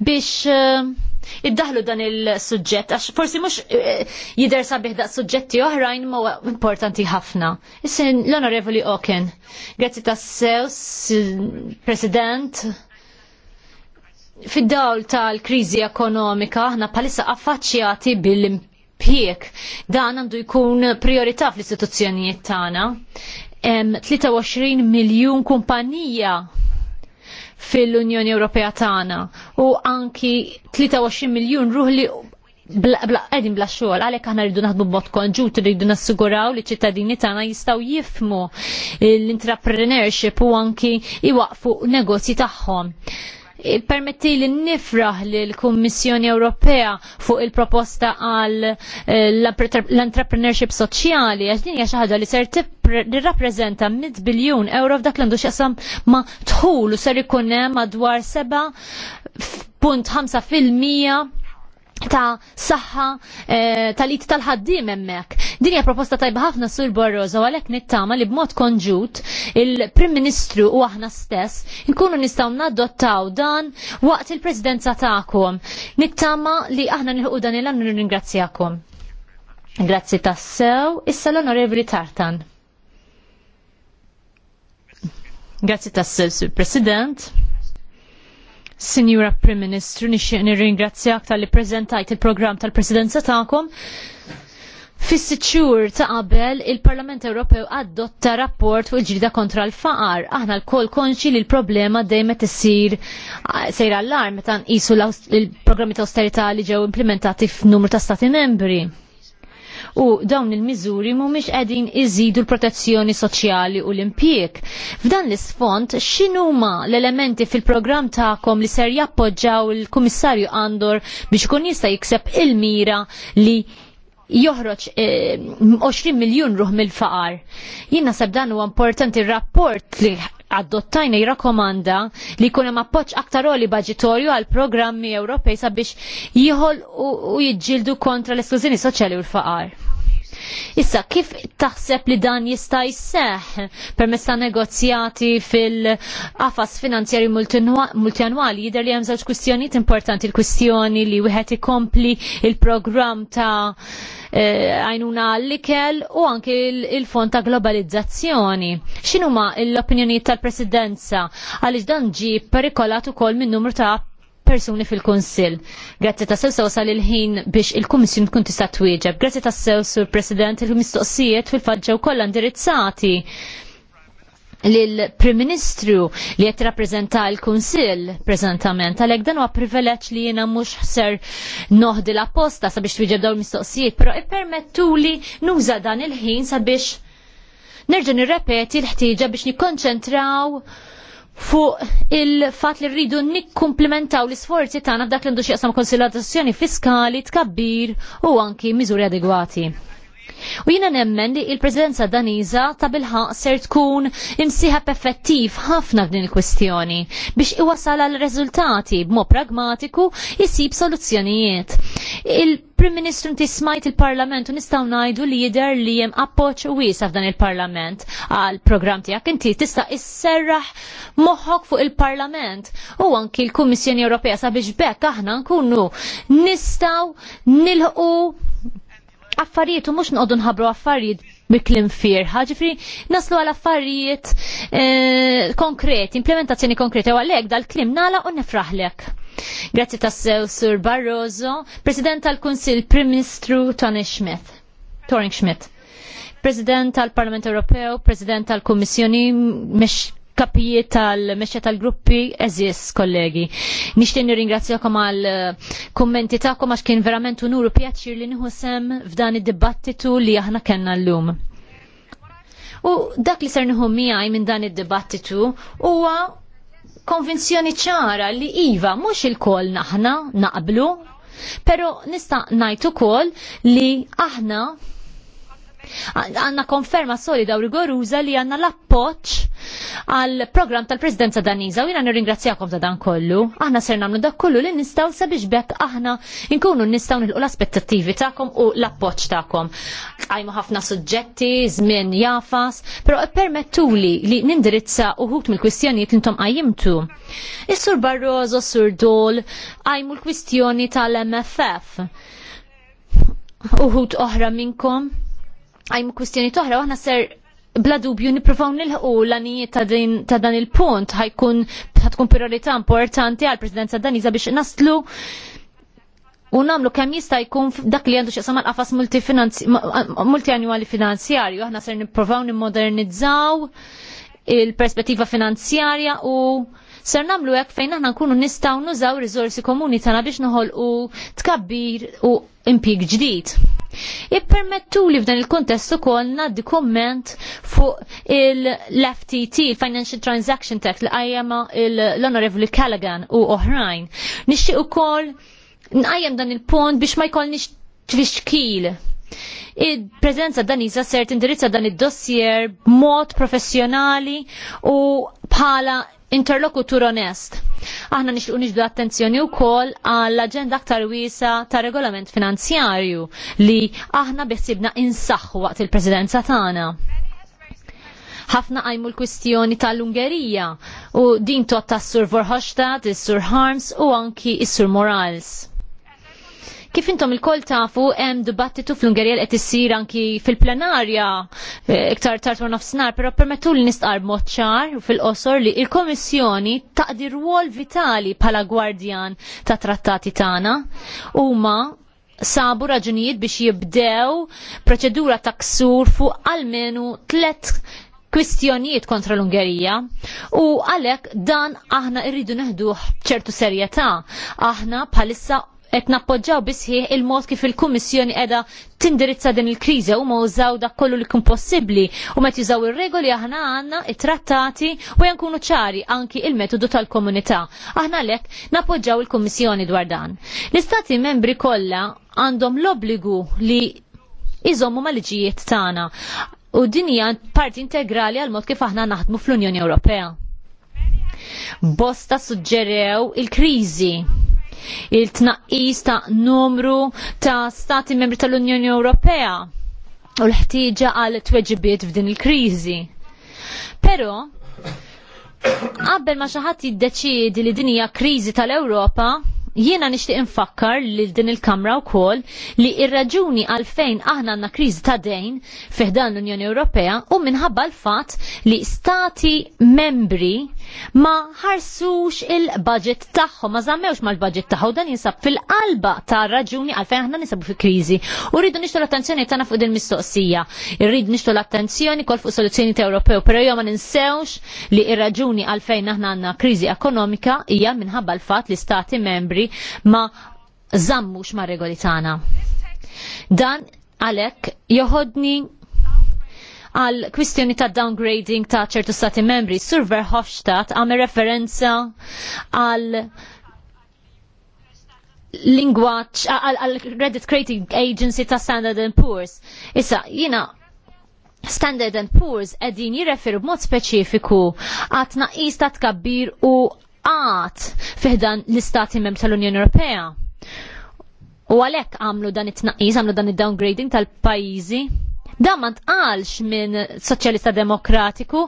biex eh, iddaħlu dan il-sujġett, għax forsi mux eh, jider sabiħ da' suġġetti oħrajn ma' importanti ħafna. Issin l-Onorevoli Oken, grazzi tas-sews, President, fid-dawl tal-krizi ekonomika, ħna palissa affaċċjati bil-imp impjieg. Dan għandu jkun priorità fl-istituzzjonijiet tagħna. 23 miljun kumpanija fil-Unjoni Ewropea tagħna u anki 23 miljun ruħli qegħdin bla xogħol għalhekk aħna rridu naħdmu b'mod konġut rridu nassiguraw li ċittadini tagħna jistgħu jifmu l-intrapreneurship u anki iwaqfu negozji tagħhom permetti li nifraħ li l-Kummissjoni Ewropea fuq il-proposta għal eh, l-entrepreneurship soċjali, għax din hija xi ħaġa li ser tirrappreżenta 100 biljun euro f'dak l-għandu xasam ma tħul u ser ikun hemm madwar 7.5 fil-mija ta' saħħa eh, tal-it tal-ħaddim emmek. Din hija proposta tajba ħafna sur Barroso għalhekk nittama li b'mod konġut il-Prim Ministru u aħna stess nkunu nistgħu nadottaw dan waqt il-Presidenza tagħkom. Nittama li aħna nilħu dan il-għan nirringrazzjakom. Grazzi tassew, issa l-Onorevoli Tartan. Grazzi tassew, Sur President. Signora Prim Ministru, nixtieq nirringrazzjak tal-li prezentajt il-programm tal-Presidenza tagħkom. Fis-sitt xhur ta' qabel il-Parlament Ewropew adotta rapport fuq il-ġrida kontra l-faqar. Aħna l-kol konxi li l-problema dejjem qed issir sejra arm meta nqisu l-programmi ta' austerita' li ġew implementati f'numru ta' stati membri u dawn il-miżuri mhumiex qegħdin iżidu l-protezzjoni soċjali u l-impjieg. F'dan l-isfond x'inhuma l-elementi fil-programm tagħkom li ser jappoġġaw il-Kummissarju Andor biex kun jista' jikseb il-mira li joħroġ 20 eh, miljun ruħ mill-faqar. Jien sab dan huwa importanti rapport li adottajna jirakomanda li jkun hemm appoġġ aktar oli bagġitorju għal programmi Ewropej sabiex jieħol u jiġġieldu kontra l esklużini soċjali u l-faqar. Issa, kif taħseb li dan jista' jseħ permezz ta' negozjati fil-qafas finanzjari multianwali jidher li hemm żewġ kwistjonijiet importanti l-kwistjoni li wieħed ikompli il-programm ta' eh, għajnuna e, l-ikel u anke il-fond ta' globalizzazzjoni. X'inhuma l-opinjonijiet tal-presidenza għaliex dan ġie perikolat ukoll minn numru ta' persuni fil-Konsil. Grazzi ta' sew sal il-ħin biex il-Kummissjoni tkun tista' twieġeb. Grazzi ta' sew sur President il-mistoqsijiet fil-faġġew kollha indirizzati lil prim Ministru li qed rappreżenta l-Kunsill preżentament għalhekk dan huwa privileġġ li jiena mhux ser noħdi l-apposta sabiex twieġeb dawn mistoqsijiet però ippermettuli nuża dan il-ħin sabiex nerġa' nirrepeti l-ħtieġa biex nikkonċentraw fuq il-fat li rridu nikkumplimentaw l-isforzi tagħna f'dak li ndu jaqsam konsilazzjoni fiskali, tkabbir u anki miżuri adegwati. U jina nemmen li il-prezidenza daniza ta' bilħaq ser tkun imsiħab effettiv ħafna f'din il-kwestjoni biex iwasal għal rezultati b'mod pragmatiku jisib soluzzjonijiet. Il-Prim Ministru smajt il-Parlament u nistaw najdu li jider li jem appoċ wisa f'dan il-Parlament għal program tijak inti tista' isserraħ moħħok fuq il-Parlament u anki l-Kummissjoni Ewropea sabiex bekk aħna nkunu nistaw nilħu affarijiet u mhux nqogħdu nħabru affarijiet biklim fir. ġifri naslu għal affarijiet eh, konkret, implementazzjoni konkret, u għalek dal-klim nala u nefraħlek. Grazzi tassew Sur Barroso, President tal-Kunsil Prim Ministru Tony Schmidt. Toring Schmidt. President tal-Parlament Ewropew, President tal-Kummissjoni, kapijiet tal-mesċa tal-gruppi eżis, kollegi. Nixtieq nirringrazzjakom għal eh, kummenti tagħkom għax kien verament unuru pjaċir li nieħu sem f'dan id-dibattitu li aħna kellna llum. U dak li ser nieħu miħaj minn dan id-dibattitu huwa konvinzjoni ċara li iva mhux il koll naħna naqblu, pero nista' ngħid ukoll li aħna għanna konferma solida u rigoruza li għanna l-appoċ għal program tal-Presidenza Daniza u jina nirringrazzjakom ta' dan kollu. Aħna ser namlu dak kollu li nistaw sabiex bekk aħna nkunu nistaw nilqu l-aspettativi ta'kom u l-appoċ ta'kom. Għajmu ħafna suġġetti, żmien jafas, pero permettuli li nindirizza uħut mill-kwistjonijiet li intom għajimtu. Is-Sur Barroso, Sur Dol, għajmu l-kwistjoni tal-MFF uħut oħra minnkom għajm kwistjoni toħra, għahna ser bla dubju niprofaw nilħu l-għanijiet ta' dan il-punt ħajkun ħatkun priorità importanti għal presidenza Daniza biex naslu u namlu kemm jista' jkun dak li għandu x'aqsam qafas multianwali finanzjarju aħna ser niprofaw nimmodernizzaw il-perspettiva finanzjarja u Ser namlu hekk fejn aħna nkunu nistgħu nużaw rizorsi komuni tagħna biex u tkabbir u impik ġdid. Ippermettu li f'dan il-kontest ukoll naddi komment fuq il-FTT, Financial Transaction Tax, li għajjama l-Honorable Callaghan u oħrajn. Nixtieq ukoll nqajjem dan il-pont biex ma jkollniex tfixkil. Il-prezenza dan iża ser tindirizza dan id-dossier b'mod professjonali u bħala interlokutur onest. Aħna nixtiequ niġdu attenzjoni wkoll għall aġenda aktar wiesa ta' regolament finanzjarju li aħna beħsibna insaħħu waqt il-presidenza tagħna. Ħafna għajmu l-kwistjoni tal-Ungerija u din tgħod tas-Sur Vorhostat, is-Sur Harms u anki s sur Morales Kif intom il-kol tafu hemm dibattitu fl-Ungerija qed issir anki fil-plenarja eh, iktar tard war nofsinhar, però permettu li nistqar mod ċar u fil-qosor li il-Komissjoni taqdi rwol vitali bħala gwardjan ta' trattati tagħna huma sabu raġunijiet biex jibdew proċedura ta' ksur fuq almenu tlet kwistjonijiet kontra l-Ungerija u għalek dan aħna irridu neħduh ċertu serjetà. Aħna bħalissa qed nappoġġaw bisħieħ il-mod kif il-Kummissjoni qiegħda tindirizza din il-kriżi u ma użaw dak kollu li kien possibbli u meta jużaw ir-regoli aħna għandna it-trattati u jankunu ċari anki il-metodu tal-komunità. Aħna lek nappoġġaw il-Kummissjoni dwar dan. L-Istati membri kollha għandhom l-obbligu li iżommu mal-liġijiet tagħna u din hija parti integrali għal mod kif aħna naħdmu fl-Unjoni Ewropea. Bosta suġġerew il-kriżi il-tnaqqis ta' numru ta' stati membri tal-Unjoni Ewropea u l-ħtieġa għal tweġibiet f'din il-kriżi. Però qabel ma xi ħadd jiddeċiedi li din hija kriżi tal-Ewropa, jiena nixtieq infakkar lil din il-Kamra wkoll li ir-raġuni għalfejn aħna għandna kriżi ta' dejn dan l-Unjoni Ewropea u minħabba l-fatt li stati membri ma ħarsux il-budget tagħhom, ma ma mal-budget tagħhom dan jinsab fil-qalba ta' raġuni għalfejn aħna nisabu fi kriżi. U rridu nixtu l-attenzjoni tagħna fuq din mistoqsija. Irridu nixtu l-attenzjoni kol fuq soluzzjoni ta' Ewropew, pero jom ma ninsewx li il raġuni għalfejn aħna għandna kriżi ekonomika hija minħabba l-fatt li stati membri ma zammux ma' regoli tagħna. Dan għalhekk joħodni għal kwistjoni ta' downgrading ta' ċertu stati membri. Sur Verhofstadt għame referenza għal lingwaċ għal Credit Creating Agency ta' Standard and Poor's. Issa, jina, Standard and Poor's edin jirreferu b'mod speċifiku għat naqis ta' tkabbir u għat fiħdan l-istati mem tal-Unjoni Ewropea. U għalek għamlu dan it-naqis, għamlu dan id-downgrading tal-pajizi Da ma tqalx minn Soċjalista Demokratiku,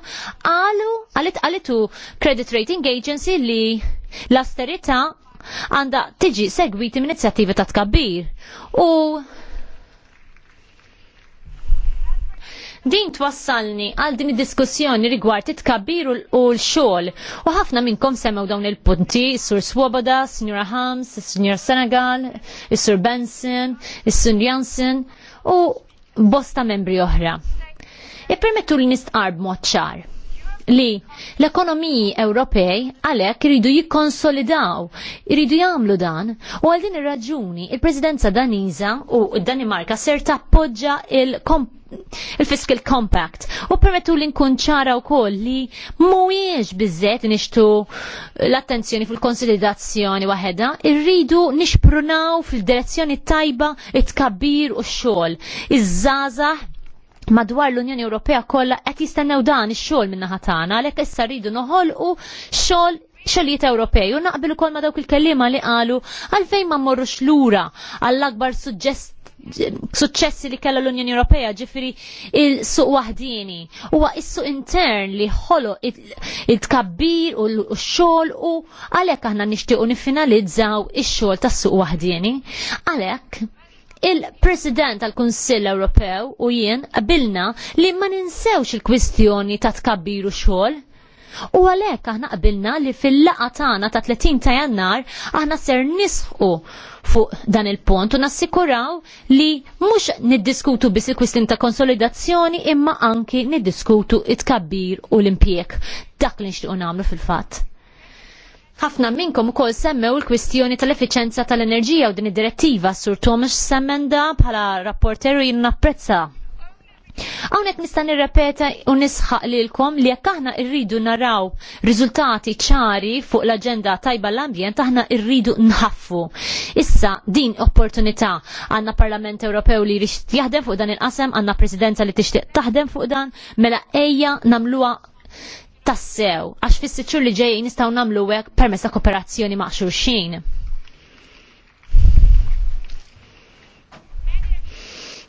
għalu għalit għalitu Credit Rating Agency li l-asterita għanda tiġi segwiti minn inizjattivi ta' tkabbir. U Din twassalni għal din id-diskussjoni rigward it-kabbir u l-xogħol. U ħafna minnkom semmew dawn il-punti, is-Sur Swoboda, s-sur Hams, is sur Senegal, is-Sur Benson, is-Sur Jansen. U bosta membri oħra. Ippermettu li nistqarb mod ċar li l-ekonomiji Ewropej għalhekk iridu jikkonsolidaw, iridu jagħmlu dan u għal din ir-raġuni il-Presidenza Daniża u d-Danimarka ser tappoġġa il il-Fiscal Compact u permettu li nkun ċara wkoll li mhuwiex biżżejjed nixtu l-attenzjoni fil-konsolidazzjoni waħedha, irridu nixprunaw fil-direzzjoni tajba it-tkabbir u x-xogħol. Iż-żgħażagħ madwar l-Unjoni Ewropea kollha qed jistennew dan ix-xogħol minn naħa tagħna għalhekk issa rridu noħolqu xogħol xogħlijiet Ewropej u naqbel ukoll ma dawk il-kelliema li qalu għalfejn ma mmorrux lura għall-akbar suġġest suċċessi li kellha l-Unjoni Ewropea ġifiri il-suq waħdini. Huwa il suq intern li ħolo it-tkabbir u l-xogħol u għalhekk aħna nixtiequ niffinalizzaw ix-xogħol tas-suq wahdini Għalhekk Il-President tal-Kunsill Ewropew u jien qabilna li ma ninsewx il-kwistjoni ta' tkabbiru xogħol. U għalhekk aħna qabilna li fil-laqa tagħna ta' 30 ta' Jannar aħna ser nisħu fuq dan il pont u nassikuraw li mhux niddiskutu biss il-kwistin ta' konsolidazzjoni imma anki niddiskutu it tkabbir u l-impjek. Dak li nixtiequ nagħmlu fil-fatt ħafna minnkom ukoll semmew il-kwistjoni tal-efficienza tal-enerġija u din id-direttiva sur Thomas Semenda bħala rapporteru jinnapprezza. Hawnhekk nista' nirrepeta u nisħaq lilkom li jekk aħna rridu naraw riżultati ċari fuq l-aġenda tajba l-ambjent aħna rridu nħaffu. Issa din opportunità għandna Parlament Ewropew li jrid jaħdem fuq dan il-qasem, għandna Presidenza li tixtieq taħdem fuq dan, mela ejja nagħmluha tassew, għax fis-sitxur li ġejjin nistgħu nagħmlu hekk permezz ta' kooperazzjoni ma' xulxin.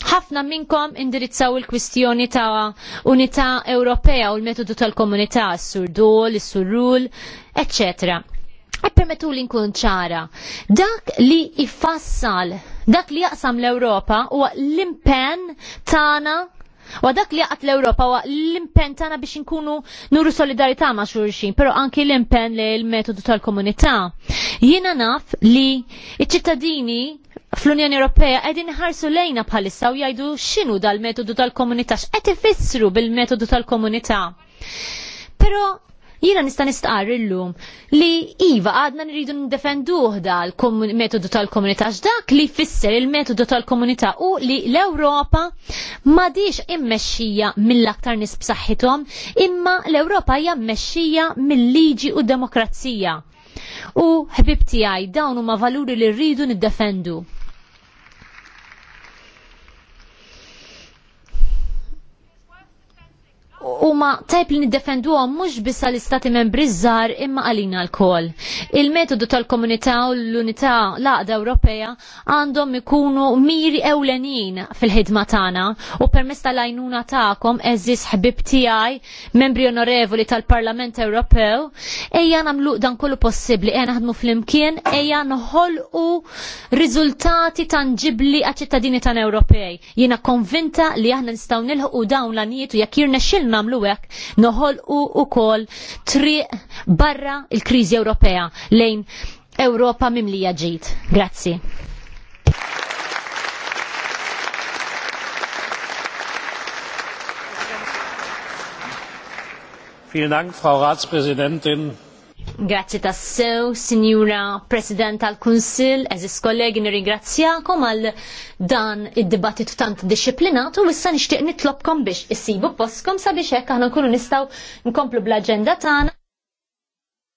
ħafna minnkom indirizzaw il-kwistjoni ta' unità Ewropea u l-metodu tal-komunità, s-surdol, s-surrul, eccetera. E permetu li nkun ċara, dak li ifassal, dak li jaqsam l-Europa u l-impen tana U dak li għat l-Europa wa l-impen tana biex nkunu nuru solidarita ma' xurxin, pero anki l-impen li l-metodu tal-komunità. Jiena naf li iċ-ċittadini fl-Unjoni Ewropea qegħdin ħarsu lejna bħalissa u jgħidu x'inhu dal-metodu tal-komunità, x'qed ifissru bil-metodu tal-komunità. Pero Jiena nista' nistqar illum li iva għadna nridu ndefenduh dal-metodu tal-komunità x'dak li jfisser il-metodu tal-komunità u li l-Ewropa m'għadix immexxija mill-aktar nies b'saħħithom, imma l-Ewropa hija mmexxija mill-liġi u d demokrazija. U ħbib tiegħi dawn huma valuri li rridu niddefendu. ma tajp li niddefenduhom mhux biss l istati membri żgħar imma għalina l-kol. Il-metodu tal-komunità u l-unità Laqda Ewropea għandhom ikunu miri ewlenin fil-ħidma tagħna u permezz tal-għajnuna tagħkom eżis ħbib tiegħi, membri onorevoli tal-Parlament Ewropew, eja nagħmlu dan kollu possibbli, eja naħdmu flimkien, ejja nħol riżultati rizultati għaċ-ċittadini tan-Ewropej. Jiena konvinta li aħna nistgħu nilħu dawn l-anijiet u jekk jirnexxilna namlu noħol u u kol tri barra il krizi Ewropea lejn Ewropa mimlija ġit. Grazzi. Vielen Dank, Frau Ratspräsidentin. Grazzi tassew, Sinjura President tal-Kunsil, eżis kollegi nirringrazzjakom għal dan id-dibattitu tant disciplinatu u issa nixtieq nitlobkom biex issibu poskom sabiex hekk aħna nkunu nistgħu nkomplu bl-aġenda tagħna.